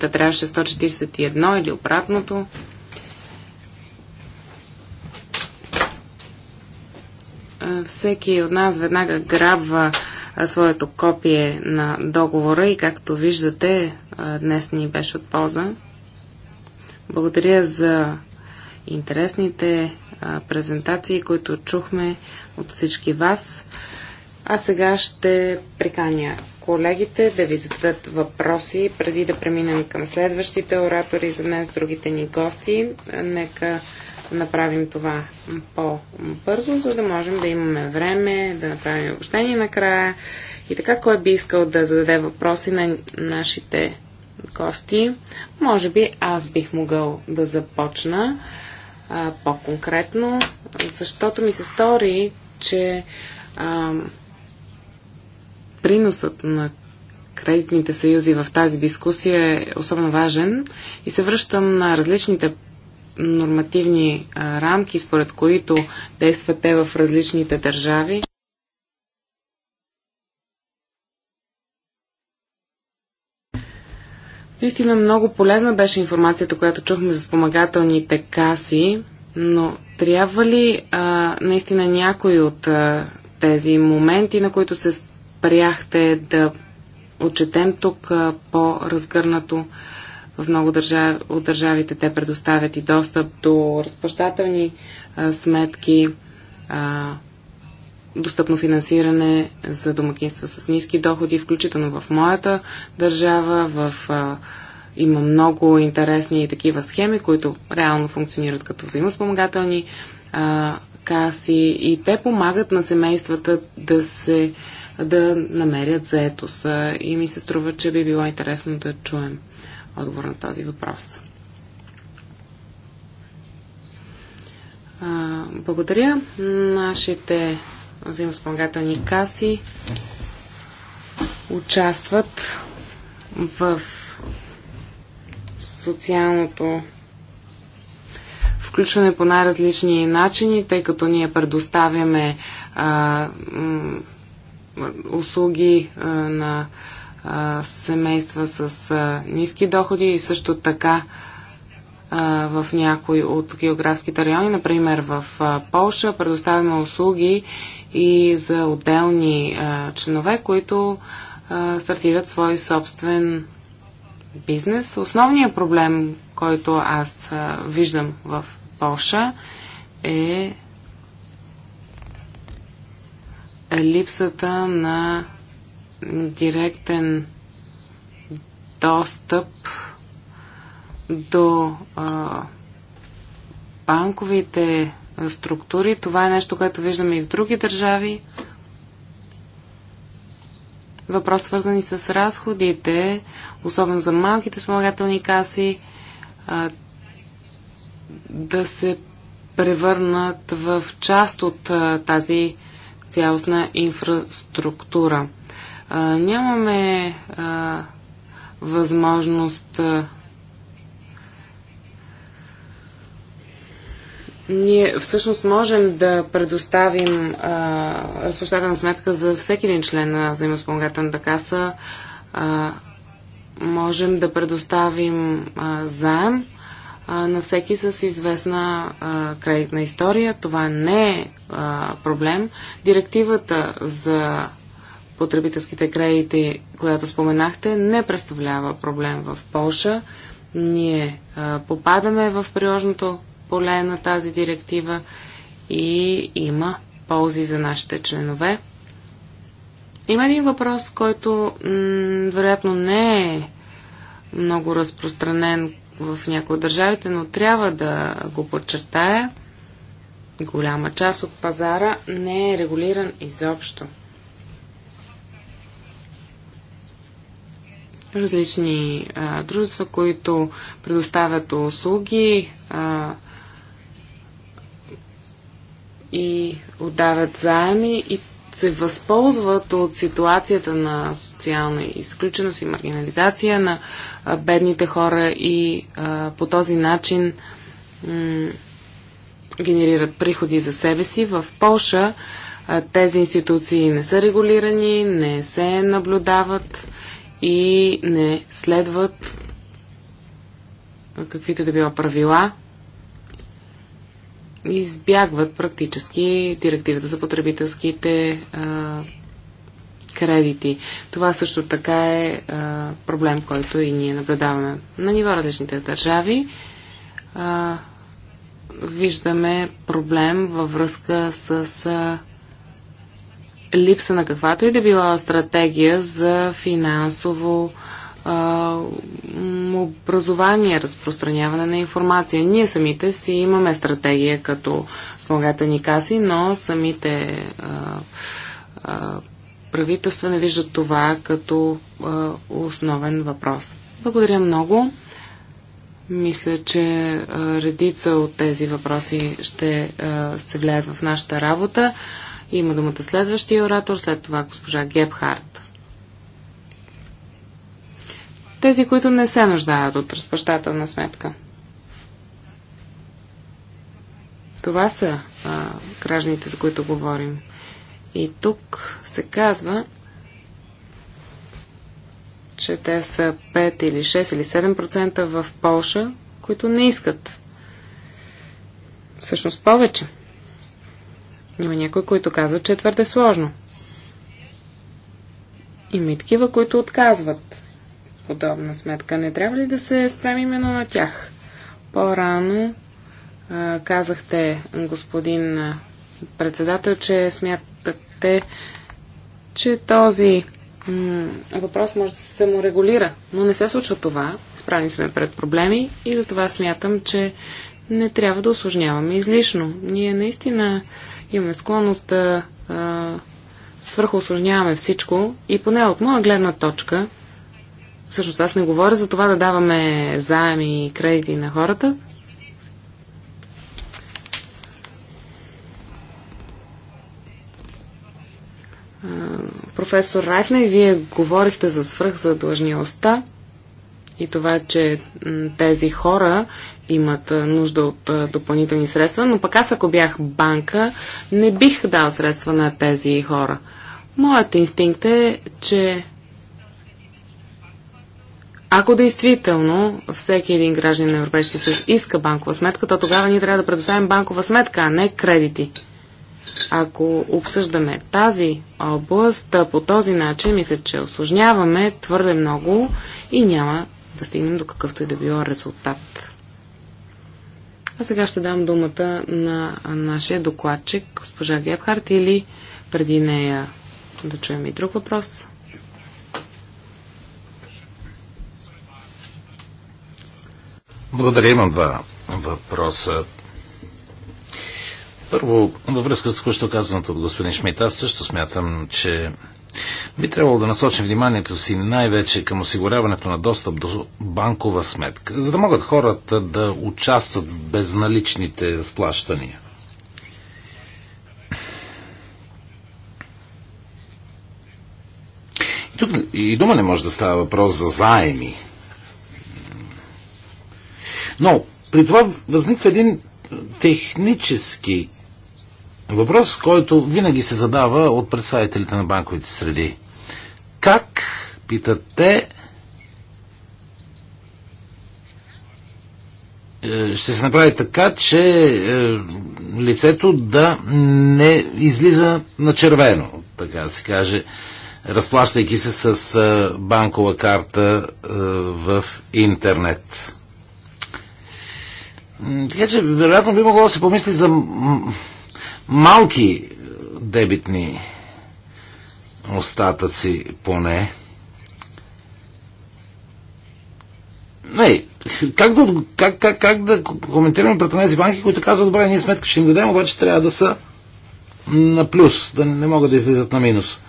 S2: а трябваше 141 или обратното. всеки от нас веднага грабва своето копие на договора и както виждате, днес ни беше от полза. Благодаря за интересните презентации, които чухме от всички вас. А сега ще приканя колегите да ви зададат въпроси, преди да преминем към следващите оратори за днес, другите ни гости. Нека направим това по-бързо, за да можем да имаме време, да направим обобщение накрая. И така, кой би искал да зададе въпроси на нашите гости, може би аз бих могъл да започна по-конкретно, защото ми се стори, че а, приносът на кредитните съюзи в тази дискусия е особено важен и се връщам на различните нормативни а, рамки, според които действат те в различните държави. Наистина много полезна беше информацията, която чухме за спомагателните каси, но трябва ли а, наистина някой от а, тези моменти, на които се спряхте да отчетем тук по-разгърнато? В много държави, от държавите те предоставят и достъп до разплащателни а, сметки, а, достъпно финансиране за домакинства с ниски доходи, включително в моята държава, в а, има много интересни такива схеми, които реално функционират като взаимоспомагателни а, каси и те помагат на семействата да се да намерят заетост. И ми се струва, че би било интересно да чуем отговор на този въпрос. благодаря. Нашите взаимоспомагателни каси участват в социалното включване по най-различни начини, тъй като ние предоставяме а, услуги а, на семейства с а, ниски доходи и също така а, в някои от географските райони, например в а, Полша, предоставяме услуги и за отделни а, членове, които а, стартират свой собствен бизнес. Основният проблем, който аз а, виждам в Полша е липсата на директен достъп до а, банковите структури. Това е нещо, което виждаме и в други държави. Въпрос свързани с разходите, особено за малките спомагателни каси, а, да се превърнат в част от а, тази цялостна инфраструктура а, нямаме а, възможност а, Ние всъщност можем да предоставим а, разплащателна сметка за всеки един член на взаимоспомагателната каса. А, можем да предоставим а, заем на всеки с известна а, кредитна история. Това не е а, проблем. Директивата за потребителските кредити, която споменахте, не представлява проблем в Польша. Ние а, попадаме в приложното поле на тази директива и има ползи за нашите членове. Има един въпрос, който вероятно не е много разпространен в някои от държавите, но трябва да го подчертая. Голяма част от пазара не е регулиран изобщо. различни а, дружества, които предоставят услуги а, и отдават заеми и се възползват от ситуацията на социална изключеност и маргинализация на а, бедните хора и а, по този начин генерират приходи за себе си. В Польша тези институции не са регулирани, не се наблюдават и не следват каквито да било правила, избягват практически директивата за потребителските а, кредити. Това също така е а, проблем, който и ние наблюдаваме. На ниво различните държави а, виждаме проблем във връзка с а, липса на каквато и да била стратегия за финансово а, образование, разпространяване на информация. Ние самите си имаме стратегия като спомагателни каси, но самите а, а, правителства не виждат това като а, основен въпрос. Благодаря много. Мисля, че а, редица от тези въпроси ще а, се влияят в нашата работа. Има думата следващия оратор, след това госпожа Гебхарт. Тези, които не се нуждаят от разпъщателна сметка. Това са а, гражданите, за които говорим. И тук се казва, че те са 5 или 6 или 7% в Полша, които не искат. Всъщност повече. Има някои, които казват, че е твърде сложно. Има и такива, които отказват подобна сметка. Не трябва ли да се спрем именно на тях? По-рано казахте, господин председател, че смятате, че този въпрос може да се саморегулира. Но не се случва това. Справи сме пред проблеми и за това смятам, че не трябва да осложняваме излишно. Ние наистина имаме склонност да свръхосложняваме всичко и поне от моя гледна точка, всъщност аз не говоря за това да даваме заеми и кредити на хората, професор Райфне, вие говорихте за свръхзадлъжнялостта и това, че тези хора имат нужда от допълнителни средства, но пък аз ако бях банка, не бих дал средства на тези хора. Моят инстинкт е, че ако действително всеки един граждан на Европейския съюз иска банкова сметка, то тогава ние трябва да предоставим банкова сметка, а не кредити. Ако обсъждаме тази област, по този начин мисля, че осложняваме твърде много и няма да стигнем до какъвто и да било резултат. А сега ще дам думата на нашия докладчик, госпожа Гебхарт, или преди нея да чуем и друг въпрос.
S4: Благодаря, имам два въпроса. Първо, във връзка с това, което казаното от господин Шмидт, аз също смятам, че би трябвало да насочим вниманието си най-вече към осигуряването на достъп до банкова сметка, за да могат хората да участват в безналичните сплащания. И тук и дума не може да става въпрос за заеми. Но при това възниква един технически Въпрос, който винаги се задава от представителите на банковите среди. Как, питат те, е, ще се направи така, че е, лицето да не излиза на червено, така да се каже, разплащайки се с е, банкова карта в интернет. Така че, вероятно би могло да се помисли за малки е, дебитни остатъци поне. Не, как да, как, как, как да коментираме пред тези банки, които казват, добре, ние сметка ще им дадем, обаче трябва да са на плюс, да не могат да излизат на минус.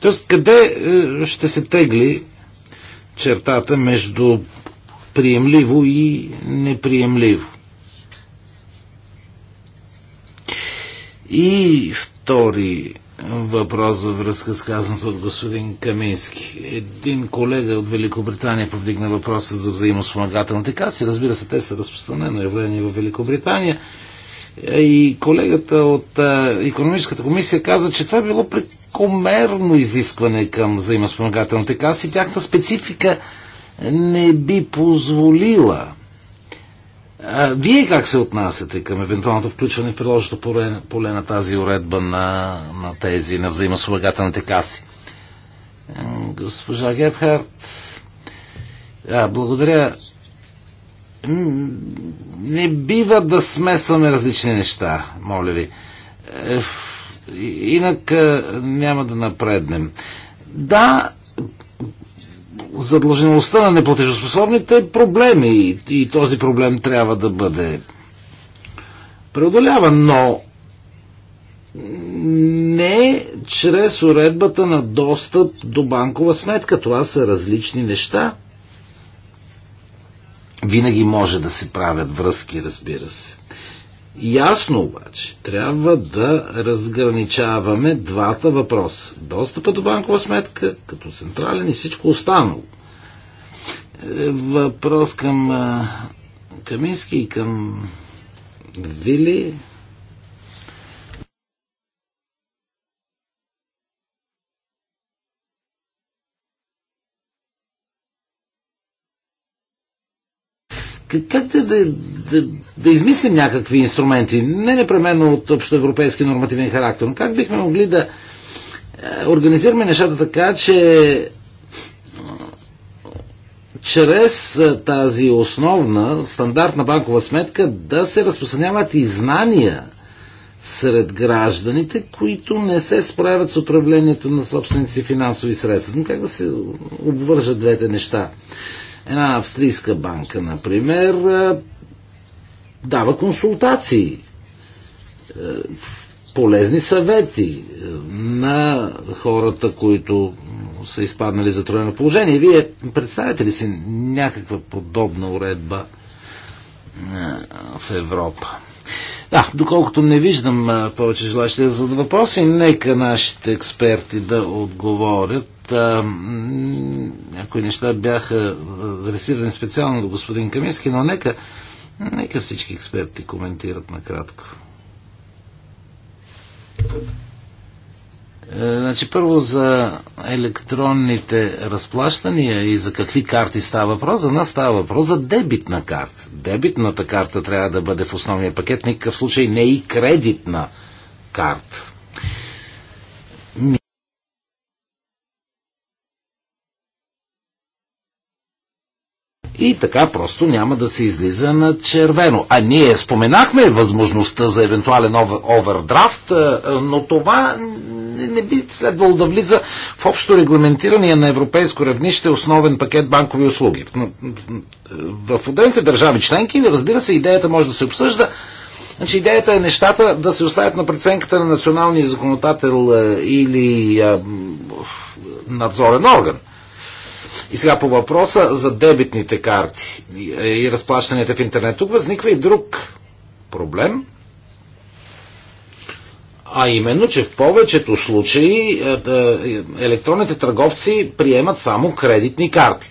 S4: Тоест, къде е, ще се тегли чертата между приемливо и неприемливо. И втори въпрос във връзка с казаното от господин Камински. Един колега от Великобритания повдигна въпроса за взаимоспомагателните каси. Разбира се, те са разпространено явление в Великобритания. И колегата от економическата комисия каза, че това е било прекомерно изискване към взаимоспомагателните каси. Тяхна специфика не би позволила. А, вие как се отнасяте към евентуалното включване в приложеното поле, поле на тази уредба на, на тези, на взаимоспомагателните каси? Госпожа Гебхарт, а, благодаря. Не бива да смесваме различни неща, моля ви. Е, Инак няма да напреднем. Да, задължеността на неплатежоспособните е проблем и, и този проблем трябва да бъде преодоляван, но не чрез уредбата на достъп до банкова сметка. Това са различни неща. Винаги може да се правят връзки, разбира се. Ясно обаче, трябва да разграничаваме двата въпроса. Достъпа до банкова сметка, като централен и всичко останало. Е, въпрос към Камински и към Вили.
S3: как да, да, да,
S4: да измислим някакви инструменти, не непременно от общоевропейски нормативен характер, но как бихме могли да е, организираме нещата така, че е, чрез е, тази основна стандартна банкова сметка да се разпространяват и знания сред гражданите, които не се справят с управлението на собствените си финансови средства. Но ами как да се обвържат двете неща? Една австрийска банка, например, е, дава консултации, е, полезни съвети е, на хората, които са изпаднали за тройно положение. Вие представяте ли си някаква подобна уредба в Европа? Да, доколкото не виждам повече желащи да въпроси, нека нашите експерти да отговорят а, някои неща бяха е, адресирани специално до господин Камински, но нека, нека всички експерти коментират накратко. Е, значи първо за електронните разплащания и за какви карти става въпрос. За нас става въпрос за дебитна карта. Дебитната карта трябва да бъде в основния пакет, никакъв случай не и кредитна карта. И така просто няма да се излиза на червено. А ние споменахме възможността за евентуален овердрафт, но това не би следвало да влиза в общо регламентирания на европейско равнище основен пакет банкови услуги. В отделните държави членки, разбира се, идеята може да се обсъжда, Значи идеята е нещата да се оставят на преценката на националния законодател или надзорен орган. И сега по въпроса за дебитните карти и разплащанията в интернет. Тук възниква и друг проблем, а именно, че в повечето случаи е, е, електронните търговци приемат само кредитни карти.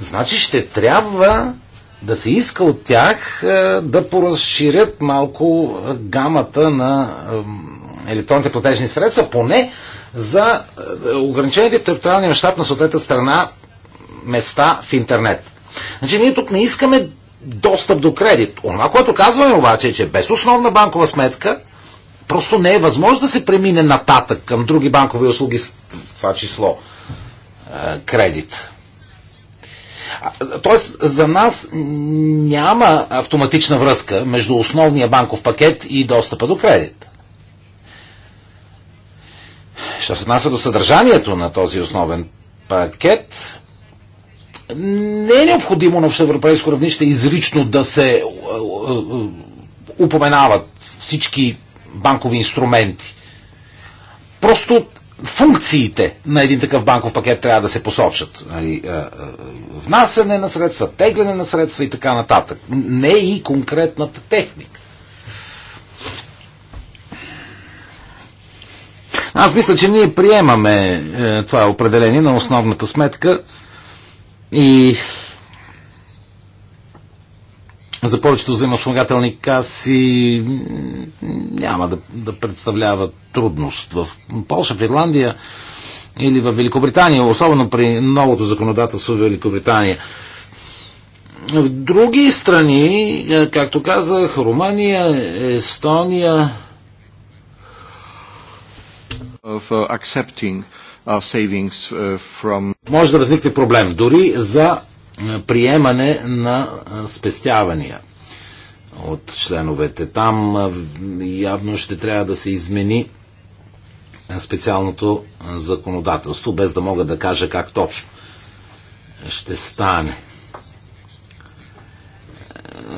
S4: Значи ще трябва да се иска от тях е, да поразширят малко гамата на електронните платежни средства, поне за ограничените в териториалния мащаб на съответната страна места в интернет. Значи ние тук не искаме достъп до кредит. Онова, което казваме обаче е, че без основна банкова сметка просто не е възможно да се премине нататък към други банкови услуги, с това число е, кредит. Тоест, за нас няма автоматична връзка между основния банков пакет и достъпа до кредит. Що се отнася до съдържанието на този основен пакет, не е необходимо на всеевропейско равнище изрично да се е, е, е, упоменават всички банкови инструменти. Просто функциите на един такъв банков пакет трябва да се посочат. Нали, внасяне на средства, тегляне на средства и така нататък. Не и конкретната техника. Аз мисля, че ние приемаме това определение на основната сметка и за повечето взаимоспомагателни каси няма да, да представлява трудност. В Польша, в Ирландия или в Великобритания, особено при новото законодателство в Великобритания. В други страни, е, както казах, Румъния, Естония, of uh, accepting uh, Uh, from... Може да възникне проблем дори за е, приемане на е, спестявания от членовете. Там е, явно ще трябва да се измени специалното законодателство, без да мога да кажа как точно ще стане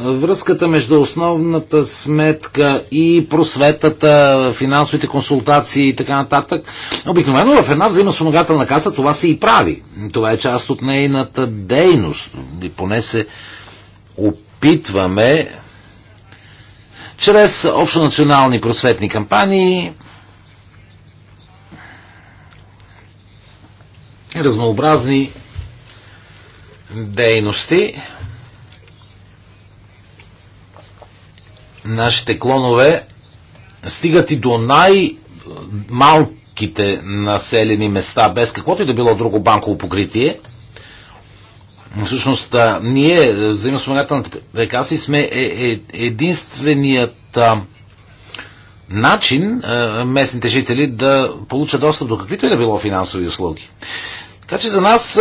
S4: връзката между основната сметка и просветата, финансовите консултации и така нататък, обикновено в една взаимоспомагателна каса това се и прави. Това е част от нейната дейност. И поне се опитваме чрез общонационални просветни кампании разнообразни дейности нашите клонове стигат и до най-малките населени места, без каквото и да било друго банково покритие. Всъщност, ние, е, взаимоспомагателната река си, сме е, е, единственият начин местните жители да получат достъп до каквито и да било финансови услуги. Така че за нас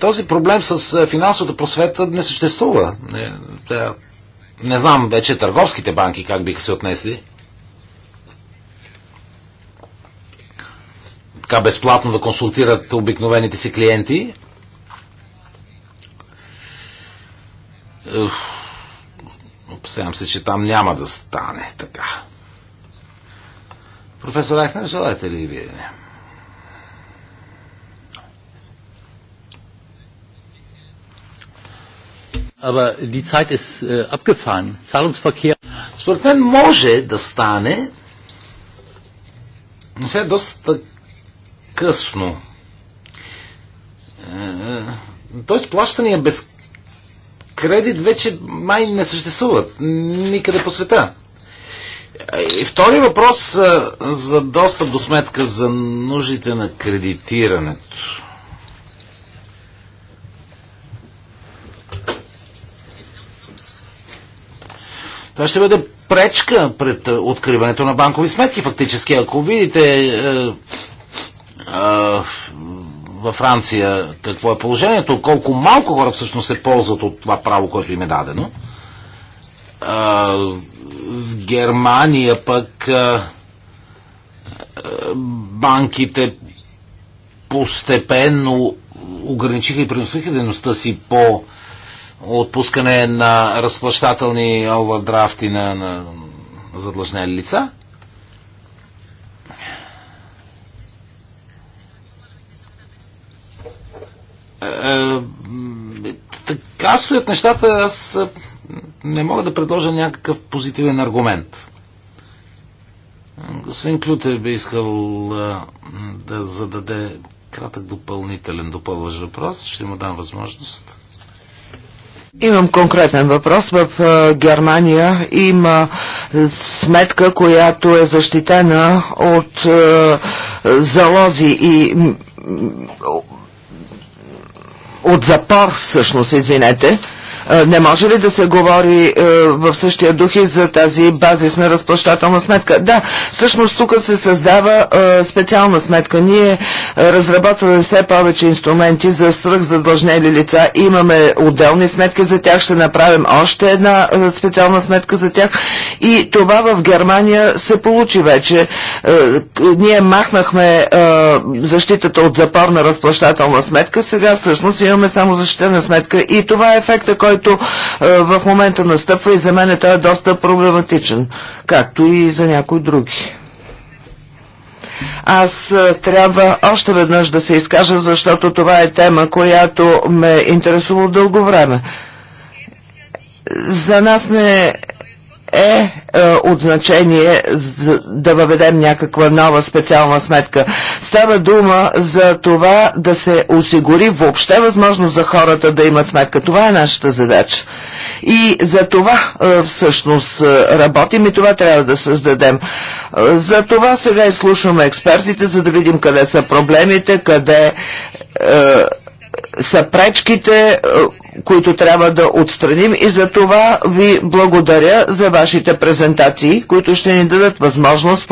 S4: този проблем с финансовата просвета не съществува. Не знам вече търговските банки как биха се отнесли. Така безплатно да консултират обикновените си клиенти. Опасявам се, че там няма да стане така. Професор Ахнер, желаете ли вие? Aber die Zeit ist äh, abgefahren. Zahlungsverkehr. Според мен може да стане, но сега е доста късно. Е, тоест плащания без кредит вече май не съществуват никъде по света. И втори въпрос е, за достъп до сметка за нуждите на кредитирането. това ще бъде пречка пред откриването на банкови сметки. Фактически, ако видите е, е, във Франция какво е положението, колко малко хора всъщност се ползват от това право, което им е дадено, е, в Германия пък е, банките постепенно ограничиха и предоставиха дейността си по отпускане на разплащателни овърдрафти на, на задлъжнели лица. Е, е, така стоят нещата, аз не мога да предложа някакъв позитивен аргумент. Господин Клюте би искал е, да зададе кратък допълнителен допълваш въпрос. Ще му дам възможност.
S3: Имам конкретен въпрос. В Германия има сметка, която е защитена от залози и от запор, всъщност, извинете. Е, не може ли да се говори е, в същия дух и за тази базисна разплащателна сметка? Да, всъщност тук се създава е, специална сметка. Ние разработваме все повече инструменти за свръхзадлъжнели лица. Имаме отделни сметки за тях. Ще направим още една специална сметка за тях. И това в Германия се получи вече. Ние махнахме защитата от запорна разплащателна сметка. Сега всъщност имаме само защитена сметка. И това е ефекта, който който е, в момента настъпва и за мен е той е доста проблематичен, както и за някои други. Аз е, трябва още веднъж да се изкажа, защото това е тема, която ме интересува дълго време. За нас не е е, е от значение за, да въведем някаква нова специална сметка. Става дума за това да се осигури въобще възможност за хората да имат сметка. Това е нашата задача. И за това е, всъщност е, работим и това трябва да създадем. Е, за това сега изслушваме експертите, за да видим къде са проблемите, къде е, са пречките, които трябва да отстраним и за това ви благодаря за вашите презентации, които ще ни дадат възможност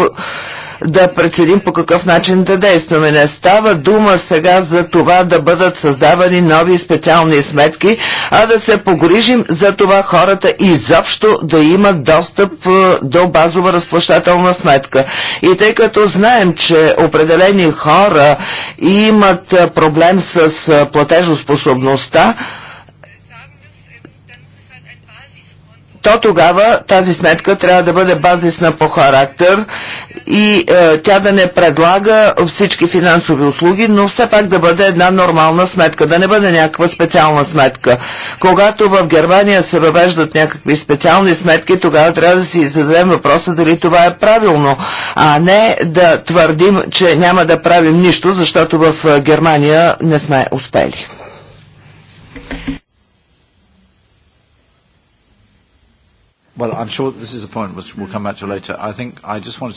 S3: да преценим по какъв начин да действаме. Не става дума сега за това да бъдат създавани нови специални сметки, а да се погрижим за това хората изобщо да имат достъп е, до базова разплащателна сметка. И тъй като знаем, че определени хора имат е, проблем с е, платежоспособността, то тогава тази сметка трябва да бъде базисна по характер и е, тя да не предлага всички финансови услуги, но все пак да бъде една нормална сметка, да не бъде някаква специална сметка. Когато в Германия се въвеждат някакви специални сметки, тогава трябва да си зададем въпроса дали това е правилно, а не да твърдим, че няма да правим нищо, защото в е, Германия не сме успели. Well, I'm
S4: sure this is a point which we'll come back to later. I think I just wanted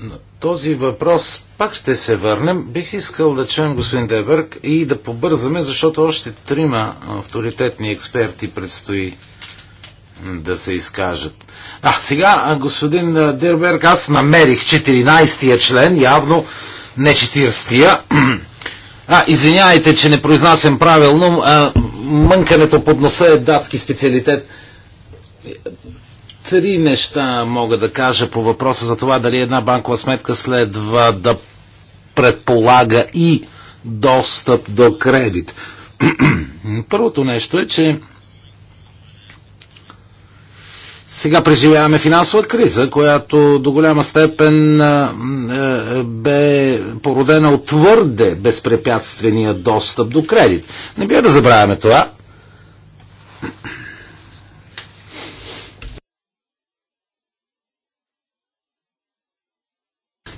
S4: to... този въпрос пак ще се върнем. Бих искал да чуем господин Деберг и да побързаме, защото още трима авторитетни експерти предстои да се изкажат. А, сега, господин Дерберг, аз намерих 14-тия член, явно не 40-тия. А, извинявайте, че не произнасям правилно. А, мънкането под носа е датски специалитет. Три неща мога да кажа по въпроса за това дали една банкова сметка следва да предполага и достъп до кредит. Първото нещо е, че сега преживяваме финансова криза, която до голяма степен е, бе породена от твърде безпрепятствения достъп до кредит. Не бива да забравяме това.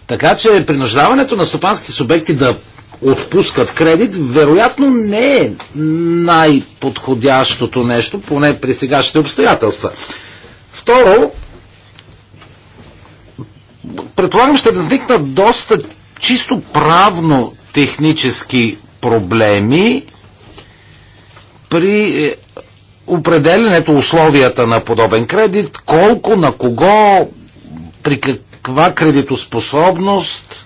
S4: Така че принуждаването на стопанските субекти да отпускат кредит, вероятно не е най-подходящото нещо, поне при сегашните обстоятелства. Второ, предполагам ще възникнат доста чисто правно технически проблеми при е, определенето условията на подобен кредит, колко, на кого, при как, каква кредитоспособност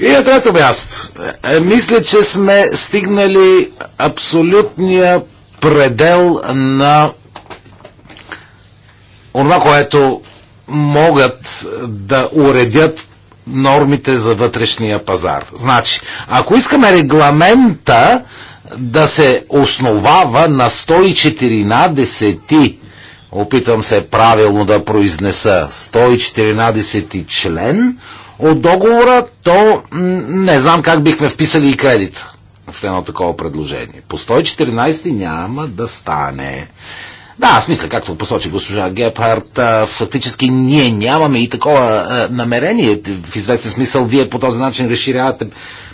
S4: И на трето място, е, мисля, че сме стигнали абсолютния предел на онова, което могат да уредят нормите за вътрешния пазар. Значи, ако искаме регламента да се основава на 114 опитвам се правилно да произнеса 114 член от договора, то не знам как бихме вписали и кредит в едно такова предложение. По 114 няма да стане. Да, аз мисля, както посочи госпожа Гепард, фактически ние нямаме и такова намерение. В известен смисъл вие по този начин разширявате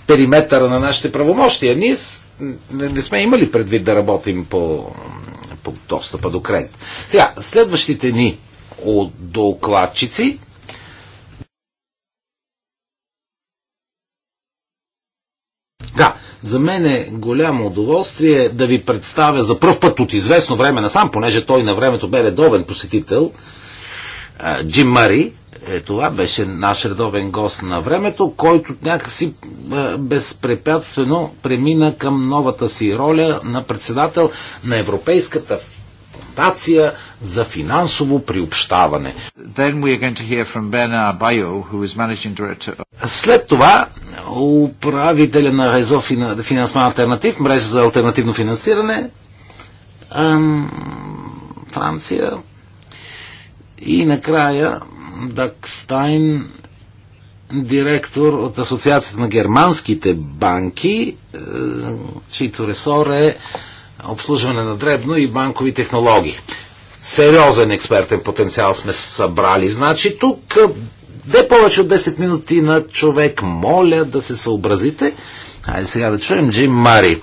S4: периметъра на нашите правомощия. Ние не, не сме имали предвид да работим по, по достъпа до кредит. Сега, следващите ни от докладчици Да, за мен е голямо удоволствие да ви представя за първ път от известно време насам, понеже той на времето бе редовен посетител, Джим Мари, е, това беше наш редовен гост на времето, който някакси е, безпрепятствено премина към новата си роля на председател на Европейската фундация за финансово приобщаване. Abayo, След това управителя на Резо Финансма Альтернатив, мрежа за альтернативно финансиране, Франция и накрая Дакстайн, директор от Асоциацията на германските банки, е, чийто ресор е обслужване на дребно и банкови технологии. Сериозен експертен потенциал сме събрали. Значи тук е, де повече от 10 минути на човек. Моля да се съобразите. Хайде сега да чуем Джим Мари.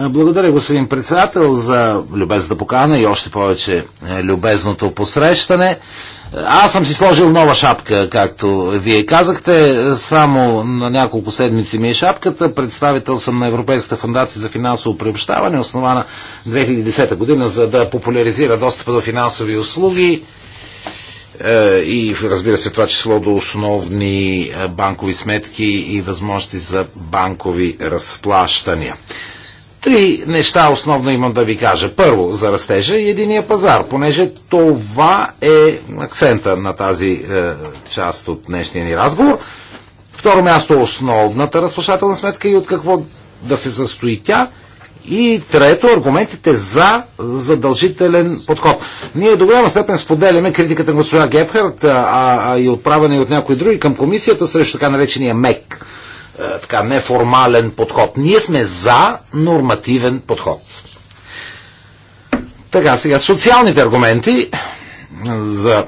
S4: Е, благодаря, господин председател, за любезната покана и още повече любезното посрещане. Аз съм си сложил нова шапка, както вие казахте. Само на няколко седмици ми е шапката. Представител съм на Европейската фундация за финансово приобщаване, основана 2010 година, за да популяризира достъпа до финансови услуги е, и разбира се това число до основни е, банкови сметки и възможности за банкови разплащания. Три неща основно имам да ви кажа. Първо, за растежа и единия пазар, понеже това е акцента на тази е, част от днешния ни разговор. Второ място, основната разплащателна сметка и от какво да се състои тя. И трето, аргументите за задължителен подход. Ние до голяма степен споделяме критиката на госпожа Гепхарт, а, а и отправени от някои други към комисията срещу така наречения МЕК е, така неформален подход. Ние сме за нормативен подход. Така, сега социалните аргументи за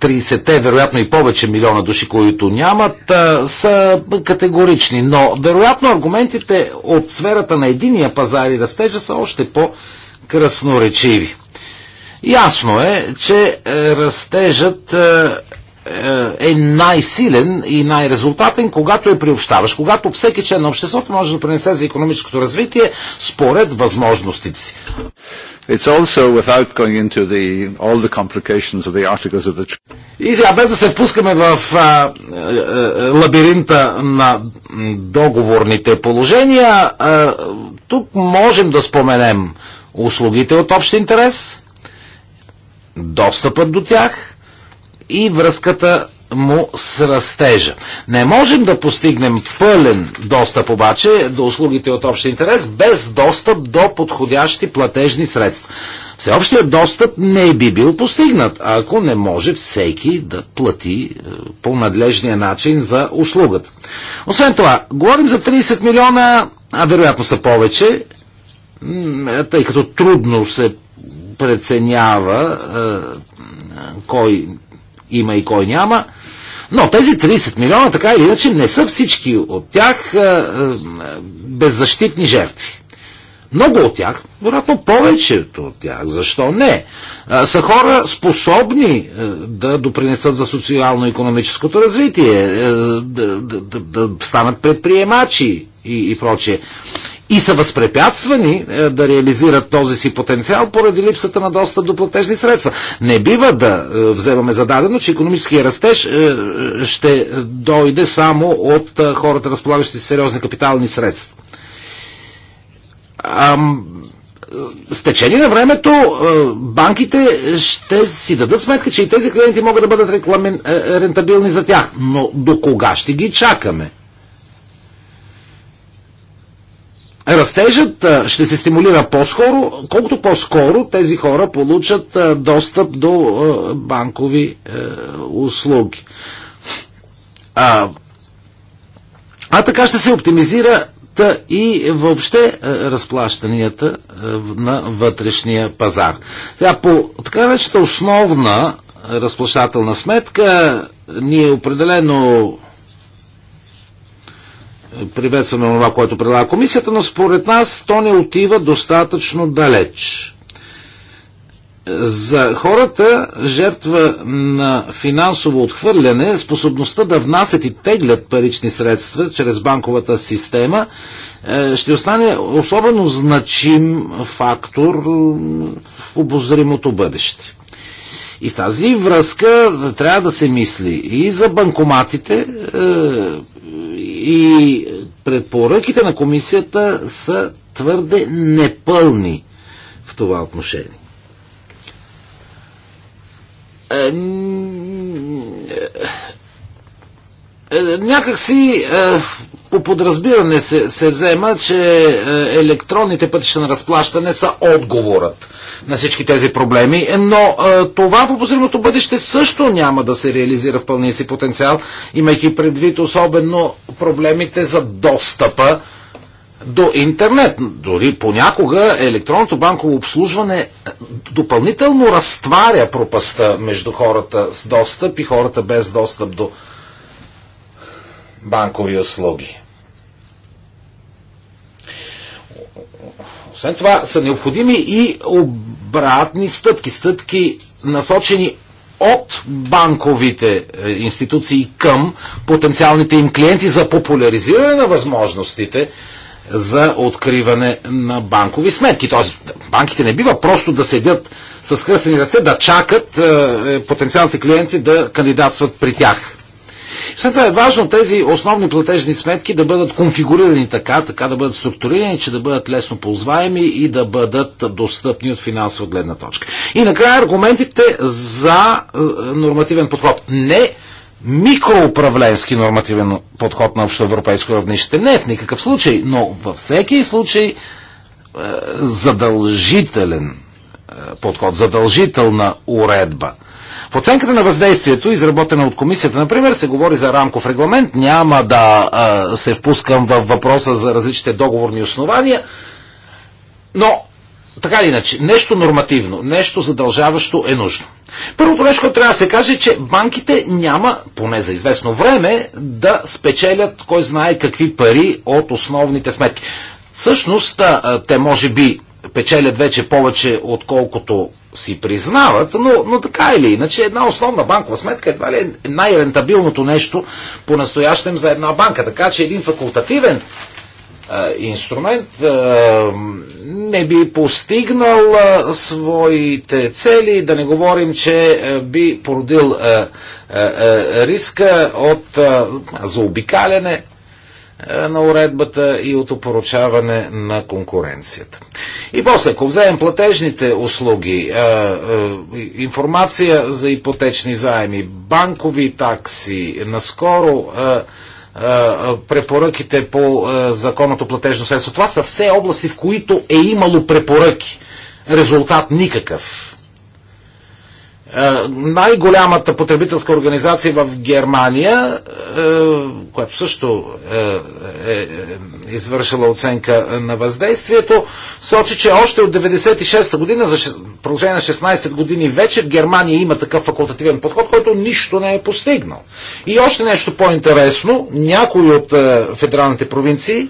S4: 30-те, вероятно и повече милиона души, които нямат, а, е, са категорични. Но, вероятно, аргументите от сферата на единия пазар и растежа са още по-красноречиви. Ясно е, че е, растежът е, е най-силен и най-резултатен, когато е приобщаваш, когато всеки член на обществото може да принесе за економическото развитие според възможностите си. It's also without going into the, all the complications of the articles of the... И сега, без да се впускаме в а, а, лабиринта на договорните положения, а, тук можем да споменем услугите от общ интерес, достъпът до тях, и връзката му с растежа. Не можем да постигнем пълен достъп обаче до услугите от общ интерес без достъп до подходящи платежни средства. Всеобщият достъп не би бил постигнат, ако не може всеки да плати е, по надлежния начин за услугата. Освен това, говорим за 30 милиона, а вероятно са повече, е, тъй като трудно се преценява е, кой има и кой няма. Но тези 30 милиона, така или иначе, не са всички от тях е, е, беззащитни жертви. Много от тях, вероятно повечето от тях, защо не, е, са хора способни да допринесат за социално-економическото развитие, да, да, да, да станат предприемачи и, и прочее и са възпрепятствани е, да реализират този си потенциал поради липсата на достъп до платежни средства. Не бива да е, вземаме зададено, че економическия растеж е, ще дойде само от хората, разполагащи с сериозни капитални средства. Ам, с течение на времето банките ще си дадат сметка, че и тези клиенти могат да бъдат рентабилни за тях. Но до кога ще ги чакаме? растежът ще се стимулира по-скоро, колкото по-скоро тези хора получат достъп до банкови услуги. А, а така ще се оптимизира и въобще разплащанията на вътрешния пазар. Сега по така наречената основна разплащателна сметка ние определено приветстваме това, което предлага комисията, но според нас то не отива достатъчно далеч. За хората, жертва на финансово отхвърляне, способността да внасят и теглят парични средства чрез банковата система, е, ще остане особено значим фактор в обозримото бъдеще. И в тази връзка трябва да се мисли и за банкоматите, е, и предпоръките на комисията са твърде непълни в това отношение. Е, е, някак си е, по подразбиране се, се взема, че е, електронните пътища на разплащане са отговорът на всички тези проблеми, но е, това в обозримото бъдеще също няма да се реализира в пълния си потенциал, имайки предвид особено проблемите за достъпа до интернет. Дори понякога електронното банково обслужване е, допълнително разтваря пропаста между хората с достъп и хората без достъп до интернет банкови услуги. Освен това са необходими и обратни стъпки, стъпки насочени от банковите е, институции към потенциалните им клиенти за популяризиране на възможностите за откриване на банкови сметки. Тоест, банките не бива просто да седят с кръстени ръце, да чакат е, е, потенциалните клиенти да кандидатстват при тях. След това е важно тези основни платежни сметки да бъдат конфигурирани така, така да бъдат структурирани, че да бъдат лесно ползваеми и да бъдат достъпни от финансова гледна точка. И накрая аргументите за е, нормативен подход. Не микроуправленски нормативен подход на общоевропейско равнище. Не в никакъв случай, но във всеки случай е, задължителен е, подход, задължителна уредба – в оценката на въздействието, изработена от комисията, например, се говори за рамков регламент. Няма да а, се впускам в въпроса за различните договорни основания, но така или иначе, нещо нормативно, нещо задължаващо е нужно. Първото нещо, което трябва да се каже, е, че банките няма, поне за известно време, да спечелят кой знае какви пари от основните сметки. Всъщност, те може би печелят вече повече, отколкото си признават, но, но така или иначе една основна банкова сметка едва ли е най-рентабилното нещо по-настоящем за една банка. Така че един факултативен е, инструмент е, не би постигнал е, своите цели, да не говорим, че би породил риска от заобикаляне е, на уредбата и от опоручаване на конкуренцията. И после, ако вземем платежните услуги, е, е, информация за ипотечни заеми, банкови такси, наскоро препоръките по законното платежно средство, това са все области, в които е имало препоръки. Резултат никакъв. Е, най-голямата потребителска организация в Германия, е, която също е, е извършила оценка на въздействието, сочи, че още от 96-та година, за продължение на 16 години вече, в Германия има такъв факултативен подход, който нищо не е постигнал. И още нещо по-интересно, някои от федералните провинции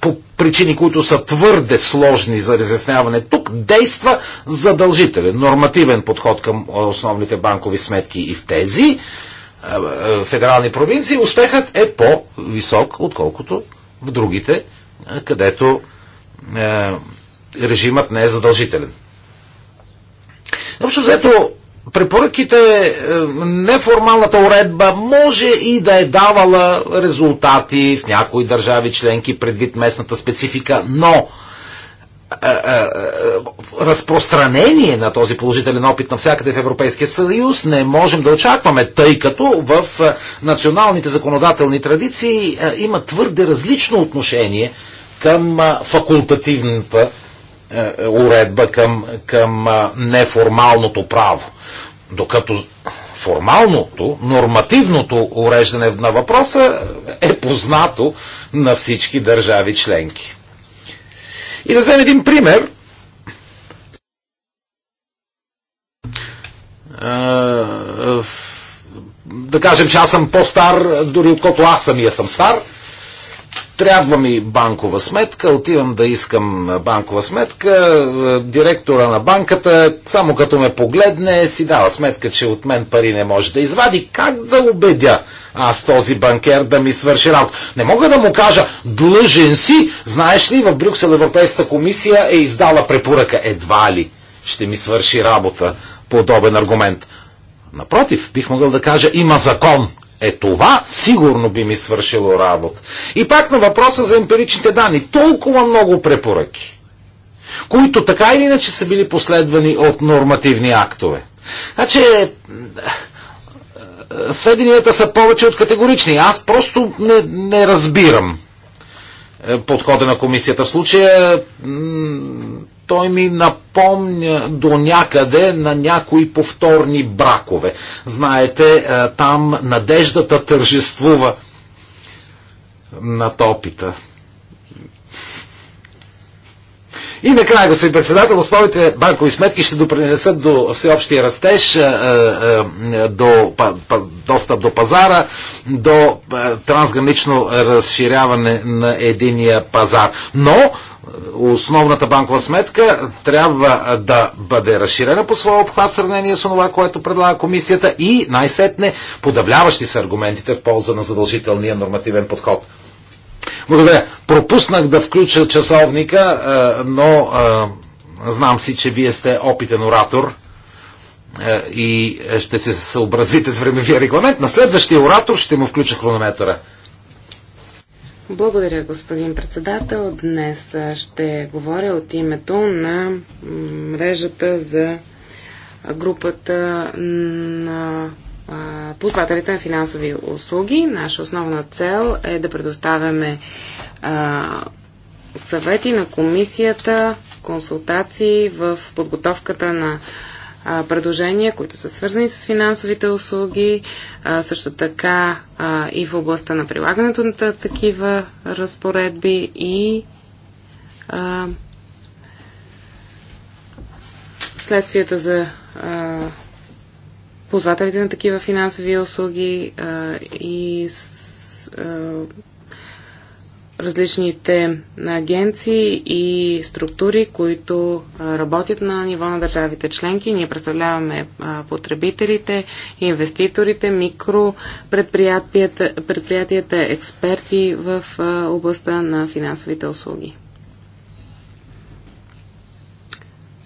S4: по причини, които са твърде сложни за разясняване тук, действа задължителен, нормативен подход към основните банкови сметки и в тези федерални провинции, успехът е по-висок, отколкото в другите, където режимът не е задължителен. Общо взето, препоръките, е, неформалната уредба може и да е давала резултати в някои държави членки предвид местната специфика, но е, е, разпространение на този положителен опит навсякъде в Европейския съюз не можем да очакваме, тъй като в националните законодателни традиции има твърде различно отношение към факултативната е, е, уредба към, към е, неформалното право. Докато формалното, нормативното уреждане на въпроса е познато на всички държави членки. И да вземем един пример. Да кажем, че аз съм по-стар, дори отколкото аз самия съм стар – трябва ми банкова сметка, отивам да искам банкова сметка, е, директора на банката, само като ме погледне, си дава сметка, че от мен пари не може да извади. Как да убедя аз този банкер да ми свърши работа? Не мога да му кажа, длъжен си, знаеш ли, в Брюксел Европейската комисия е издала препоръка. Едва ли ще ми свърши работа подобен аргумент. Напротив, бих могъл да кажа, има закон, е това сигурно би ми свършило работа. И пак на въпроса за емпиричните данни. Толкова много препоръки, които така или иначе са били последвани от нормативни актове. Значи, сведенията са повече от категорични. Аз просто не, не разбирам е, подхода на комисията. В случая той ми напомня до някъде на някои повторни бракове. Знаете, е, там надеждата тържествува над опита. И накрая, господин председател, основните банкови сметки ще допринесат до всеобщия растеж, е, е, е, до достъп до пазара, до трансгранично разширяване на единия пазар. Но основната банкова сметка трябва да бъде разширена по своя обхват в сравнение с това, което предлага комисията и най-сетне подавляващи са аргументите в полза на задължителния нормативен подход. Благодаря. Пропуснах да включа часовника, е, но е, знам си, че вие сте опитен оратор е, и ще се съобразите с времевия регламент. На следващия оратор ще му включа хронометъра.
S2: Благодаря, господин председател. Днес ще говоря от името на мрежата за групата на ползвателите на финансови услуги. Наша основна цел е да предоставяме а, съвети на комисията, консултации в подготовката на а, предложения, които са свързани с финансовите услуги, а, също така а, и в областта на прилагането на такива разпоредби и а, следствията за а, ползвателите на такива финансови услуги а, и с, а, различните агенции и структури, които работят на ниво на държавите членки. Ние представляваме потребителите, инвеститорите, микропредприятията, предприятията, експерти в областта на финансовите услуги.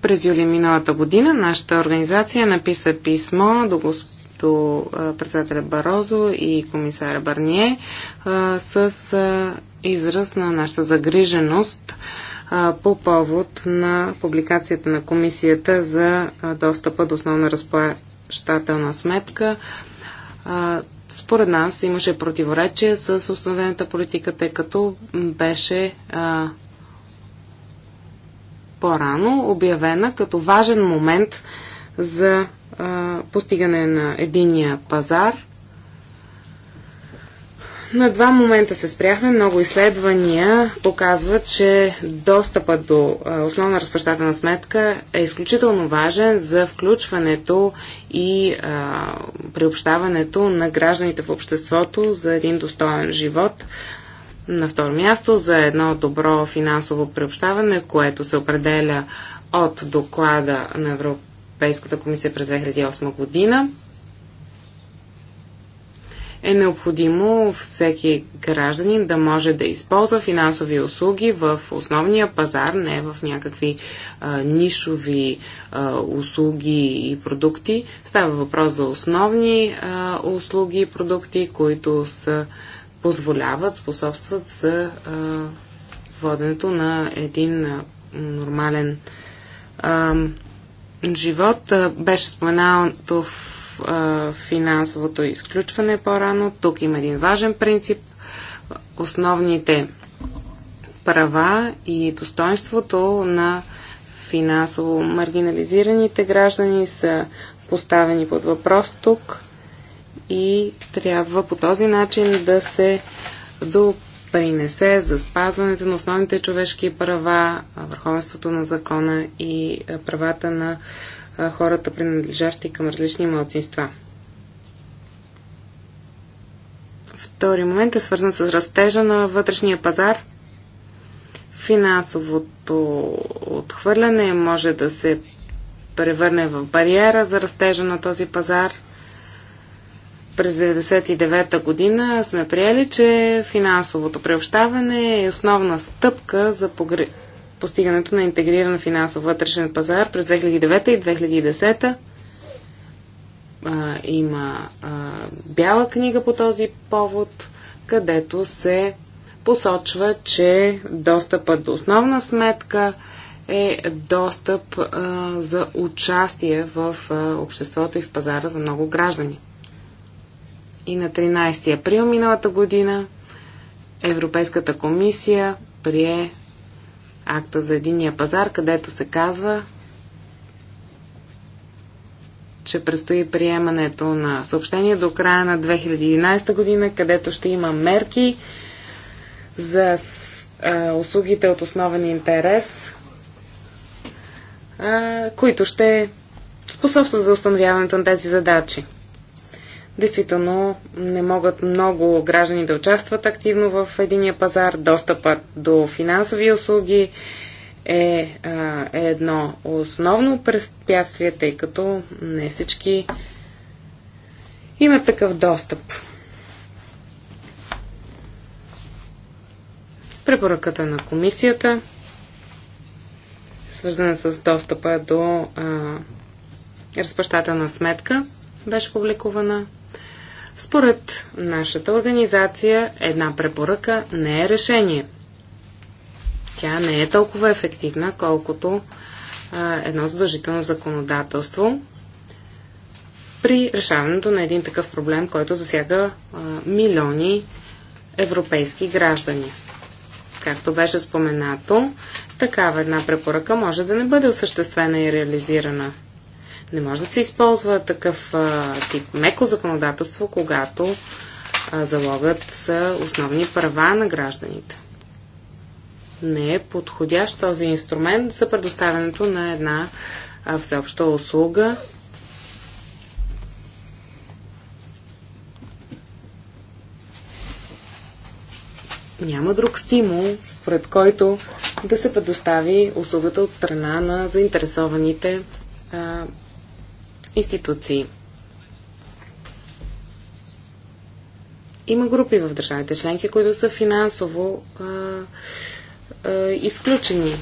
S2: През юли миналата година нашата организация написа писмо до, госп... до председателя Барозо и комисара Барние с израз на нашата загриженост по повод на публикацията на комисията за достъпа до основна разплащателна сметка според нас имаше противоречие с основената политика, тъй като беше по-рано обявена като важен момент за а, постигане на единия пазар. На два момента се спряхме. Много изследвания показват, че достъпът до основна разпрещателна сметка е изключително важен за включването и а, приобщаването на гражданите в обществото за един достоен живот на второ място за едно добро финансово приобщаване, което се определя от доклада на Европейската комисия през 2008 година, е необходимо всеки гражданин да може да използва финансови услуги в основния пазар, не в някакви а, нишови а, услуги и продукти. Става въпрос за основни а, услуги и продукти, които са а, позволяват, способстват за а, воденето на един а, нормален а, живот. А, беше споменато в а, финансовото изключване по-рано. Тук има един важен принцип. Основните права и достоинството на финансово маргинализираните граждани са поставени под въпрос тук и трябва по този начин да се допринесе за спазването на основните човешки права, върховенството на закона и правата на хората, принадлежащи към различни младсинства. Втори момент е свързан с растежа на вътрешния пазар. Финансовото отхвърляне може да се превърне в бариера за растежа на този пазар – през 1999 година сме приели, че финансовото преобщаване е основна стъпка за постигането на интегриран финансов вътрешен пазар през 2009 и 2010. А, има а, бяла книга по този повод, където се посочва, че достъпът до основна сметка е достъп а, за участие в а, обществото и в пазара за много граждани и на 13 април миналата година Европейската комисия прие акта за единния пазар, където се казва, че предстои приемането на съобщение до края на 2011 година, където ще има мерки за услугите от основен интерес, които ще способстват за установяването на тези задачи. Действително не могат много граждани да участват активно в единия пазар. Достъпът до финансови услуги е, е едно основно препятствие, тъй като не всички имат такъв достъп. Препоръката на комисията, свързана с достъпа до а, разпощателна сметка, беше публикувана според нашата организация, една препоръка не е решение. Тя не е толкова ефективна, колкото а, едно задължително законодателство при решаването на един такъв проблем, който засяга а, милиони европейски граждани. Както беше споменато, такава една препоръка може да не бъде осъществена и реализирана – не може да се използва такъв а, тип меко законодателство, когато а, залогът са основни права на гражданите. Не е подходящ този инструмент за предоставянето на една а, всеобща услуга. Няма друг стимул, според който да се предостави услугата от страна на заинтересованите а, институции. Има групи в държавите членки, които са финансово а, а, изключени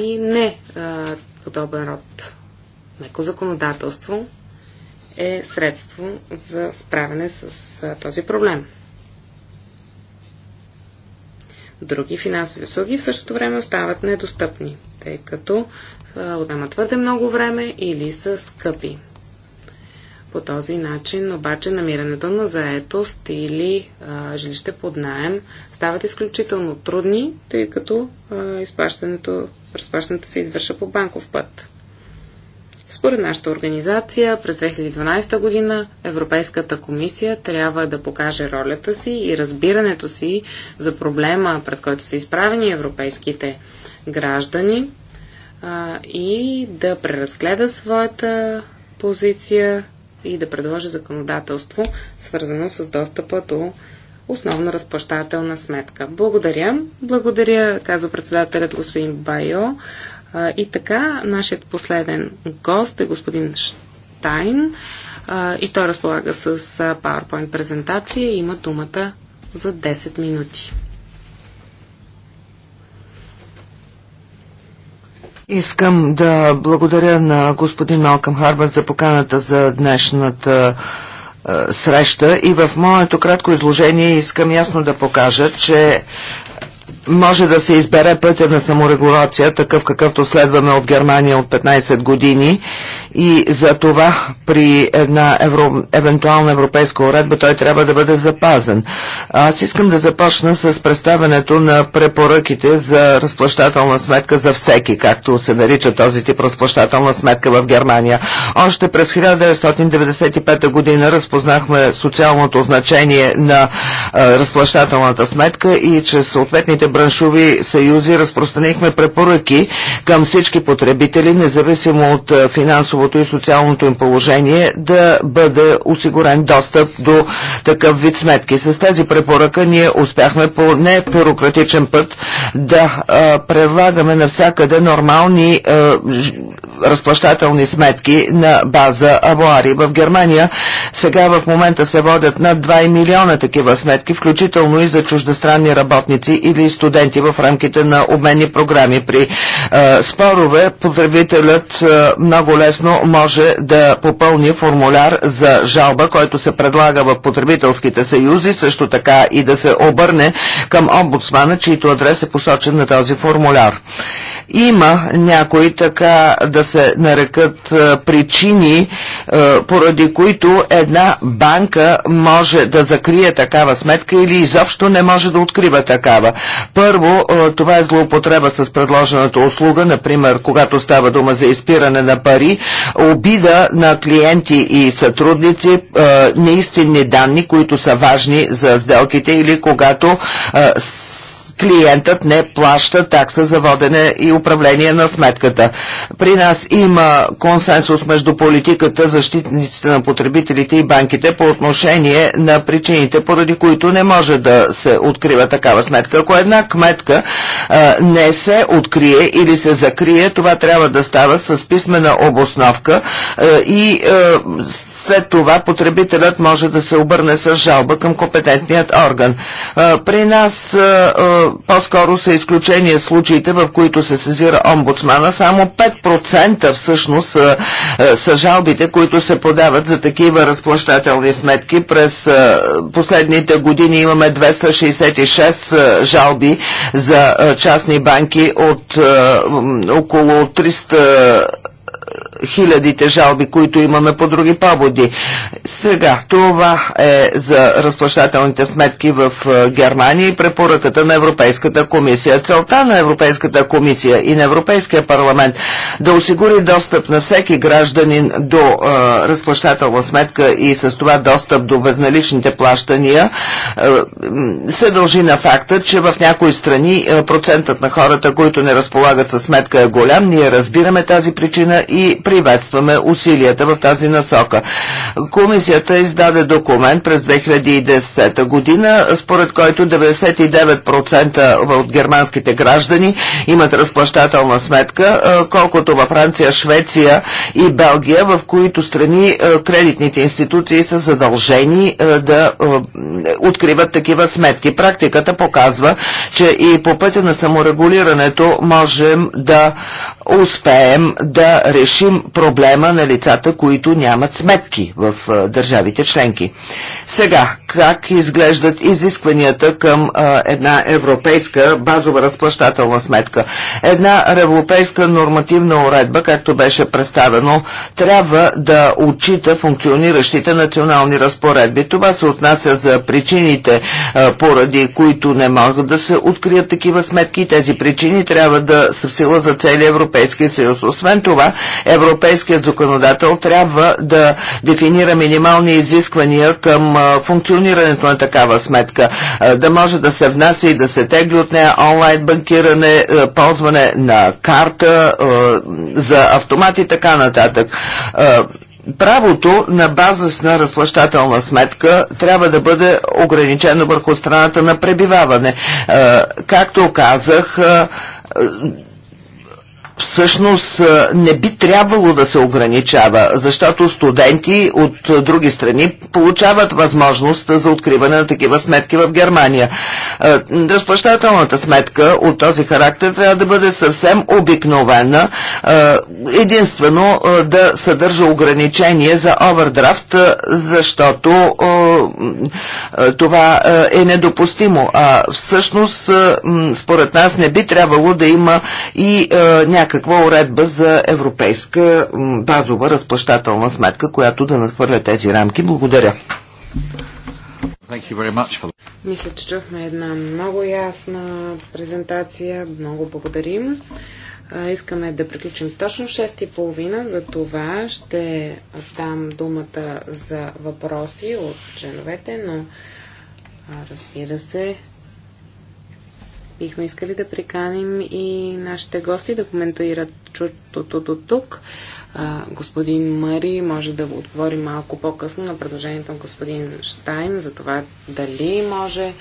S2: и не а, подобен род. Меко законодателство е средство за справяне с а, този проблем. Други финансови услуги в същото време остават недостъпни, тъй като отнема твърде много време или са скъпи. По този начин обаче намирането на заетост или а, жилище под найем стават изключително трудни, тъй като а, изплащането, разплащането се извършва по банков път. Според нашата организация, през 2012 година Европейската комисия трябва да покаже ролята си и разбирането си за проблема, пред който са изправени европейските граждани а, и да преразгледа своята позиция и да предложи законодателство, свързано с достъпа до основна разплащателна сметка. Благодаря. Благодаря, казва председателят господин Байо. А, и така, нашият последен гост е господин Штайн а, и той разполага с PowerPoint презентация и има думата за 10 минути.
S3: Искам да благодаря на господин Малкам Харбър за поканата за днешната е, среща и в моето кратко изложение искам ясно да покажа, че е, може да се избере пътя на саморегулация, такъв какъвто следваме от Германия от 15 години и за това при една евро, евентуална европейска уредба той трябва да бъде запазен. Аз искам да започна с представенето на препоръките за разплащателна сметка за всеки, както се нарича този тип разплащателна сметка в Германия. Още през 1995 година разпознахме социалното значение на а, разплащателната сметка и че съответните браншови съюзи разпространихме препоръки към всички потребители, независимо от е, финансовото и социалното им положение, да бъде осигурен достъп до такъв вид сметки. С тази препоръка ние успяхме по непюрократичен път да а, е, предлагаме навсякъде нормални а, е, ж, разплащателни сметки на база абуари. В Германия сега в момента се водят над 2 милиона такива сметки, включително и за чуждестранни работници или студенти в рамките на обменни програми. При а, е, спорове потребителят а, е, много лесно може да попълни формуляр за жалба, който се предлага в потребителските съюзи, също така и да се обърне към омбудсмана, чийто адрес е посочен на този формуляр. Има някои така да се нарекат е, причини, е, поради които една банка може да закрие такава сметка или изобщо не може да открива такава. Първо, е, това е злоупотреба с предложената услуга, например, когато става дума за изпиране на пари, обида на клиенти и сътрудници, неистинни данни, които са важни за сделките или когато клиентът не плаща такса за водене и управление на сметката. При нас има консенсус между политиката, защитниците на потребителите и банките по отношение на причините, поради които не може да се открива такава сметка. Ако една кметка а, не се открие или се закрие, това трябва да става с писмена обосновка а, и а, след това потребителят може да се обърне с жалба към компетентният орган. А, при нас а, по-скоро са изключение случаите, в които се сезира омбудсмана. Само 5% всъщност са, е, са жалбите, които се подават за такива разплащателни сметки. През е, последните години имаме 266 е, жалби за частни банки от около 300 хилядите жалби, които имаме по други поводи. Сега, това е за разплащателните сметки в е, Германия и препоръката на Европейската комисия. Целта на Европейската комисия и на Европейския парламент да осигури достъп на всеки гражданин до е, разплащателна сметка и с това достъп до безналичните плащания е, се дължи на факта, че в някои страни е, процентът на хората, които не разполагат със сметка е голям. Ние разбираме тази причина и приветстваме усилията в тази насока. Комисията издаде документ през 2010 година, според който 99% от германските граждани имат разплащателна сметка, колкото във Франция, Швеция и Белгия, в които страни кредитните институции са задължени да откриват такива сметки. Практиката показва, че и по пътя на саморегулирането можем да успеем да решим проблема на лицата, които нямат сметки в държавите членки. Сега, как изглеждат изискванията към а, една европейска базова разплащателна сметка? Една европейска нормативна уредба, както беше представено, трябва да отчита функциониращите национални разпоредби. Това се отнася за причините, а, поради които не могат да се открият такива сметки. Тези причини трябва да са в сила за целия Европейски съюз. Освен това, Европейския европейският законодател трябва да дефинира минимални изисквания към функционирането на такава сметка, да може да се внася и да се тегли от нея онлайн банкиране, ползване на карта за автомат и така нататък. Правото на базисна разплащателна сметка трябва да бъде ограничено върху страната на пребиваване. Както казах, всъщност не би трябвало да се ограничава, защото студенти от други страни получават възможност за откриване на такива сметки в Германия. Разплащателната сметка от този характер трябва да бъде съвсем обикновена, единствено да съдържа ограничение за овердрафт, защото това е недопустимо. А всъщност, според нас, не би трябвало да има и някакъв някаква уредба за европейска базова разплащателна сметка, която да надхвърля тези рамки. Благодаря. For...
S2: Мисля, че чухме една много ясна презентация. Много благодарим. Искаме да приключим точно в 6.30. За това ще дам думата за въпроси от членовете, но разбира се, Бихме искали да приканим и нашите гости да коментират чутото до тук. А, господин Мари може да отговори малко по-късно на предложението на господин Штайн за това дали може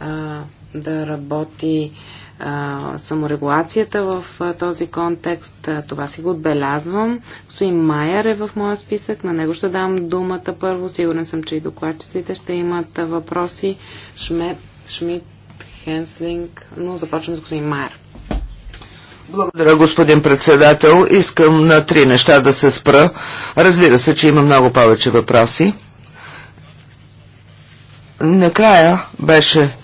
S2: а, да работи а, саморегулацията в а, този контекст. А, това си го отбелязвам. Господин Майер е в моя списък. На него ще дам думата първо. Сигурен съм, че и докладчиците ще имат въпроси. Шмет, Шмидт Хенслинг, но започвам с господин Майер.
S3: Благодаря, господин председател. Искам на три неща да се спра. Разбира се, че има много повече въпроси. Накрая беше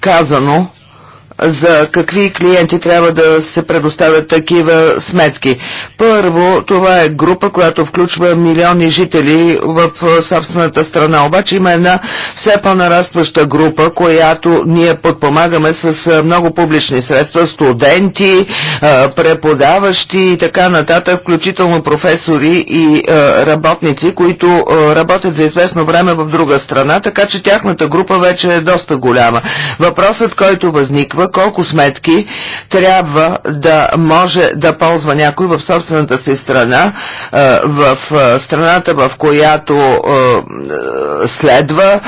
S3: казано, за какви клиенти трябва да се предоставят такива сметки. Първо, това е група, която включва милиони жители в собствената страна. Обаче има една все по-нарастваща група, която ние подпомагаме с много публични средства, студенти, преподаващи и така нататък, включително професори и работници, които работят за известно време в друга страна, така че тяхната група вече е доста голяма. Въпросът, който възниква, колко сметки трябва да може да ползва някой в собствената си страна, е, в е, страната, в която е, следва.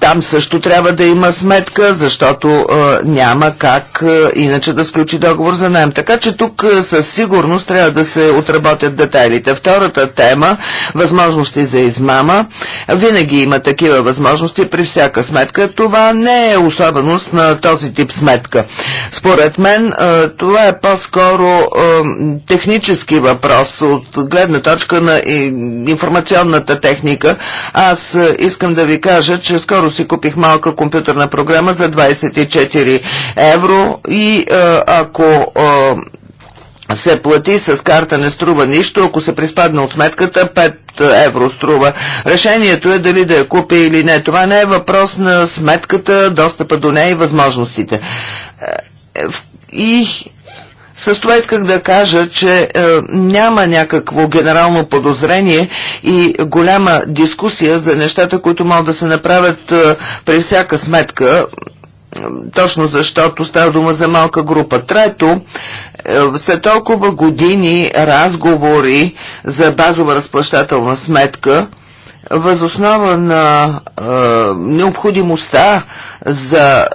S3: Там също трябва да има сметка, защото няма как иначе да сключи договор за найем. Така че тук със сигурност трябва да се отработят детайлите. Втората тема – възможности за измама. Винаги има такива възможности при всяка сметка. Това не е особеност на този тип сметка. Според мен това е по-скоро технически въпрос от гледна точка на информационната техника. Аз искам да ви кажа, че скоро си купих малка компютърна програма за 24 евро и ако се плати с карта не струва нищо, ако се приспадна от сметката 5 евро струва. Решението е дали да я купи или не. Това не е въпрос на сметката, достъпа до нея и възможностите. Е, и с това исках да кажа, че е, няма някакво генерално подозрение и голяма дискусия за нещата, които могат да се направят е, при всяка сметка, е, точно защото става дума за малка група. Трето, е, след толкова години разговори за базова разплащателна сметка, възоснова на е, необходимостта за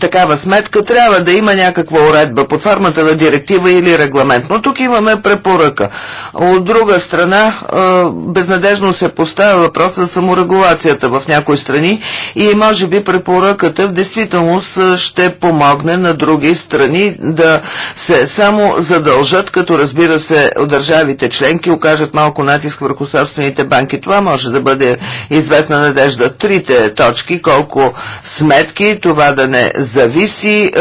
S3: такава сметка трябва да има някаква уредба под формата на директива или регламент. Но тук имаме препоръка. От друга страна, е, безнадежно се поставя въпроса за саморегулацията в някои страни и може би препоръката в действителност е, ще помогне на други страни да се само задължат, като разбира се държавите членки окажат малко натиск върху собствените банки. Това може да бъде известна надежда. Трите точки, колко сметки, това да не зависи е,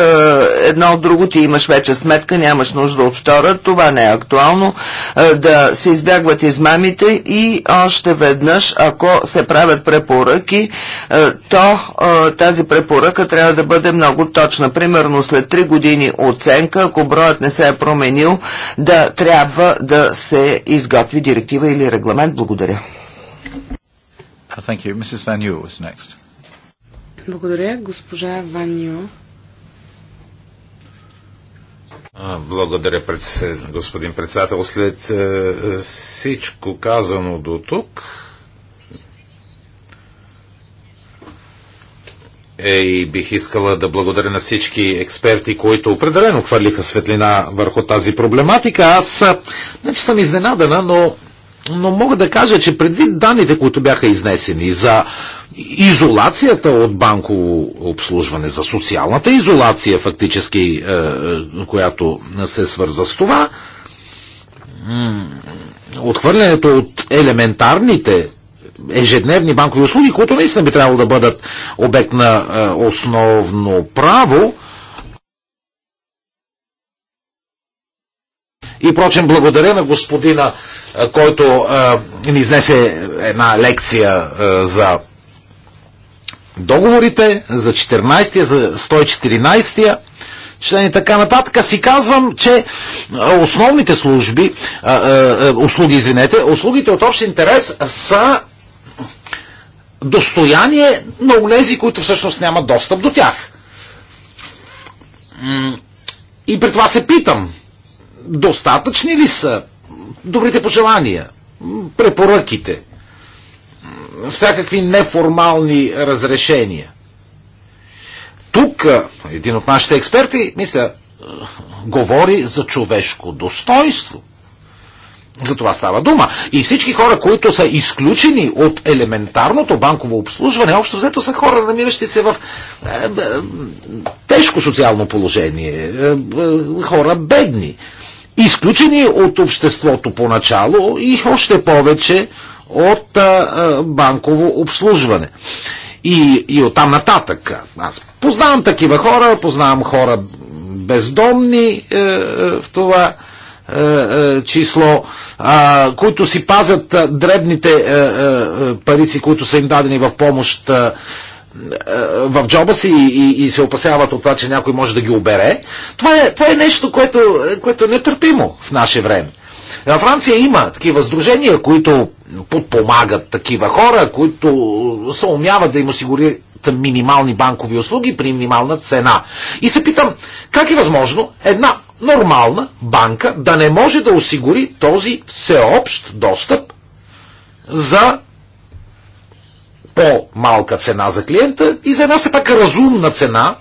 S3: едно от друго. Ти имаш вече сметка, нямаш нужда от втора. Това не е актуално. Е, да се избягват измамите и още веднъж, ако се правят препоръки, е, то е, тази препоръка трябва да бъде много точна. Примерно след 3 години оценка, ако броят не се е променил, да трябва да се изготви директива или регламент. Благодаря.
S1: Uh, thank
S4: you. Mrs. Van Uwe was next.
S2: Благодаря, госпожа Ванио.
S4: Благодаря, господин председател. След е, всичко казано до тук, е, и бих искала да благодаря на всички експерти, които определено хвърлиха светлина върху тази проблематика. Аз е, не че съм изненадана, но но мога да кажа, че предвид данните, които бяха изнесени за изолацията от банково обслужване, за социалната изолация фактически, е, е, която се свързва с това, отхвърлянето от елементарните ежедневни банкови услуги, които наистина би трябвало да бъдат обект на е, основно право, И прочим, благодаря на господина, който е, ни изнесе една лекция е, за договорите, за 14-я, за 114-я член и така нататък. Си казвам, че основните служби, е, е, услуги, извинете, услугите от общ интерес са достояние на унези, които всъщност нямат достъп до тях. И при това се питам, достатъчни ли са добрите пожелания, препоръките, всякакви неформални разрешения? Тук един от нашите експерти, мисля, говори за човешко достоинство. За това става дума. И всички хора, които са изключени от елементарното банково обслужване, общо взето са хора, намиращи се в е, е, тежко социално положение, е, е, хора бедни. Е, изключени от обществото поначало и още повече от а, банково обслужване. И, и оттам нататък. Аз познавам такива хора, познавам хора бездомни е, е в това е, е, число, които си пазят дребните парици, които са им дадени в помощ в джоба си и, и се опасяват от това, че някой може да ги обере, това е, това е нещо, което, което е нетърпимо в наше време. Във Франция има такива сдружения, които подпомагат такива хора, които се умяват да им осигурят минимални банкови услуги при минимална цена. И се питам, как е възможно една нормална банка да не може да осигури този всеобщ достъп за по-малка цена за клиента и за една все пак разумна цена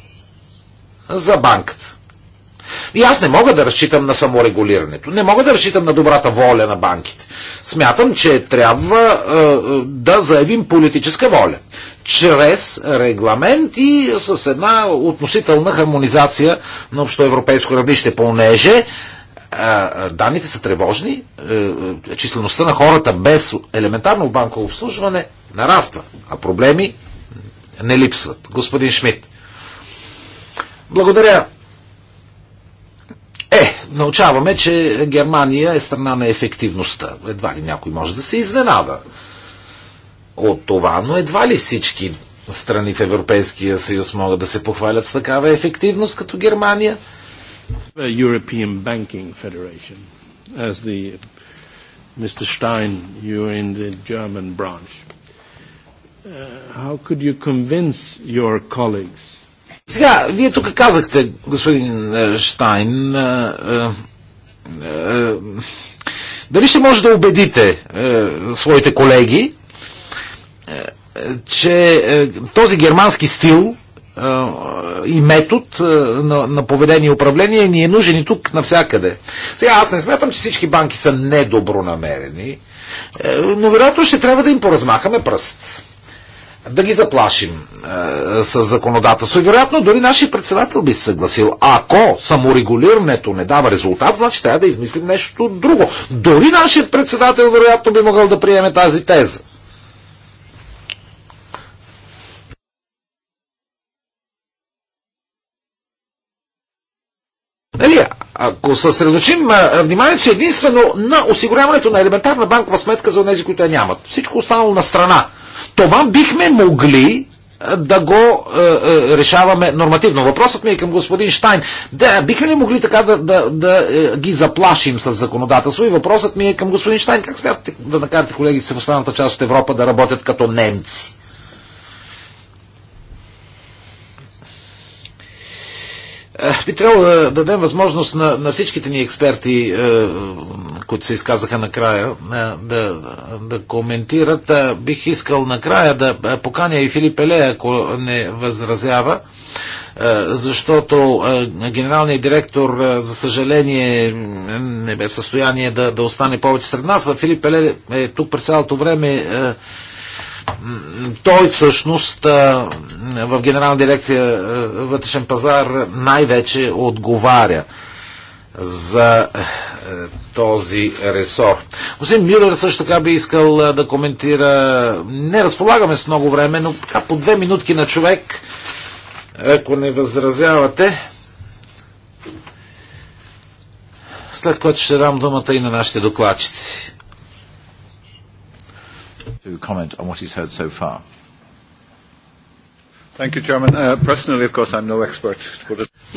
S4: за банката. И аз не мога да разчитам на саморегулирането. Не мога да разчитам на добрата воля на банките. Смятам, че трябва е, е да заявим политическа воля. Чрез регламент и с една относителна хармонизация на общоевропейско равнище, понеже е, данните са тревожни, е, числеността на хората без елементарно банково обслужване нараства, а проблеми не липсват. Господин Шмидт. Благодаря. Е, научаваме, че Германия е страна на ефективността. Едва ли някой може да се изненада от това, но едва ли всички страни в Европейския съюз могат да се похвалят с такава ефективност като Германия. European Banking Federation, as the Mr. Stein, you're in the German branch how could you convince your colleagues? Сега, вие тук казахте, господин е, Штайн, е, е, дали ще може да убедите своите колеги, че този германски стил и метод на, на поведение и управление ни е нужен и тук навсякъде. Сега аз не смятам, че всички банки са недобронамерени, но вероятно ще трябва да им поразмахаме пръст да ги заплашим е, с законодателство. И вероятно дори нашия председател би се съгласил. Ако саморегулирането не дава резултат, значи трябва да измислим нещо друго. Дори нашият председател вероятно би могъл да приеме тази теза. Нали, ако съсредочим е, вниманието си единствено на осигуряването на елементарна банкова сметка за тези, които я нямат. Всичко останало на страна. Това бихме могли да го е, решаваме нормативно. Въпросът ми е към господин Штайн. Да, бихме ли могли така да, да, да е, ги заплашим с законодателство? И въпросът ми е към господин Штайн. Как смятате да накарате колеги с останалата част от Европа да работят като немци? Е, би трябвало да дадем възможност на, на всичките ни експерти, е, които се изказаха накрая, е, да, да коментират. Бих искал накрая да поканя и Филип Еле, ако не възразява, защото генералният директор, за съжаление, не бе в състояние да, да остане повече сред нас. Филип Еле е тук през цялото време той всъщност в Генерална дирекция вътрешен пазар най-вече отговаря за този ресор. Господин Мюлер също така би искал да коментира. Не разполагаме с много време, но така по две минутки на човек, ако не възразявате. След което ще дам думата и на нашите докладчици to
S1: comment on what he's heard so far. Thank you, Chairman. Uh, personally, of course, I'm no expert.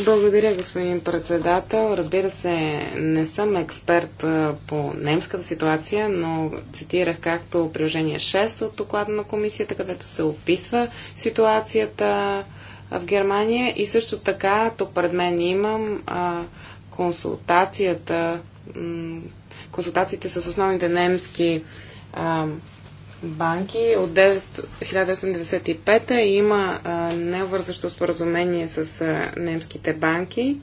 S2: Благодаря, господин председател. Разбира се, не съм експерт по немската ситуация, но цитирах както приложение 6 от доклада на комисията, където се описва ситуацията в Германия и също така тук пред мен имам а, консултацията, консултациите с основните немски а, банки. От 1995 има необвързащо споразумение с немските банки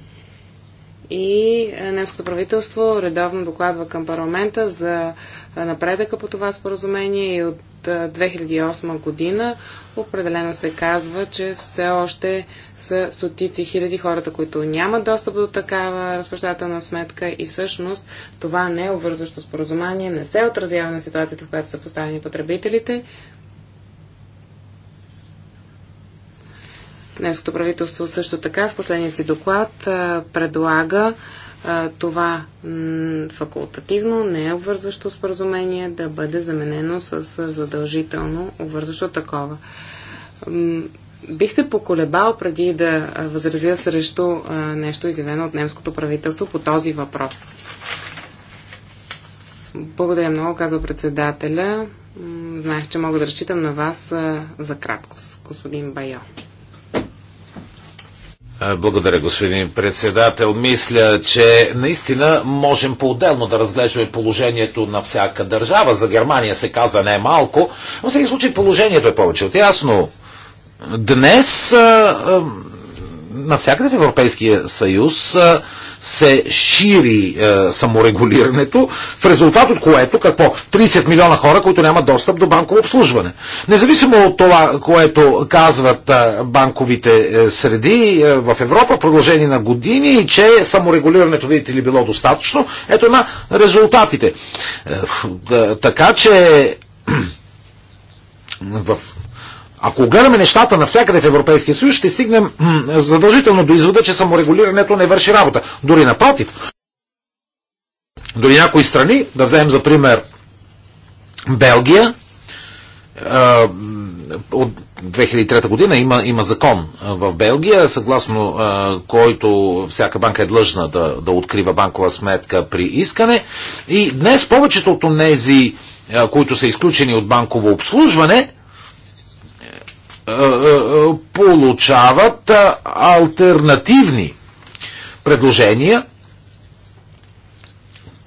S2: и немското правителство редовно докладва към парламента за напредъка по това споразумение и от 2008 година определено се казва, че все още са стотици хиляди хората, които нямат достъп до такава разпощателна сметка и всъщност това не е обвързващо споразумение, не се отразява на ситуацията, в която са поставени потребителите, Днеското правителство също така в последния си доклад предлага това факултативно, не е обвързващо споразумение да бъде заменено с задължително обвързващо такова. Бих се поколебал преди да възразя срещу нещо изявено от немското правителство по този въпрос. Благодаря много, казва председателя. Знаех, че мога да разчитам на вас за краткост, господин Байо.
S4: Благодаря, господин председател. Мисля, че наистина можем по-отделно да разглеждаме положението на всяка държава. За Германия се каза не малко. Във всеки случай положението е повече от ясно. Днес а, а, навсякъде в Европейския съюз а, се шири е, саморегулирането, в резултат от което, какво? 30 милиона хора, които нямат достъп до банково обслужване. Независимо от това, което казват е, банковите е, среди е, в Европа, продължение на години, че саморегулирането, видите ли, било достатъчно, ето на резултатите. Е, е, така че в ако гледаме нещата навсякъде в Европейския съюз, ще стигнем задължително до извода, че саморегулирането не върши работа. Дори напротив, дори някои страни, да вземем за пример Белгия, от 2003 година има, има закон в Белгия, съгласно който всяка банка е длъжна да, да открива банкова сметка при искане. И днес повечето от тези, които са изключени от банково обслужване, е, е, е, получават альтернативни предложения,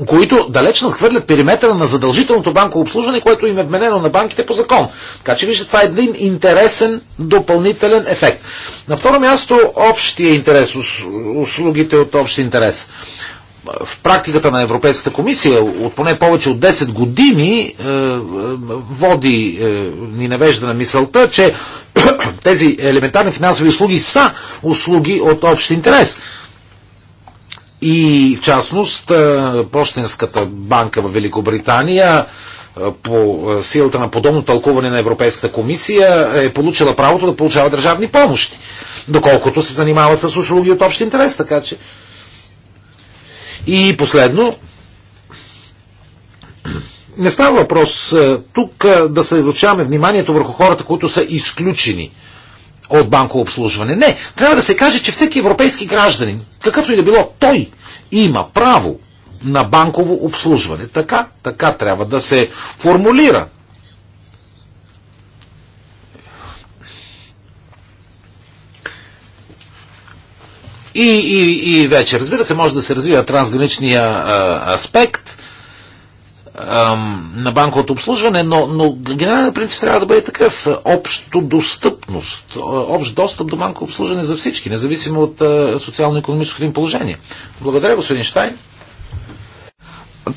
S4: които далеч надхвърлят периметъра на задължителното банково обслужване, което им е вменено на банките по закон. Така че вижте, това е един интересен допълнителен ефект. На второ място, общия интерес, услугите от общ интерес. В практиката на Европейската комисия от поне повече от 10 години е, води, е, ни навежда на мисълта, че Тези елементарни финансови услуги са услуги от общ интерес. И в частност, Пощенската банка в Великобритания по силата на подобно тълкуване на Европейската комисия е получила правото да получава държавни помощи, доколкото се занимава с услуги от общ интерес. Така че. И последно, не става въпрос е, тук е, да съсредоточаваме вниманието върху хората, които са изключени от банково обслужване. Не, трябва да се каже, че всеки европейски гражданин, какъвто и да било той, има право на банково обслужване. Така, така трябва да се формулира. И, и, и вече, разбира се, може да се развива трансграничния а, е, аспект на банковото обслужване, но, но генерален принцип трябва да бъде такъв. Общо достъпност, общ достъп до банково обслужване за всички, независимо от
S3: социално-економическото им положение.
S4: Благодаря, господин Штайн.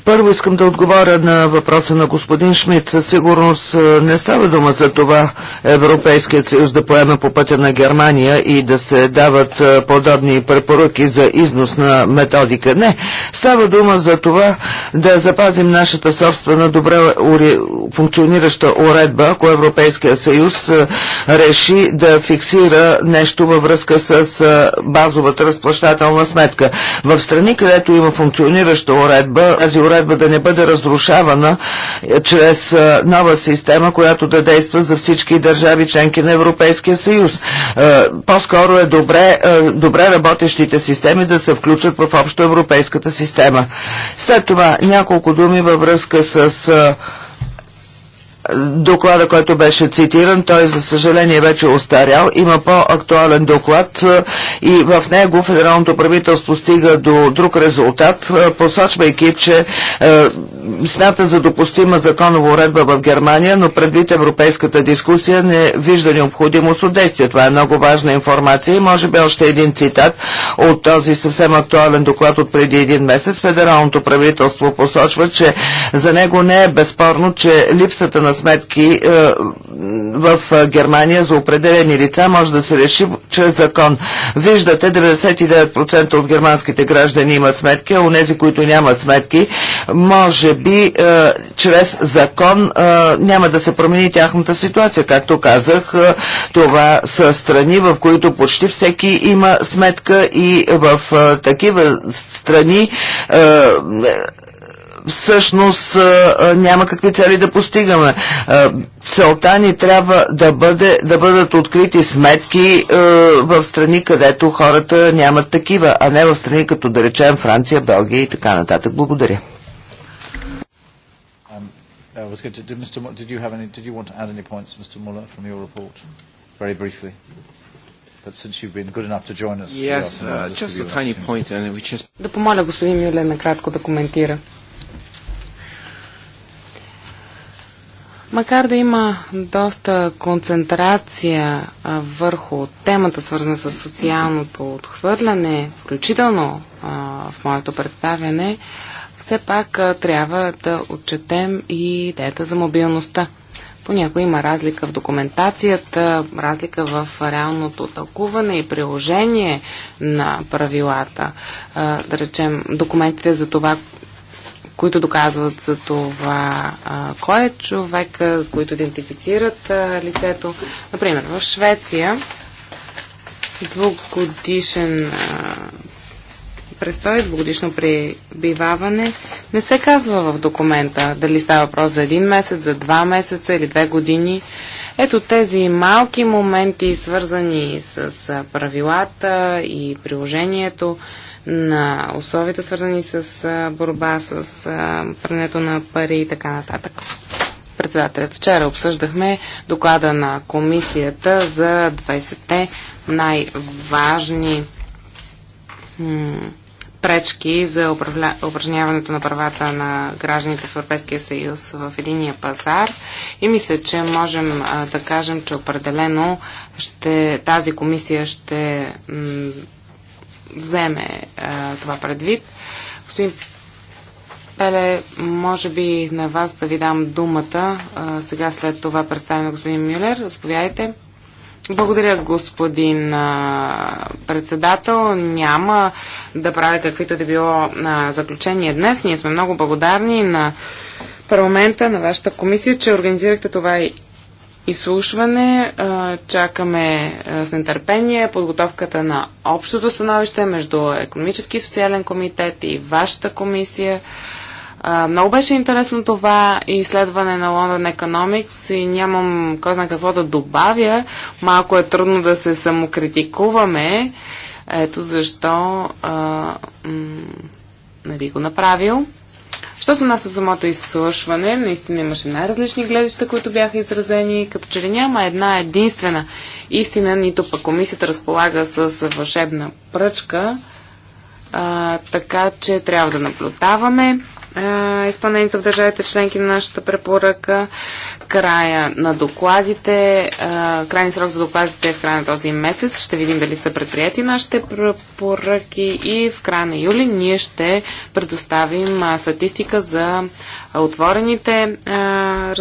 S3: Първо искам да отговоря на въпроса на господин Шмидт. Със сигурност е, не става дума за това Европейският съюз да поеме по пътя на Германия и да се дават е, подобни препоръки за износ на методика. Не. Става дума за това да запазим нашата собствена добре функционираща уредба, ако Европейския съюз е, реши да фиксира нещо във връзка с базовата разплащателна сметка. В страни, където има функционираща уредба, тази уредба да не бъде разрушавана е, чрез е, нова система, която да действа за всички държави членки на Европейския съюз. Е, по-скоро е добре, добре работещите системи да се включат в общо Европейската система. След това няколко думи във връзка с доклада, който беше цитиран, той за съжаление вече остарял. Има по-актуален доклад е, и в него федералното правителство стига до друг резултат, е, посочвайки, че е, смята за допустима законова уредба в Германия, но предвид европейската дискусия не вижда необходимост от действие. Това е много важна информация и може би още един цитат от този съвсем актуален доклад от преди един месец. Федералното правителство посочва, че за него не е безспорно, че липсата на сметки е, в е, Германия за определени лица може да се реши чрез закон. Виждате, 99% от германските граждани имат сметки, а у нези, които нямат сметки, може би е, чрез закон няма да се промени тяхната ситуация. Както казах, това са страни, в които почти всеки има сметка и в такива страни всъщност няма какви цели да постигаме. Целта ни трябва да, бъде, да бъдат открити сметки в страни, където хората нямат такива, а не в страни като да речем Франция, Белгия и така нататък. Благодаря.
S2: Да помоля господин Мюле накратко да коментира. Макар да има доста концентрация а, върху темата, свързана с социалното отхвърляне, включително а, в моето представяне, все пак а, трябва да отчетем и идеята за мобилността. Понякога има разлика в документацията, разлика в реалното тълкуване и приложение на правилата. Да речем, документите за това които доказват за това а, кой е човека, които идентифицират а, лицето. Например, в Швеция двугодишен а, престой, двугодишно пребиваване не се казва в документа дали става въпрос за един месец, за два месеца или две години. Ето тези малки моменти, свързани с правилата и приложението, на условията, свързани с борба с прането на пари и така нататък. Председателят, вчера обсъждахме доклада на комисията за 20-те най-важни пречки за управля... упражняването на правата на гражданите в Европейския съюз в единия пазар и мисля, че можем а, да кажем, че определено ще, тази комисия ще вземе а, това предвид. Господин Пеле, може би на вас да ви дам думата а, сега след това представяме господин Мюлер. Заповядайте. Благодаря, господин а, председател. Няма да правя каквито да било а, заключения днес. Ние сме много благодарни на парламента, на вашата комисия, че организирахте това изслушване. Чакаме с нетърпение подготовката на общото становище между Економически и социален комитет и вашата комисия. Много беше интересно това изследване на London Economics и нямам кой знае какво да добавя. Малко е трудно да се самокритикуваме. Ето защо а, м- не би го направил. Що се нас от самото изслушване, наистина имаше най-различни гледаща, които бяха изразени, като че ли няма една единствена истина, нито пък комисията разполага с вълшебна пръчка, а, така че трябва да наблюдаваме Изпълнените изпълнението в държавите членки на нашата препоръка, края на докладите, а, е, крайни срок за докладите е в края на този месец. Ще видим дали са предприяти нашите препоръки и в края на юли ние ще предоставим е, статистика за отворените е, а,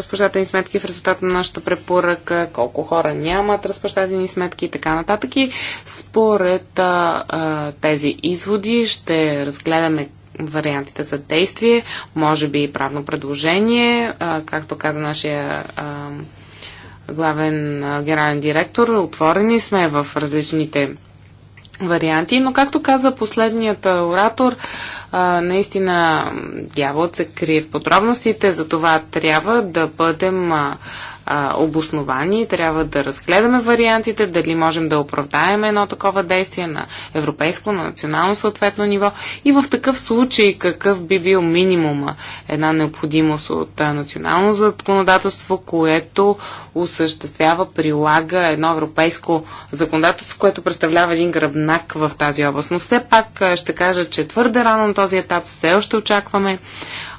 S2: сметки в резултат на нашата препоръка, колко хора нямат разплащателни сметки и така нататък. И според тези изводи ще разгледаме вариантите за действие, може би и правно предложение, както каза нашия главен генерален директор. Отворени сме в различните варианти, но както каза последният оратор, наистина дяволът се крие в подробностите, за това трябва да бъдем а, а, обосновани. Трябва да разгледаме вариантите, дали можем да оправдаем едно такова действие на европейско, на национално съответно ниво. И в такъв случай какъв би бил минимума една необходимост от а, национално законодателство, което осъществява, прилага едно европейско законодателство, което представлява един гръбнак в тази област. Но все пак а, ще кажа, че твърде рано на този етап все още очакваме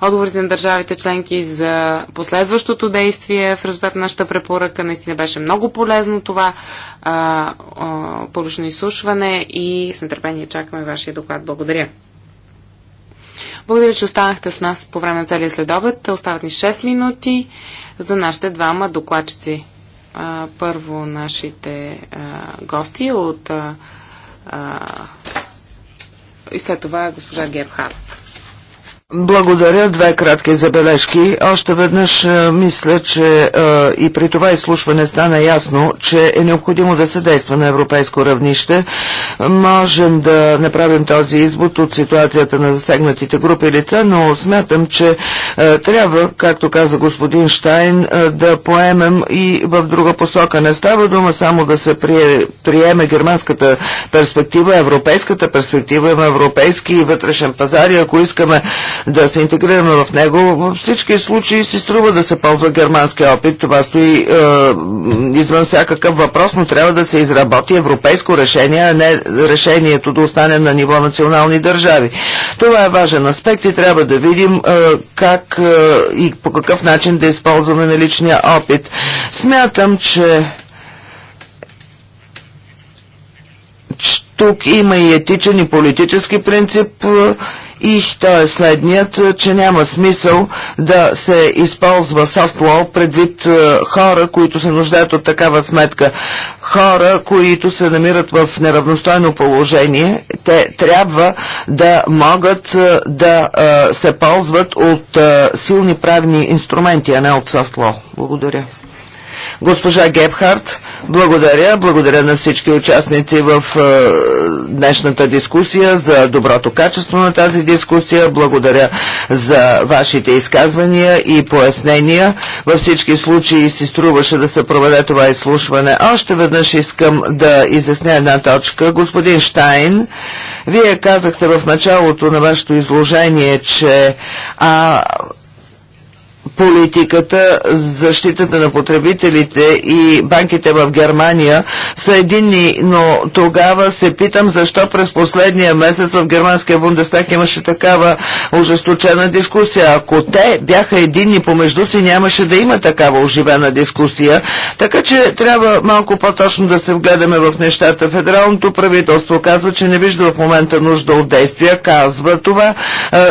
S2: отговорите на държавите членки за последващото действие в резултат на нашата препоръка. Наистина беше много полезно това а, а, публично изслушване и с нетърпение чакаме вашия доклад. Благодаря. Благодаря, че останахте с нас по време на целия следобед. Остават ни 6 минути за нашите двама докладчици. първо нашите а, гости от а, и след това госпожа Гербхарт.
S3: Благодаря. Две кратки забележки. Още веднъж мисля, че е, и при това изслушване стана ясно, че е необходимо да се действа на европейско равнище. Можем да направим този избор от ситуацията на засегнатите групи лица, но смятам, че е, трябва, както каза господин Штайн, е, да поемем и в друга посока. Не става дума само да се прие, приеме германската перспектива, европейската перспектива, има европейски и вътрешен пазар и ако искаме да се интегрираме в него. Във всички случаи си струва да се ползва германския опит. Това стои е, извън всякакъв въпрос, но трябва да се изработи европейско решение, а не решението да остане на ниво национални държави. Това е важен аспект и трябва да видим е, как е, и по какъв начин да използваме наличния опит. Смятам, че тук има и етичен и политически принцип, е, и то е следният, е, че няма смисъл да се използва софтлоу предвид е, хора, които се нуждаят от такава сметка. Хора, които се намират в неравностойно положение, те трябва да могат е, да се ползват от силни правни инструменти, а не от софтлоу. Благодаря. Госпожа Гебхарт, благодаря. Благодаря на всички участници в е, днешната дискусия за доброто качество на тази дискусия. Благодаря за вашите изказвания и пояснения. Във всички случаи си струваше да се проведе това изслушване. Още веднъж искам да изясня една точка. Господин Штайн, вие казахте в началото на вашето изложение, че а, политиката, защитата на потребителите и банките в Германия са единни, но тогава се питам защо през последния месец в германския Бундестаг имаше такава ожесточена дискусия. Ако те бяха единни помежду си, нямаше да има такава оживена дискусия. Така че трябва малко по-точно да се вгледаме в нещата. Федералното правителство казва, че не вижда в момента нужда от действия. Казва това,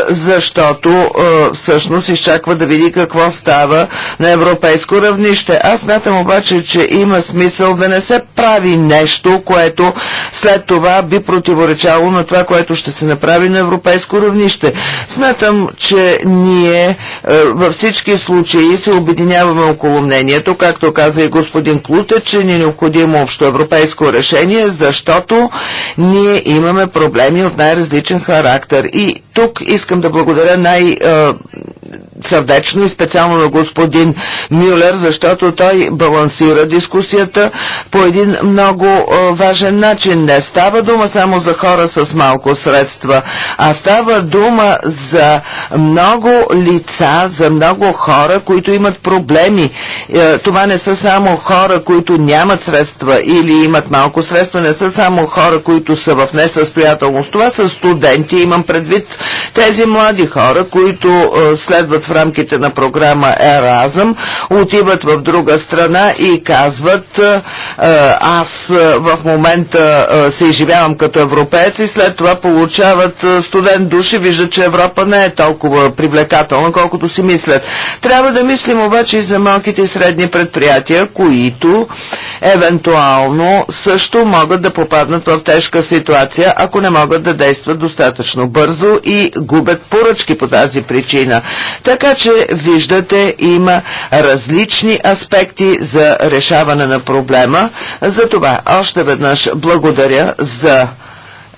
S3: защото всъщност изчаква да види какво става на европейско равнище. Аз смятам обаче, че има смисъл да не се прави нещо, което след това би противоречало на това, което ще се направи на европейско равнище. Смятам, че ние е, във всички случаи се обединяваме около мнението, както каза и господин Клута, че ни е необходимо общо европейско решение, защото ние имаме проблеми от най-различен характер и тук искам да благодаря най- сърдечно и специално на господин Мюлер, защото той балансира дискусията по един много важен начин. Не става дума само за хора с малко средства, а става дума за много лица, за много хора, които имат проблеми. Това не са само хора, които нямат средства или имат малко средства, не са само хора, които са в несъстоятелност. Това са студенти, имам предвид тези млади хора, които следват в рамките на програма Еразъм, отиват в друга страна и казват аз в момента се изживявам като европеец и след това получават студент души, виждат, че Европа не е толкова привлекателна, колкото си мислят. Трябва да мислим обаче и за малките и средни предприятия, които евентуално също могат да попаднат в тежка ситуация, ако не могат да действат достатъчно бързо и губят поръчки по тази причина. Така че, виждате, има различни аспекти за решаване на проблема. За това още веднъж благодаря за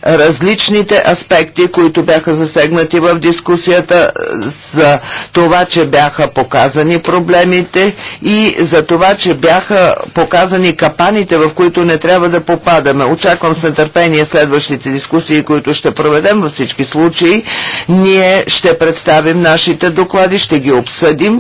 S3: различните аспекти, които бяха засегнати в дискусията, е, за това, че бяха показани проблемите и за това, че бяха показани капаните, в които не трябва да попадаме. Очаквам с нетърпение следващите дискусии, които ще проведем във всички случаи. Ние ще представим нашите доклади, ще ги обсъдим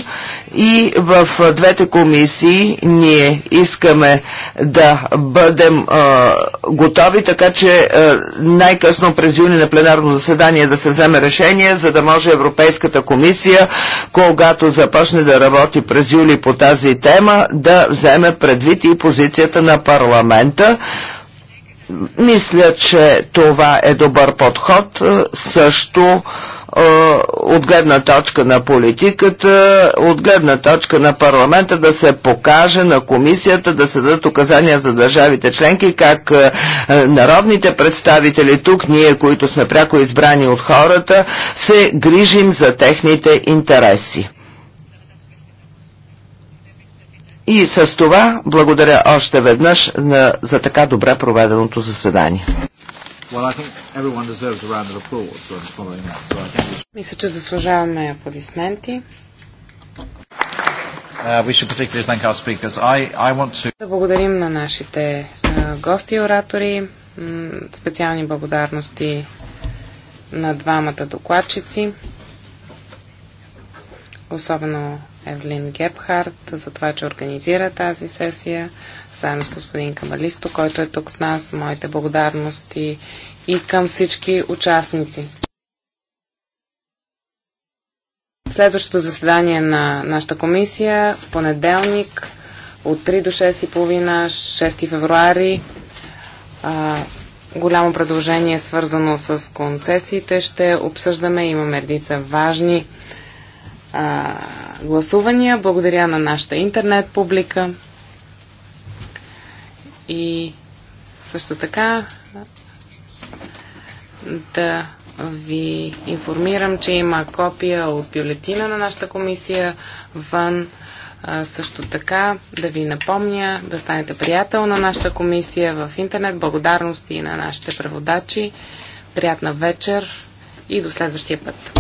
S3: и в двете комисии ние искаме да бъдем а, е, готови, така че а, е, най-късно през юни на пленарно заседание да се вземе решение, за да може Европейската комисия, когато започне да работи през юли по тази тема, да вземе предвид и позицията на парламента. Мисля, че това е добър подход. Също от гледна точка на политиката, от гледна точка на парламента да се покаже на комисията, да се дадат указания за държавите членки, как народните представители тук, ние, които сме пряко избрани от хората, се грижим за техните интереси. И с това благодаря още веднъж на, за така добре проведеното заседание.
S1: Well, I think everyone deserves a round of applause for following that. So I think
S2: we should... Мисля, че заслужаваме аплодисменти.
S1: Uh, we should particularly thank our speakers. I, I want to...
S2: Да благодарим на нашите uh, гости и оратори. Mm, специални благодарности на двамата докладчици. Особено Евлин Гепхарт за това, че организира тази сесия заедно с господин Камалисто, който е тук с нас. Моите благодарности и към всички участници. Следващото заседание на нашата комисия в понеделник от 3 до 6.30, 6 февруари. А, голямо предложение свързано с концесиите ще обсъждаме. Имаме редица важни а, гласувания. Благодаря на нашата интернет публика и също така да ви информирам, че има копия от бюлетина на нашата комисия вън. А, също така да ви напомня да станете приятел на нашата комисия в интернет. Благодарности на нашите преводачи. Приятна вечер и до следващия път.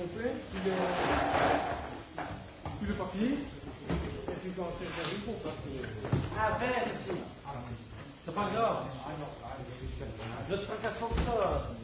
S3: complet, il le, en... le papier,
S4: et puis quand c'est servi, pour passe le... Ah, ben, ici. C'est pas grave. Ah, ah, non, Je ne tracasse pas que ça.